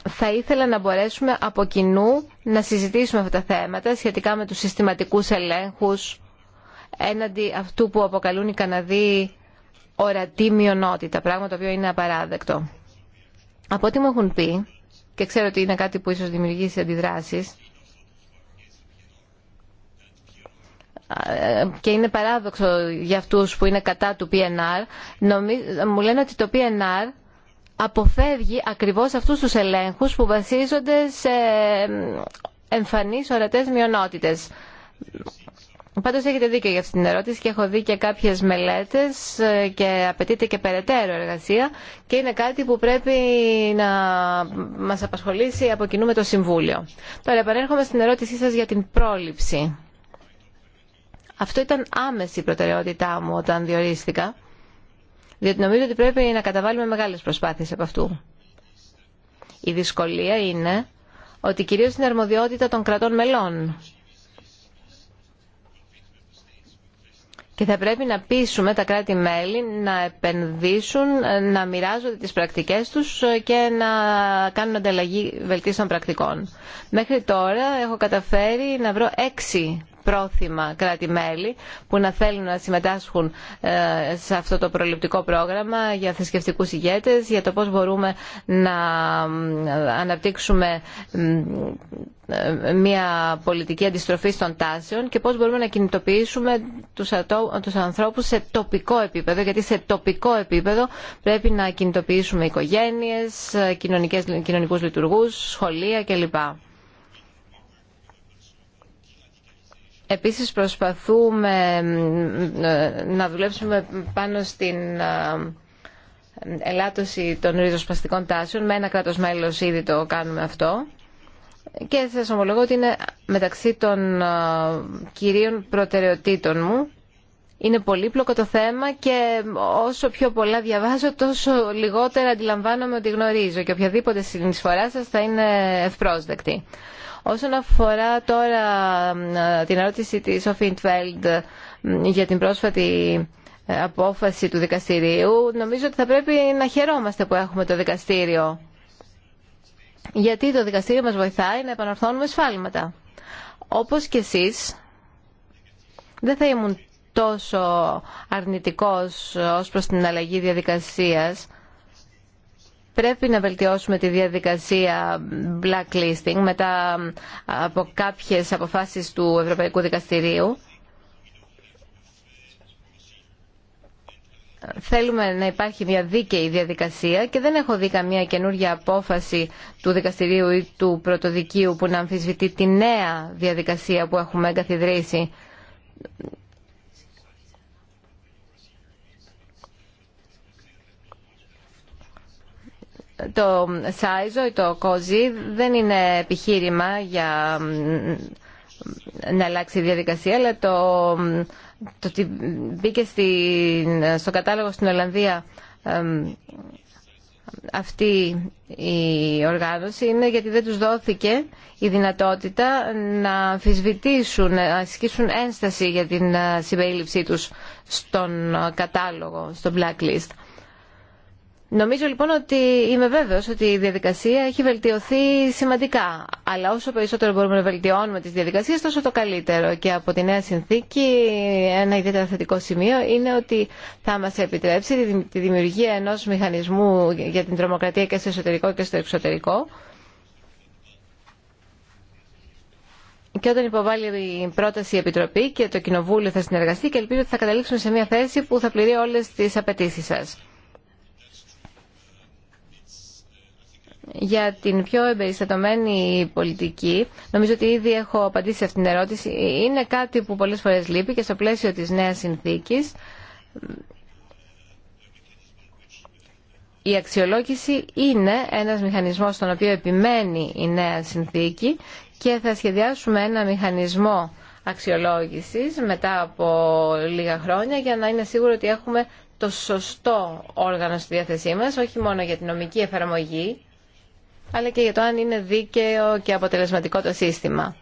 θα ήθελα να μπορέσουμε από κοινού να συζητήσουμε αυτά τα θέματα σχετικά με τους συστηματικούς ελέγχους έναντι αυτού που αποκαλούν οι Καναδοί ορατή μειονότητα, πράγμα το οποίο είναι απαράδεκτο. Από ό,τι μου έχουν πει, και ξέρω ότι είναι κάτι που ίσως δημιουργήσει αντιδράσεις, και είναι παράδοξο για αυτούς που είναι κατά του PNR, μου λένε ότι το PNR αποφεύγει ακριβώς αυτούς τους ελέγχους που βασίζονται σε εμφανείς ορατές μειονότητες. Πάντω έχετε δίκιο για αυτή την ερώτηση και έχω δει και κάποιε μελέτε ε, και απαιτείται και περαιτέρω εργασία και είναι κάτι που πρέπει να μα απασχολήσει από κοινού με το Συμβούλιο. Τώρα επανέρχομαι στην ερώτησή σα για την πρόληψη. Αυτό ήταν άμεση η προτεραιότητά μου όταν διορίστηκα, διότι νομίζω ότι πρέπει να καταβάλουμε μεγάλες προσπάθειες από αυτού. Η δυσκολία είναι ότι κυρίως είναι αρμοδιότητα των κρατών μελών. Και θα πρέπει να πείσουμε τα κράτη-μέλη να επενδύσουν, να μοιράζονται τις πρακτικές τους και να κάνουν ανταλλαγή βελτίστων πρακτικών. Μέχρι τώρα έχω καταφέρει να βρω έξι πρόθυμα κράτη-μέλη που να θέλουν να συμμετάσχουν ε, σε αυτό το προληπτικό πρόγραμμα για θρησκευτικού ηγέτε, για το πώ μπορούμε να αναπτύξουμε ε, μια πολιτική αντιστροφή των τάσεων και πώς μπορούμε να κινητοποιήσουμε τους, ανθρώπου ανθρώπους σε τοπικό επίπεδο, γιατί σε τοπικό επίπεδο πρέπει να κινητοποιήσουμε οικογένειες, ε, κοινωνικού κοινωνικούς λειτουργούς, σχολεία κλπ. Επίσης προσπαθούμε ε, να δουλέψουμε πάνω στην ε, ελάττωση των ριζοσπαστικών τάσεων. Με ένα κράτος μέλος ήδη το κάνουμε αυτό. Και σας ομολογώ ότι είναι μεταξύ των ε, κυρίων προτεραιοτήτων μου. Είναι πολύπλοκο το θέμα και όσο πιο πολλά διαβάζω τόσο λιγότερα αντιλαμβάνομαι ότι γνωρίζω και οποιαδήποτε συνεισφορά σας θα είναι ευπρόσδεκτη. Όσον αφορά τώρα την ερώτηση της Σοφίντφελντ για την πρόσφατη ε, απόφαση του δικαστηρίου, νομίζω ότι θα πρέπει να χαιρόμαστε που έχουμε το δικαστήριο. Γιατί το δικαστήριο μας βοηθάει να επαναρθώνουμε σφάλματα. Όπως και εσείς, δεν θα ήμουν τόσο αρνητικός ως προς την αλλαγή διαδικασίας Πρέπει να βελτιώσουμε τη διαδικασία blacklisting μετά από κάποιες αποφάσεις του Ευρωπαϊκού Δικαστηρίου. Θέλουμε να υπάρχει μια δίκαιη διαδικασία και δεν έχω δει καμία καινούργια απόφαση του δικαστηρίου ή του πρωτοδικίου που να αμφισβητεί τη νέα διαδικασία που έχουμε εγκαθιδρύσει Το ΣΑΙΖΟ ή το ΚΟΖΙ δεν είναι επιχείρημα για να αλλάξει η διαδικασία, αλλά το, το ότι μπήκε στο κατάλογο στην Ολλανδία αυτή η οργάνωση είναι γιατί δεν τους δόθηκε η δυνατότητα να αμφισβητήσουν, να ασκήσουν ένσταση για την ε, συμπερίληψή τους στον ε, κατάλογο, στο blacklist. Νομίζω λοιπόν ότι είμαι βέβαιο ότι η διαδικασία έχει βελτιωθεί σημαντικά. Αλλά όσο περισσότερο μπορούμε να βελτιώνουμε τι διαδικασίε, τόσο το καλύτερο. Και από τη νέα συνθήκη ένα ιδιαίτερα θετικό σημείο είναι ότι θα μα επιτρέψει τη δημιουργία ενό μηχανισμού για την τρομοκρατία και στο εσωτερικό και στο εξωτερικό. Και όταν υποβάλει η πρόταση η Επιτροπή και το Κοινοβούλιο θα συνεργαστεί και ελπίζω ότι θα καταλήξουμε σε μια θέση που θα πληρεί όλες τις απαιτήσει σας. για την πιο εμπεριστατωμένη πολιτική, νομίζω ότι ήδη έχω απαντήσει σε αυτήν την ερώτηση, είναι κάτι που πολλές φορές λείπει και στο πλαίσιο της νέας συνθήκης η αξιολόγηση είναι ένας μηχανισμός στον οποίο επιμένει η νέα συνθήκη και θα σχεδιάσουμε ένα μηχανισμό αξιολόγησης μετά από λίγα χρόνια για να είναι σίγουρο ότι έχουμε το σωστό όργανο στη διάθεσή μας, όχι μόνο για την νομική εφαρμογή αλλά και για το αν είναι δίκαιο και αποτελεσματικό το σύστημα.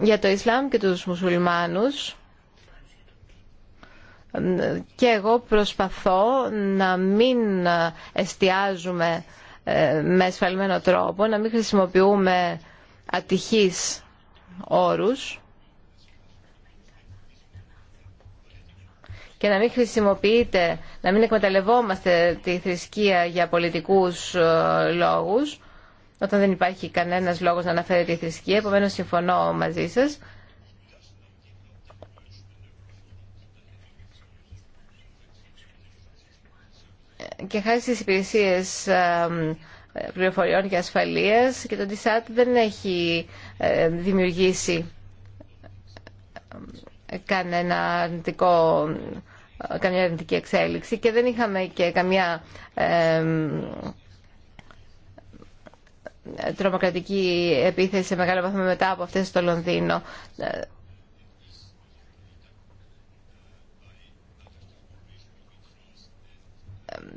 Για το Ισλάμ και τους μουσουλμάνους, και εγώ προσπαθώ να μην εστιάζουμε ε, με ασφαλμένο τρόπο, να μην χρησιμοποιούμε ατυχείς όρους, και να μην χρησιμοποιείτε, να μην εκμεταλλευόμαστε τη θρησκεία για πολιτικούς ε, λόγους, όταν δεν υπάρχει κανένας λόγος να αναφέρει τη θρησκεία, επομένω συμφωνώ μαζί σας. Και χάρη στις υπηρεσίες ε, πληροφοριών και ασφαλείας και το DSAT δεν έχει ε, δημιουργήσει κανένα αρνητικό καμιά αρνητική εξέλιξη και δεν είχαμε και καμιά ε, τρομοκρατική επίθεση σε μεγάλο βαθμό μετά από αυτές στο Λονδίνο.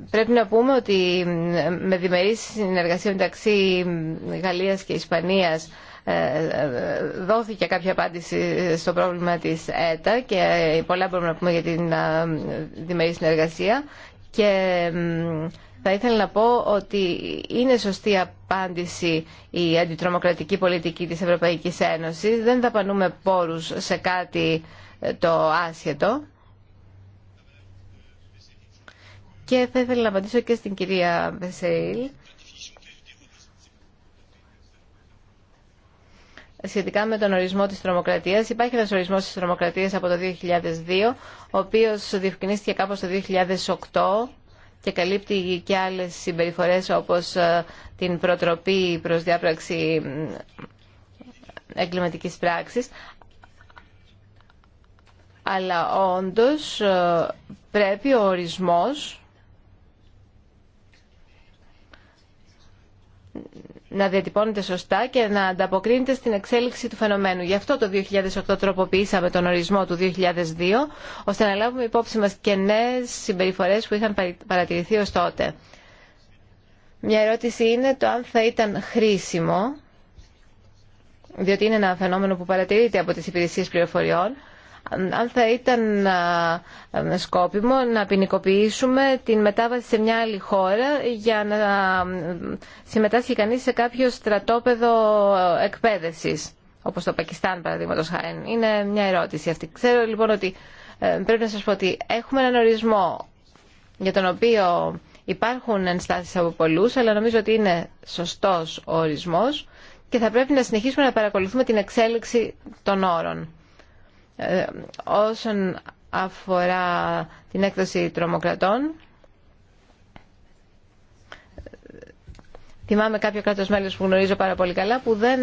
Πρέπει να πούμε ότι με διμερείς συνεργασία μεταξύ Γαλλίας και Ισπανίας ε, ε, ε, δόθηκε κάποια απάντηση στο πρόβλημα της ΕΤΑ και πολλά μπορούμε να πούμε για την διμερή συνεργασία και θα ήθελα να πω ότι είναι σωστή απάντηση η αντιτρομοκρατική πολιτική της Ευρωπαϊκής Ένωσης. Δεν δαπανούμε πόρους σε κάτι το άσχετο. Και θα ήθελα να απαντήσω και στην κυρία Βεσέιλ. σχετικά με τον ορισμό της τρομοκρατίας. Υπάρχει ένας ορισμός της τρομοκρατίας από το 2002, ο οποίος διευκρινίστηκε κάπως το 2008 και καλύπτει και άλλες συμπεριφορές όπως ε, την προτροπή προς διάπραξη εγκληματικής πράξης. Αλλά όντως ε, πρέπει ο ορισμός να διατυπώνεται σωστά και να ανταποκρίνεται στην εξέλιξη του φαινομένου. Γι' αυτό το 2008 τροποποιήσαμε τον ορισμό του 2002, ώστε να λάβουμε υπόψη μας και νέες συμπεριφορές που είχαν παρατηρηθεί ως τότε. Μια ερώτηση είναι το αν θα ήταν χρήσιμο, διότι είναι ένα φαινόμενο που παρατηρείται από τις υπηρεσίες πληροφοριών, αν θα ήταν ε, σκόπιμο να ποινικοποιήσουμε την μετάβαση σε μια άλλη χώρα για να ε, συμμετάσχει κανείς σε κάποιο στρατόπεδο εκπαίδευσης, όπως το Πακιστάν παραδείγματος χάρη. Είναι μια ερώτηση αυτή. Ξέρω λοιπόν ότι ε, πρέπει να σας πω ότι έχουμε έναν ορισμό για τον οποίο υπάρχουν ενστάσεις από πολλούς, αλλά νομίζω ότι είναι σωστός ο ορισμός και θα πρέπει να συνεχίσουμε να παρακολουθούμε την εξέλιξη των όρων. Ε, όσον αφορά την έκδοση τρομοκρατών. Θυμάμαι κάποιο κράτο μέλο που γνωρίζω πάρα πολύ καλά που δεν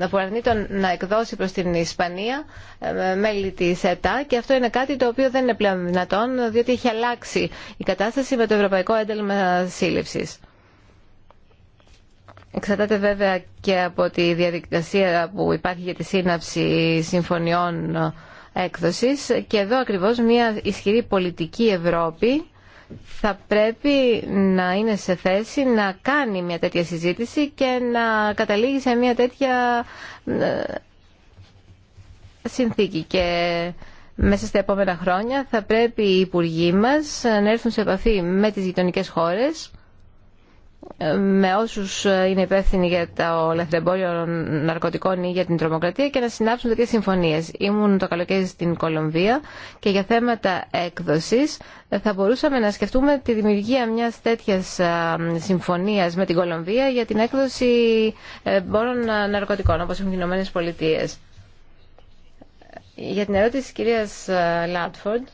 ε, που αρνείται να εκδώσει προ την Ισπανία ε, μέλη τη ΕΤΑ και αυτό είναι κάτι το οποίο δεν είναι πλέον δυνατόν διότι έχει αλλάξει η κατάσταση με το Ευρωπαϊκό Ένταλμα Σύλληψη. Εξαρτάται βέβαια και από τη διαδικασία που υπάρχει για τη σύναψη συμφωνιών ε, έκδοσης και εδώ ακριβώς μια ισχυρή πολιτική Ευρώπη θα πρέπει να είναι σε θέση να κάνει μια τέτοια συζήτηση και να καταλήγει σε μια τέτοια ε, συνθήκη και μέσα στα επόμενα χρόνια θα πρέπει οι υπουργοί μας να έρθουν σε επαφή με τις γειτονικές χώρες με όσους είναι υπεύθυνοι για το λαθρεμπόριο ναρκωτικών ή για την τρομοκρατία και να συνάψουν τέτοιες συμφωνίες. Ήμουν το καλοκαίρι στην Κολομβία και για θέματα έκδοσης θα μπορούσαμε να σκεφτούμε τη δημιουργία μιας τέτοιας συμφωνίας με την Κολομβία για την έκδοση εμπόρων ναρκωτικών όπως έχουν οι Ηνωμένες Πολιτείες. Για την ερώτηση της κυρίας Λάτφορντ,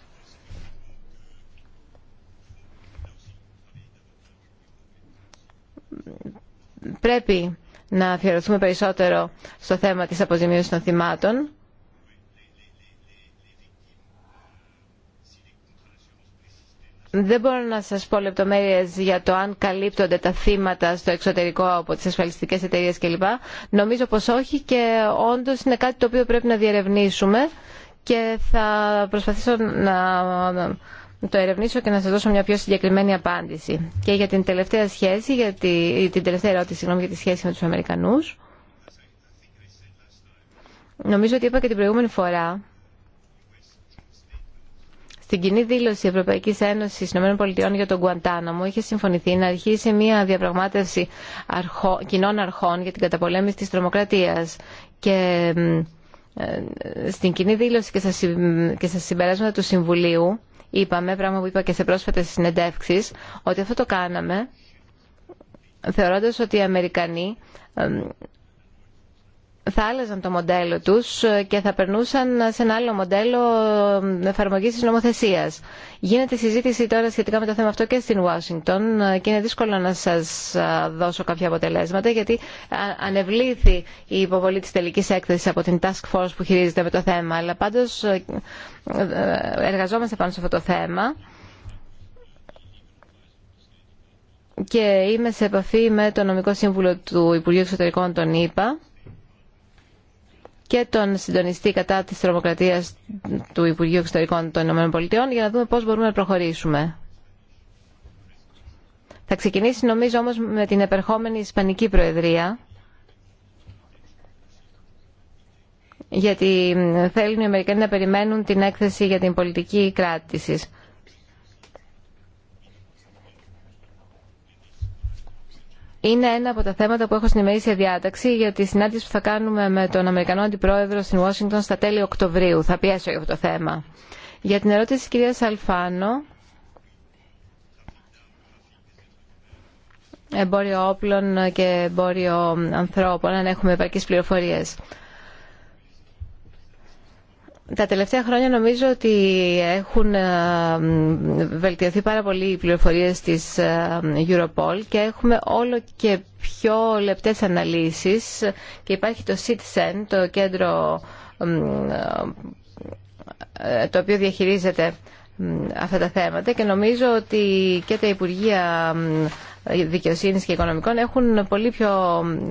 πρέπει να αφιερωθούμε περισσότερο στο θέμα της αποζημίωσης των θυμάτων. Δεν μπορώ να σας πω λεπτομέρειες για το αν καλύπτονται τα θύματα στο εξωτερικό από τις ασφαλιστικές εταιρείες κλπ. Νομίζω πως όχι και όντως είναι κάτι το οποίο πρέπει να διερευνήσουμε και θα προσπαθήσω να το ερευνήσω και να σα δώσω μια πιο συγκεκριμένη απάντηση. Και για την τελευταία σχέση, για την τελευταία ερώτηση, συγγνώμη, για τη σχέση με του Αμερικανού. Νομίζω ότι είπα και την προηγούμενη φορά στην κοινή δήλωση Ευρωπαϊκή Ένωση ΗΠΑ για τον Γκουαντάναμο είχε συμφωνηθεί να αρχίσει μια διαπραγμάτευση αρχό, κοινών αρχών για την καταπολέμηση τη τρομοκρατία. Και ε, ε, στην κοινή δήλωση και στα συμπεράσματα του Συμβουλίου είπαμε, πράγμα που είπα και σε πρόσφατες συνεντεύξει, ότι αυτό το κάναμε θεωρώντας ότι οι Αμερικανοί θα άλλαζαν το μοντέλο τους και θα περνούσαν σε ένα άλλο μοντέλο εφαρμογή της νομοθεσίας. Γίνεται συζήτηση τώρα σχετικά με το θέμα αυτό και στην Ουάσιγκτον και είναι δύσκολο να σας δώσω κάποια αποτελέσματα γιατί ανεβλήθη η υποβολή της τελικής έκθεσης από την Task Force που χειρίζεται με το θέμα. Αλλά πάντως ε, ε, εργαζόμαστε πάνω σε αυτό το θέμα. Και είμαι σε επαφή με το νομικό σύμβουλο του Υπουργείου Εξωτερικών των ΗΠΑ και τον συντονιστή κατά της τρομοκρατίας του Υπουργείου Εξωτερικών των Ηνωμένων Πολιτειών για να δούμε πώς μπορούμε να προχωρήσουμε. Θα ξεκινήσει νομίζω όμως με την επερχόμενη Ισπανική Προεδρία γιατί θέλουν οι Αμερικανοί να περιμένουν την έκθεση για την πολιτική κράτησης. είναι ένα από τα θέματα που έχω στην ημερήσια διάταξη για τη συνάντηση που θα κάνουμε με τον Αμερικανό Αντιπρόεδρο στην Ουάσιγκτον στα τέλη Οκτωβρίου. Θα πιέσω για αυτό το θέμα. Για την ερώτηση τη κυρία Αλφάνο, εμπόριο όπλων και εμπόριο ανθρώπων, αν έχουμε επαρκεί πληροφορίες. Τα τελευταία χρόνια νομίζω ότι έχουν ε, βελτιωθεί πάρα πολύ οι πληροφορίες της ε, Europol και έχουμε όλο και πιο λεπτές αναλύσεις και υπάρχει το CITSEN, το κέντρο ε, το οποίο διαχειρίζεται αυτά τα θέματα και νομίζω ότι και τα Υπουργεία Δικαιοσύνη και Οικονομικών έχουν πολύ πιο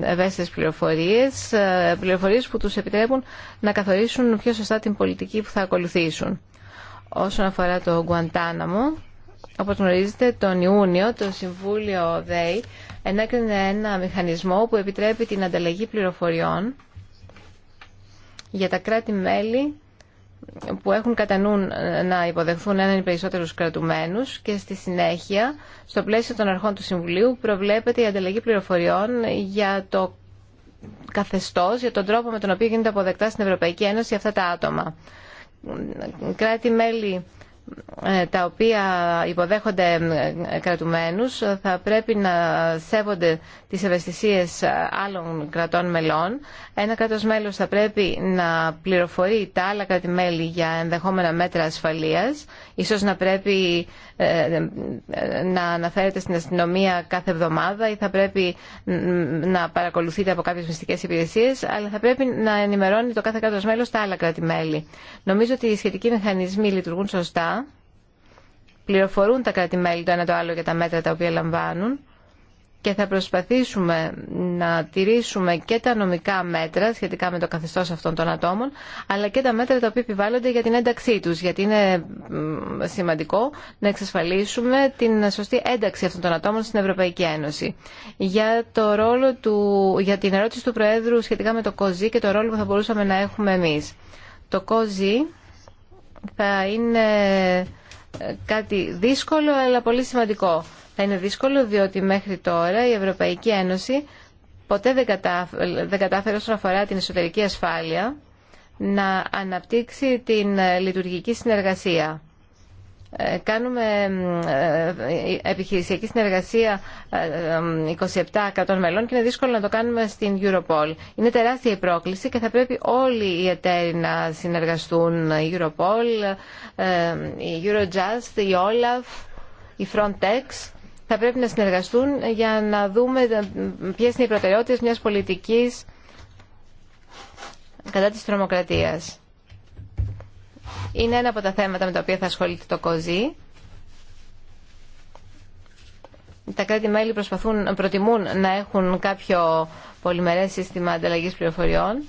ευαίσθητε πληροφορίες, ε, πληροφορίες που τους επιτρέπουν να καθορίσουν πιο σωστά την πολιτική που θα ακολουθήσουν. Όσον αφορά το Γκουαντάναμο, όπως γνωρίζετε, τον Ιούνιο το Συμβούλιο ΔΕΗ ενέκρινε ένα μηχανισμό που επιτρέπει την ανταλλαγή πληροφοριών για τα κράτη-μέλη που έχουν κατά νου ε, να υποδεχθούν έναν ή περισσότερους κρατουμένους και στη συνέχεια, στο πλαίσιο των αρχών του Συμβουλίου, προβλέπεται η ανταλλαγή πληροφοριών για το καθεστώς, για τον τρόπο με τον οποίο γίνεται αποδεκτά στην Ευρωπαϊκή Ένωση αυτά τα άτομα. Κράτη-μέλη ε, τα οποία υποδέχονται ε, κρατουμένους θα πρέπει να σέβονται τις ευαισθησίες άλλων κρατών μελών. Ένα κράτος μέλος θα πρέπει να πληροφορεί τα άλλα κράτη-μέλη για ενδεχόμενα μέτρα ασφαλείας. Ίσως να πρέπει ε, να αναφέρεται στην αστυνομία κάθε εβδομάδα ή θα πρέπει να παρακολουθείτε από κάποιες μυστικές υπηρεσίες, αλλά θα πρέπει να ενημερώνει το κάθε κράτος μέλος τα άλλα κράτη-μέλη. Νομίζω ότι οι σχετικοί μηχανισμοί λειτουργούν σωστά πληροφορούν τα κράτη-μέλη το ένα το άλλο για τα μέτρα τα οποία λαμβάνουν και θα προσπαθήσουμε να τηρήσουμε και τα νομικά μέτρα σχετικά με το καθεστώς αυτών των ατόμων, αλλά και τα μέτρα τα οποία επιβάλλονται για την ένταξή τους, γιατί είναι σημαντικό να εξασφαλίσουμε την σωστή ένταξη αυτών των ατόμων στην Ευρωπαϊκή Ένωση. Για, το ρόλο του, για την ερώτηση του Προέδρου σχετικά με το ΚΟΖΙ και το ρόλο που θα μπορούσαμε να έχουμε εμείς. Το ΚΟΖΙ θα είναι ε, κάτι δύσκολο αλλά πολύ σημαντικό. Θα είναι δύσκολο διότι μέχρι τώρα η Ευρωπαϊκή Ένωση ποτέ δεν κατάφερε, δεν κατάφερε όσον αφορά την εσωτερική ασφάλεια να αναπτύξει την ε, λειτουργική συνεργασία. Ε, κάνουμε ε, επιχειρησιακή συνεργασία 27 ε, κρατών μελών και είναι δύσκολο να το κάνουμε στην Europol. Είναι τεράστια η πρόκληση και θα πρέπει όλοι οι εταίροι να συνεργαστούν. Η Europol, η Eurojust, η Olaf, η Frontex θα πρέπει να συνεργαστούν για να δούμε ποιε είναι οι προτεραιότητε μιας πολιτικής κατά της τρομοκρατίας. Είναι ένα από τα θέματα με τα οποία θα ασχολείται το ΚΟΖΗ. Τα κράτη-μέλη προσπαθούν, προτιμούν να έχουν κάποιο πολυμερές σύστημα ανταλλαγή πληροφοριών,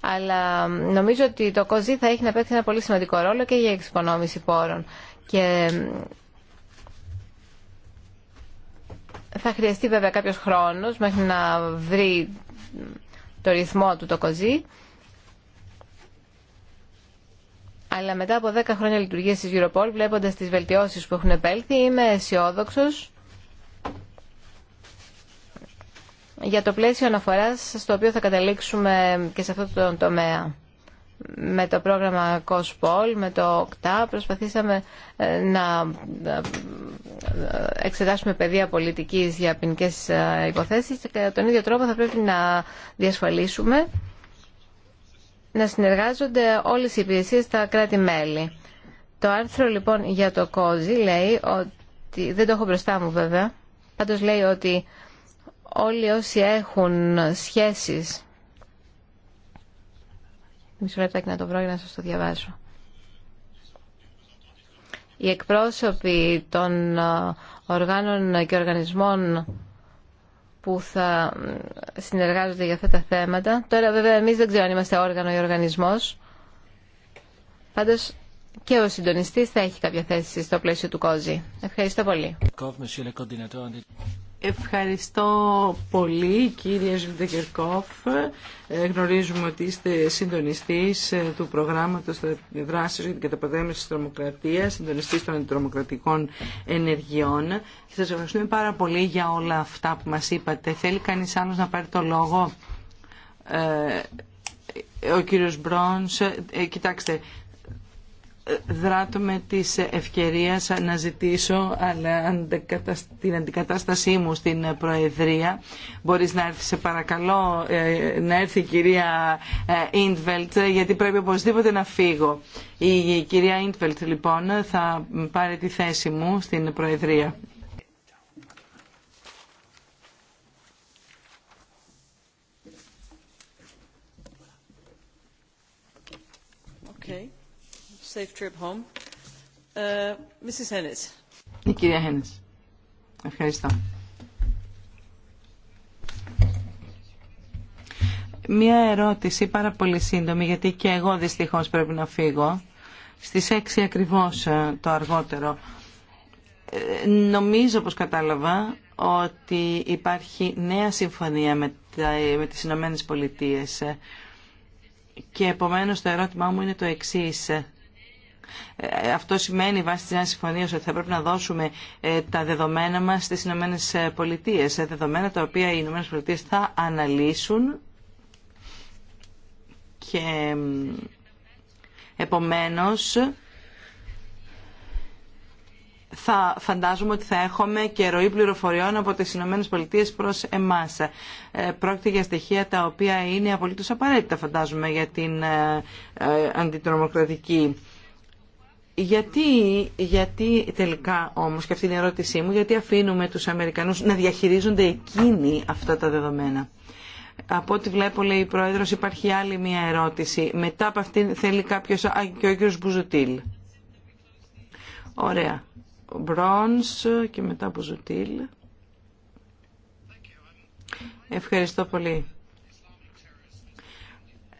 αλλά νομίζω ότι το ΚΟΖΗ θα έχει να παίξει ένα πολύ σημαντικό ρόλο και για εξοικονόμηση πόρων. Και θα χρειαστεί βέβαια κάποιος χρόνος μέχρι να βρει το ρυθμό του το ΚΟΖΗ, Αλλά μετά από 10 χρόνια λειτουργίας της Europol, βλέποντας τις βελτιώσεις που έχουν επέλθει, είμαι αισιόδοξο για το πλαίσιο αναφοράς στο οποίο θα καταλήξουμε και σε αυτό το τομέα. Με το πρόγραμμα COSPOL, με το ΟΚΤΑ, προσπαθήσαμε ε, να ε, εξετάσουμε πεδία πολιτικής για ποινικές ε, υποθέσεις και τον ίδιο τρόπο θα πρέπει να διασφαλίσουμε να συνεργάζονται όλες οι υπηρεσίες στα κράτη-μέλη. Το άρθρο λοιπόν για το κόζι λέει ότι, δεν το έχω μπροστά μου βέβαια, πάντως λέει ότι όλοι όσοι έχουν σχέσεις Μισό λεπτάκι να το βρω για να σας το διαβάσω. Οι εκπρόσωποι των ε, οργάνων και οργανισμών που θα συνεργάζονται για αυτά τα θέματα. Τώρα βέβαια εμείς δεν ξέρω αν είμαστε όργανο ή οργανισμός. Πάντως και ο συντονιστής θα έχει κάποια θέση στο πλαίσιο του ΚΟΖΗ. Ευχαριστώ πολύ. Ευχαριστώ πολύ κύριε Ζιντεκερκόφ. Ε, γνωρίζουμε ότι είστε συντονιστής ε, του προγράμματος ε, δράσης για την καταπολέμηση της τρομοκρατίας, συντονιστής των αντιτρομοκρατικών ενεργειών. Και σας ευχαριστούμε πάρα πολύ για όλα αυτά που μας είπατε. Θέλει κανείς άλλος να πάρει το λόγο ο κύριος Μπρόνς, ε, κοιτάξτε, δράτω με της ευκαιρίας να ζητήσω αλλά την αντικατάστασή μου στην Προεδρία. Μπορείς να έρθει σε παρακαλώ ε, να έρθει η κυρία Ίντβελτ ε, γιατί πρέπει οπωσδήποτε να φύγω. Η κυρία Ίντβελτ λοιπόν θα πάρει τη θέση μου στην Προεδρία. Safe trip home. Uh, Mrs. Hennis. Η κυρία Ευχαριστώ. Μία ερώτηση πάρα πολύ σύντομη, γιατί και εγώ δυστυχώς πρέπει να φύγω. Στις 6 ακριβώς ε, το αργότερο. Ε, νομίζω, όπως κατάλαβα, ότι υπάρχει νέα συμφωνία με, τα, με τις Ηνωμένε Πολιτείες. Και επομένως το ερώτημά μου είναι το εξής. Ε, αυτό σημαίνει βάσει τη νέα συμφωνία ότι θα πρέπει να δώσουμε ε, τα δεδομένα μα στι Ηνωμένε Πολιτείε. Ε, δεδομένα τα οποία οι Ηνωμένε Πολιτείε θα αναλύσουν και επομένω θα φαντάζομαι ότι θα έχουμε και ροή πληροφοριών από τις Ηνωμένες Πολιτείες προς εμάς. πρόκειται για στοιχεία τα οποία είναι απολύτως απαραίτητα φαντάζομαι για την αντιτρομοκρατική γιατί, γιατί τελικά όμως, και αυτή είναι η ερώτησή μου, γιατί αφήνουμε τους Αμερικανούς να διαχειρίζονται εκείνοι αυτά τα δεδομένα. Από ό,τι βλέπω, λέει η Πρόεδρος, υπάρχει άλλη μία ερώτηση. Μετά από αυτήν θέλει κάποιος, α, και ο κύριος Μπουζουτήλ. Ωραία. Μπρόνς και μετά Μπουζουτήλ. Ευχαριστώ πολύ.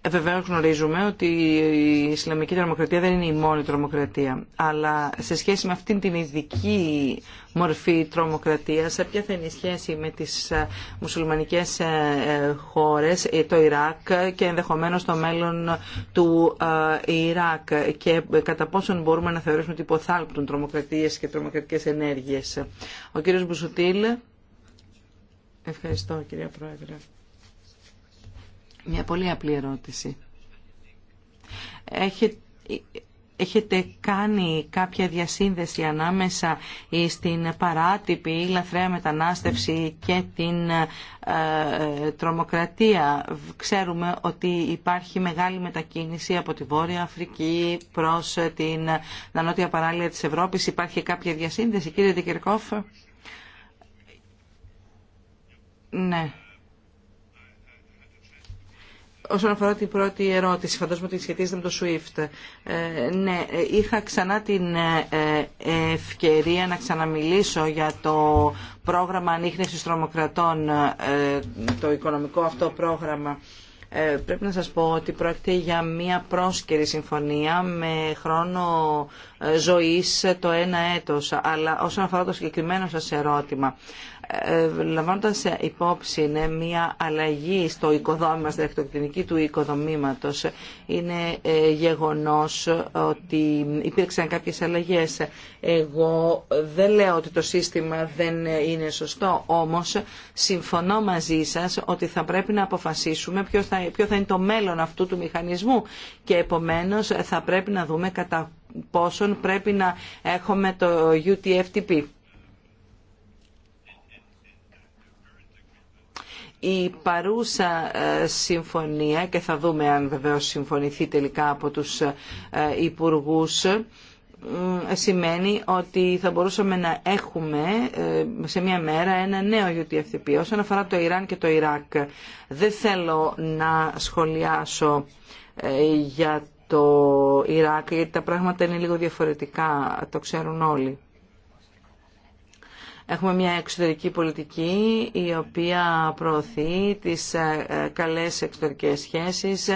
Ε, Βεβαίω γνωρίζουμε ότι η Ισλαμική τρομοκρατία δεν είναι η μόνη τρομοκρατία. Αλλά σε σχέση με αυτήν την ειδική μορφή τρομοκρατίας, ποια θα είναι η σχέση με τις ε, μουσουλμανικές ε, χώρες, το Ιράκ και ενδεχομένως το μέλλον του Ιράκ και κατά πόσον μπορούμε να θεωρήσουμε ότι υποθάλπτουν τρομοκρατίε και τρομοκρατικέ ενέργειε. Ο κύριος Μπουσουτήλ. Ευχαριστώ κυρία Πρόεδρε. Μια πολύ απλή ερώτηση. Έχετε, κάνει κάποια διασύνδεση ανάμεσα στην παράτυπη ή λαθρέα μετανάστευση και την ε, ε, τρομοκρατία. Ξέρουμε ότι υπάρχει μεγάλη μετακίνηση από τη Βόρεια Αφρική προς ε, την νότια παράλια της Ευρώπης. Υπάρχει κάποια διασύνδεση, κύριε Δικερκόφ. Ναι όσον αφορά την πρώτη ερώτηση, φαντάζομαι ότι σχετίζεται με το SWIFT. Ε, ναι, είχα ξανά την ε, ευκαιρία να ξαναμιλήσω για το πρόγραμμα ανίχνευσης τρομοκρατών, ε, το οικονομικό αυτό πρόγραμμα. Ε, πρέπει να σας πω ότι πρόκειται για μια πρόσκαιρη συμφωνία με χρόνο ε, ζωής το ένα έτος. Αλλά όσον αφορά το συγκεκριμένο σας ερώτημα, ε, λαμβάνοντας υπόψη είναι μια αλλαγή στο οικοδόμημα, στην αρχιτεκτονική του οικοδομήματος, είναι ε, γεγονός ότι υπήρξαν κάποιες αλλαγές. Εγώ δεν λέω ότι το σύστημα δεν είναι σωστό, όμως συμφωνώ μαζί σας ότι θα πρέπει να αποφασίσουμε ποιο θα, ποιο θα είναι το μέλλον αυτού του μηχανισμού και επομένως θα πρέπει να δούμε κατά πόσον πρέπει να έχουμε το UTFTP. η παρούσα ε, συμφωνία και θα δούμε αν βεβαίως συμφωνηθεί τελικά από τους ε, υπουργούς ε, σημαίνει ότι θα μπορούσαμε να έχουμε σε μια μέρα ένα νέο UTFTP. Όσον αφορά το Ιράν και το Ιράκ, δεν θέλω να σχολιάσω για το Ιράκ, γιατί τα πράγματα είναι λίγο διαφορετικά, το ξέρουν όλοι. Έχουμε μια εξωτερική πολιτική η οποία προωθεί τις ε, ε, καλές εξωτερικές σχέσεις,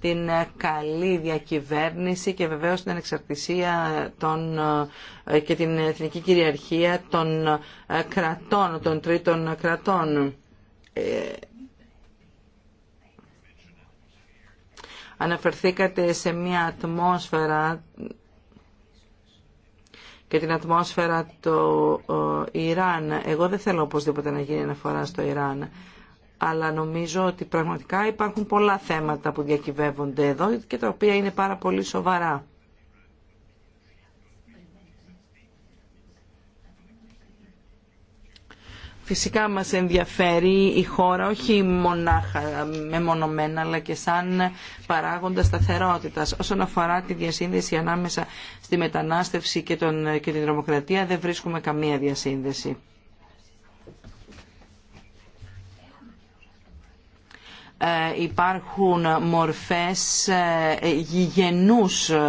την ε, καλή διακυβέρνηση και βεβαίως την ανεξαρτησία των, και την εθνική κυριαρχία των κρατών, των τρίτων κρατών. Αναφερθήκατε σε μια ατμόσφαιρα και την ατμόσφαιρα του Ιράν. Εγώ δεν θέλω οπωσδήποτε να γίνει αναφορά στο Ιράν, αλλά νομίζω ότι πραγματικά υπάρχουν πολλά θέματα που διακυβεύονται εδώ και τα οποία είναι πάρα πολύ σοβαρά. Φυσικά μας ενδιαφέρει η χώρα όχι μονάχα μεμονωμένα αλλά και σαν παράγοντα σταθερότητας. Όσον αφορά τη διασύνδεση ανάμεσα στη μετανάστευση και, και την τρομοκρατία δεν βρίσκουμε καμία διασύνδεση. Ε, υπάρχουν μορφές ε, γηγενούς ε,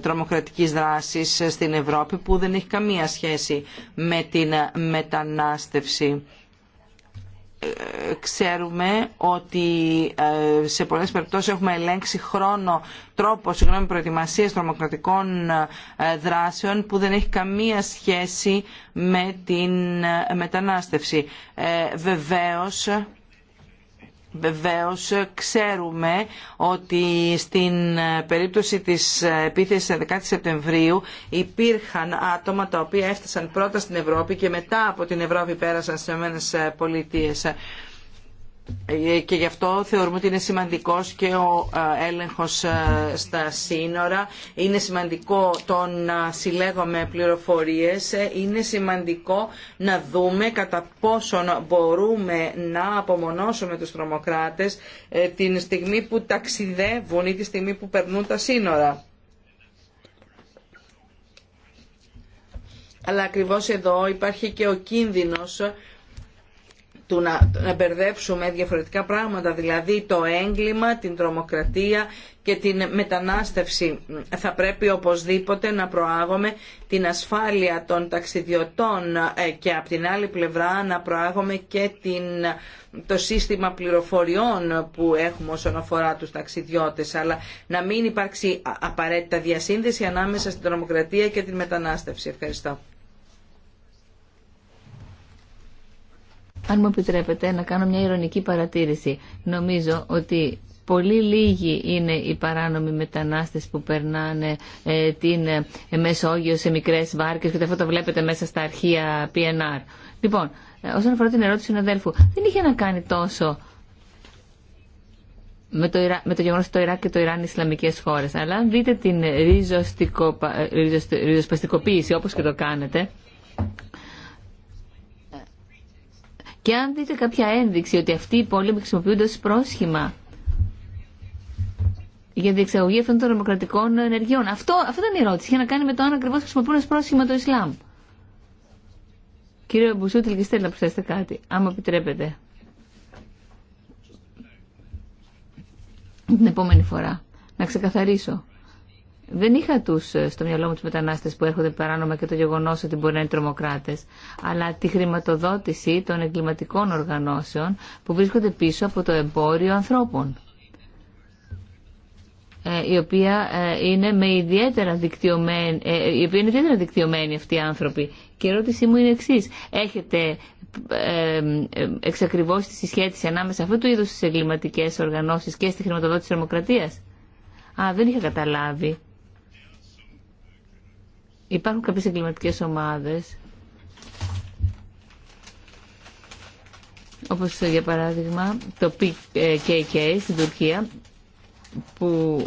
τρομοκρατικής δράσης στην Ευρώπη που δεν έχει καμία σχέση με την μετανάστευση ξέρουμε ότι σε πολλές περιπτώσεις έχουμε ελέγξει χρόνο, τρόπο συγγνώμη, προετοιμασίας τρομοκρατικών δράσεων που δεν έχει καμία σχέση με την μετανάστευση. βεβαίως Βεβαίως ξέρουμε ότι στην περίπτωση της επίθεσης 10 Σεπτεμβρίου υπήρχαν άτομα τα οποία έφτασαν πρώτα στην Ευρώπη και μετά από την Ευρώπη πέρασαν στις ΗΠΑ. Πολιτείες και γι' αυτό θεωρούμε ότι είναι σημαντικός και ο έλεγχος στα σύνορα. Είναι σημαντικό το να συλλέγουμε πληροφορίες. Είναι σημαντικό να δούμε κατά πόσον μπορούμε να απομονώσουμε τους τρομοκράτες ε, την στιγμή που ταξιδεύουν ή τη στιγμή που περνούν τα σύνορα. Αλλά ακριβώς εδώ υπάρχει και ο κίνδυνος του να, να μπερδέψουμε διαφορετικά πράγματα, δηλαδή το έγκλημα, την τρομοκρατία και την μετανάστευση. Θα πρέπει οπωσδήποτε να προάγουμε την ασφάλεια των ταξιδιωτών ε, και από την άλλη πλευρά να προάγουμε και την, το σύστημα πληροφοριών που έχουμε όσον αφορά τους ταξιδιώτες, αλλά να μην υπάρξει απαραίτητα διασύνδεση ανάμεσα στην τρομοκρατία και την μετανάστευση. Ευχαριστώ. Αν μου επιτρέπετε να κάνω μια ηρωνική παρατήρηση. Νομίζω ότι πολύ λίγοι είναι οι παράνομοι μετανάστες που περνάνε ε, την ε, Μεσόγειο σε μικρές βάρκες και αυτό το βλέπετε μέσα στα αρχεία PNR. Λοιπόν, ε, όσον αφορά την ερώτηση του συναδέλφου, δεν είχε να κάνει τόσο με το, Ιρα... με το γεγονός ότι το Ιράκ και το Ιράν είναι Ισλαμικές χώρες. Αλλά αν δείτε την ριζοσπαστικοποίηση όπως και το κάνετε, και αν δείτε κάποια ένδειξη ότι αυτοί οι πόλεμοι χρησιμοποιούνται ως πρόσχημα για διεξαγωγή αυτών των δημοκρατικών ενεργειών. Αυτό, αυτό ήταν η ερώτηση. Είχε να κάνει με το αν ακριβώ χρησιμοποιούν ως πρόσχημα το Ισλάμ. Κύριε Μπουσούτη, και να προσθέσετε κάτι, άμα επιτρέπετε. Την επόμενη φορά. Να ξεκαθαρίσω. Δεν είχα του ε, στο μυαλό μου του μετανάστε που έρχονται παράνομα και το γεγονό ότι μπορεί να είναι τρομοκράτε, αλλά τη χρηματοδότηση των εγκληματικών οργανώσεων που βρίσκονται πίσω από το εμπόριο ανθρώπων. Ε, η οποία ε, είναι με ιδιαίτερα δικτυωμένη, η οποία είναι ιδιαίτερα δικτυωμένη αυτοί οι άνθρωποι. Και η ερώτησή μου είναι εξή. Έχετε εξακριβώσει τη συσχέτιση ανάμεσα αυτού του είδου στι εγκληματικέ οργανώσει και στη χρηματοδότηση τη τρομοκρατία. Α, δεν είχα καταλάβει υπάρχουν κάποιες εγκληματικές ομάδες όπως για παράδειγμα το PKK στην Τουρκία που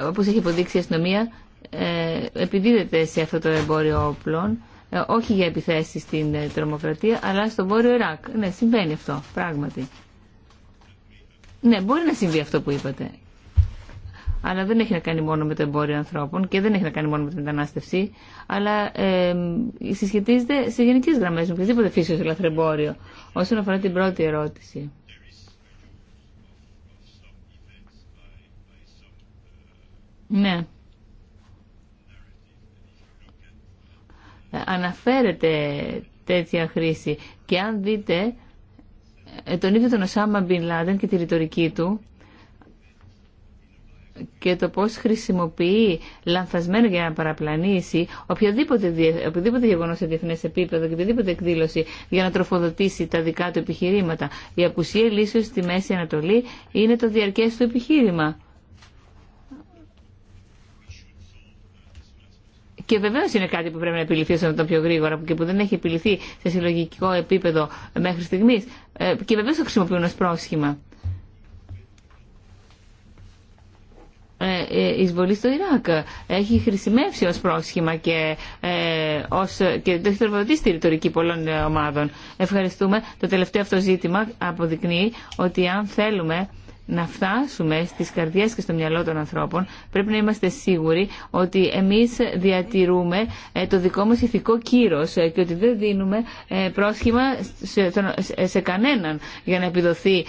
όπως έχει υποδείξει η αστυνομία ε, επιδίδεται σε αυτό το εμπόριο όπλων ε, όχι για επιθέσεις στην ε, τρομοκρατία αλλά στο βόρειο Ιράκ. Ναι, συμβαίνει αυτό, πράγματι. Ναι, μπορεί να συμβεί αυτό που είπατε αλλά δεν έχει να κάνει μόνο με το εμπόριο ανθρώπων και δεν έχει να κάνει μόνο με την μετανάστευση, αλλά συσχετίζεται σε γενικέ γραμμέ με οποιαδήποτε φύση ω Όσον αφορά την πρώτη ερώτηση. Ναι. Ε, αναφέρεται τέτοια χρήση και αν δείτε ε, τον ίδιο τον Οσάμα Μπιν Λάδεν... και τη ρητορική του και το πώς χρησιμοποιεί λανθασμένο για να παραπλανήσει οποιοδήποτε, οποιοδήποτε γεγονός σε διεθνές επίπεδο και οποιοδήποτε εκδήλωση για να τροφοδοτήσει τα δικά του επιχειρήματα. Η ακουσία λύσεως στη Μέση Ανατολή είναι το διαρκές του επιχείρημα. Και βεβαίω είναι κάτι που πρέπει να επιληθεί όσο το πιο γρήγορα και που δεν έχει επιληθεί σε συλλογικό επίπεδο μέχρι στιγμή. Ε, και βεβαίω το χρησιμοποιούν ω πρόσχημα. εισβολή στο Ιράκ. Έχει χρησιμεύσει ως πρόσχημα και, ε, ως, και το έχει τροφοδοτήσει τη ρητορική πολλών ομάδων. Ευχαριστούμε. Το τελευταίο αυτό ζήτημα αποδεικνύει ότι αν θέλουμε να φτάσουμε στις καρδιές και στο μυαλό των ανθρώπων, πρέπει να είμαστε σίγουροι ότι εμείς διατηρούμε ε, το δικό μας ηθικό κύρος ε, και ότι δεν δίνουμε ε, πρόσχημα σε κανέναν για να επιδοθεί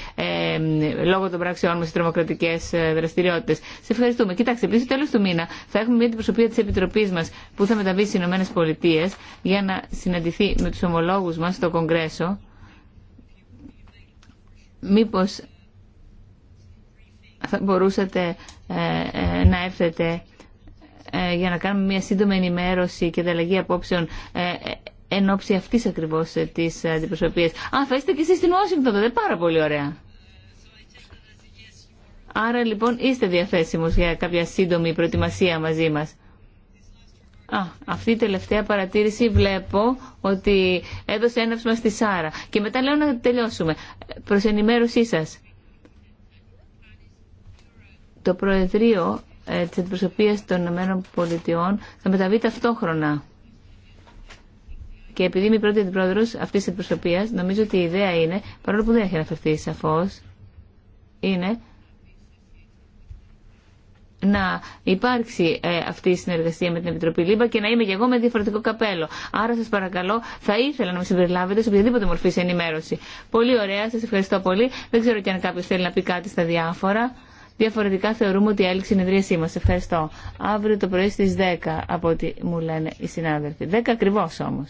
λόγω των πράξεών μας σε τρομοκρατικές δραστηριότητες. Σε ευχαριστούμε. Κοιτάξτε, επίσης τέλος του μήνα θα έχουμε μια αντιπροσωπεία της Επιτροπής μας που θα μεταβεί στις Ηνωμένες Πολιτείες για να συναντηθεί με τους ομολόγους μας στο Κογκρέσο. Μήπως θα μπορούσατε ε, ε, να έρθετε ε, για να κάνουμε μια σύντομη ενημέρωση και ανταλλαγή απόψεων εν ώψη αυτή ακριβώ τη αντιπροσωπεία. Α, θα είστε και εσεί στην Ουάσιγκτον δεν Πάρα πολύ ωραία. Άρα λοιπόν είστε διαθέσιμο για κάποια σύντομη προετοιμασία μαζί μας. Α, αυτή η τελευταία παρατήρηση βλέπω ότι έδωσε έναυσμα στη Σάρα. Και μετά λέω να τελειώσουμε. Προς ενημέρωσή σας το Προεδρείο ε, της Αντιπροσωπείας των Ηνωμένων Πολιτειών θα μεταβεί ταυτόχρονα. Και επειδή είμαι η πρώτη αντιπρόεδρος αυτής της αντιπροσωπείας, νομίζω ότι η ιδέα είναι, παρόλο που δεν έχει αναφερθεί σαφώ, είναι να υπάρξει ε, αυτή η συνεργασία με την Επιτροπή Λίμπα και να είμαι και εγώ με διαφορετικό καπέλο. Άρα σα παρακαλώ, θα ήθελα να με συμπεριλάβετε σε οποιαδήποτε μορφή σε ενημέρωση. Πολύ ωραία, σα ευχαριστώ πολύ. Δεν ξέρω και αν κάποιο θέλει να πει κάτι στα διάφορα. Διαφορετικά θεωρούμε ότι έλειξε η συνεδρίασή μα. Ευχαριστώ. Αύριο το πρωί στι 10 από ό,τι μου λένε οι συνάδελφοι. 10 ακριβώ όμω.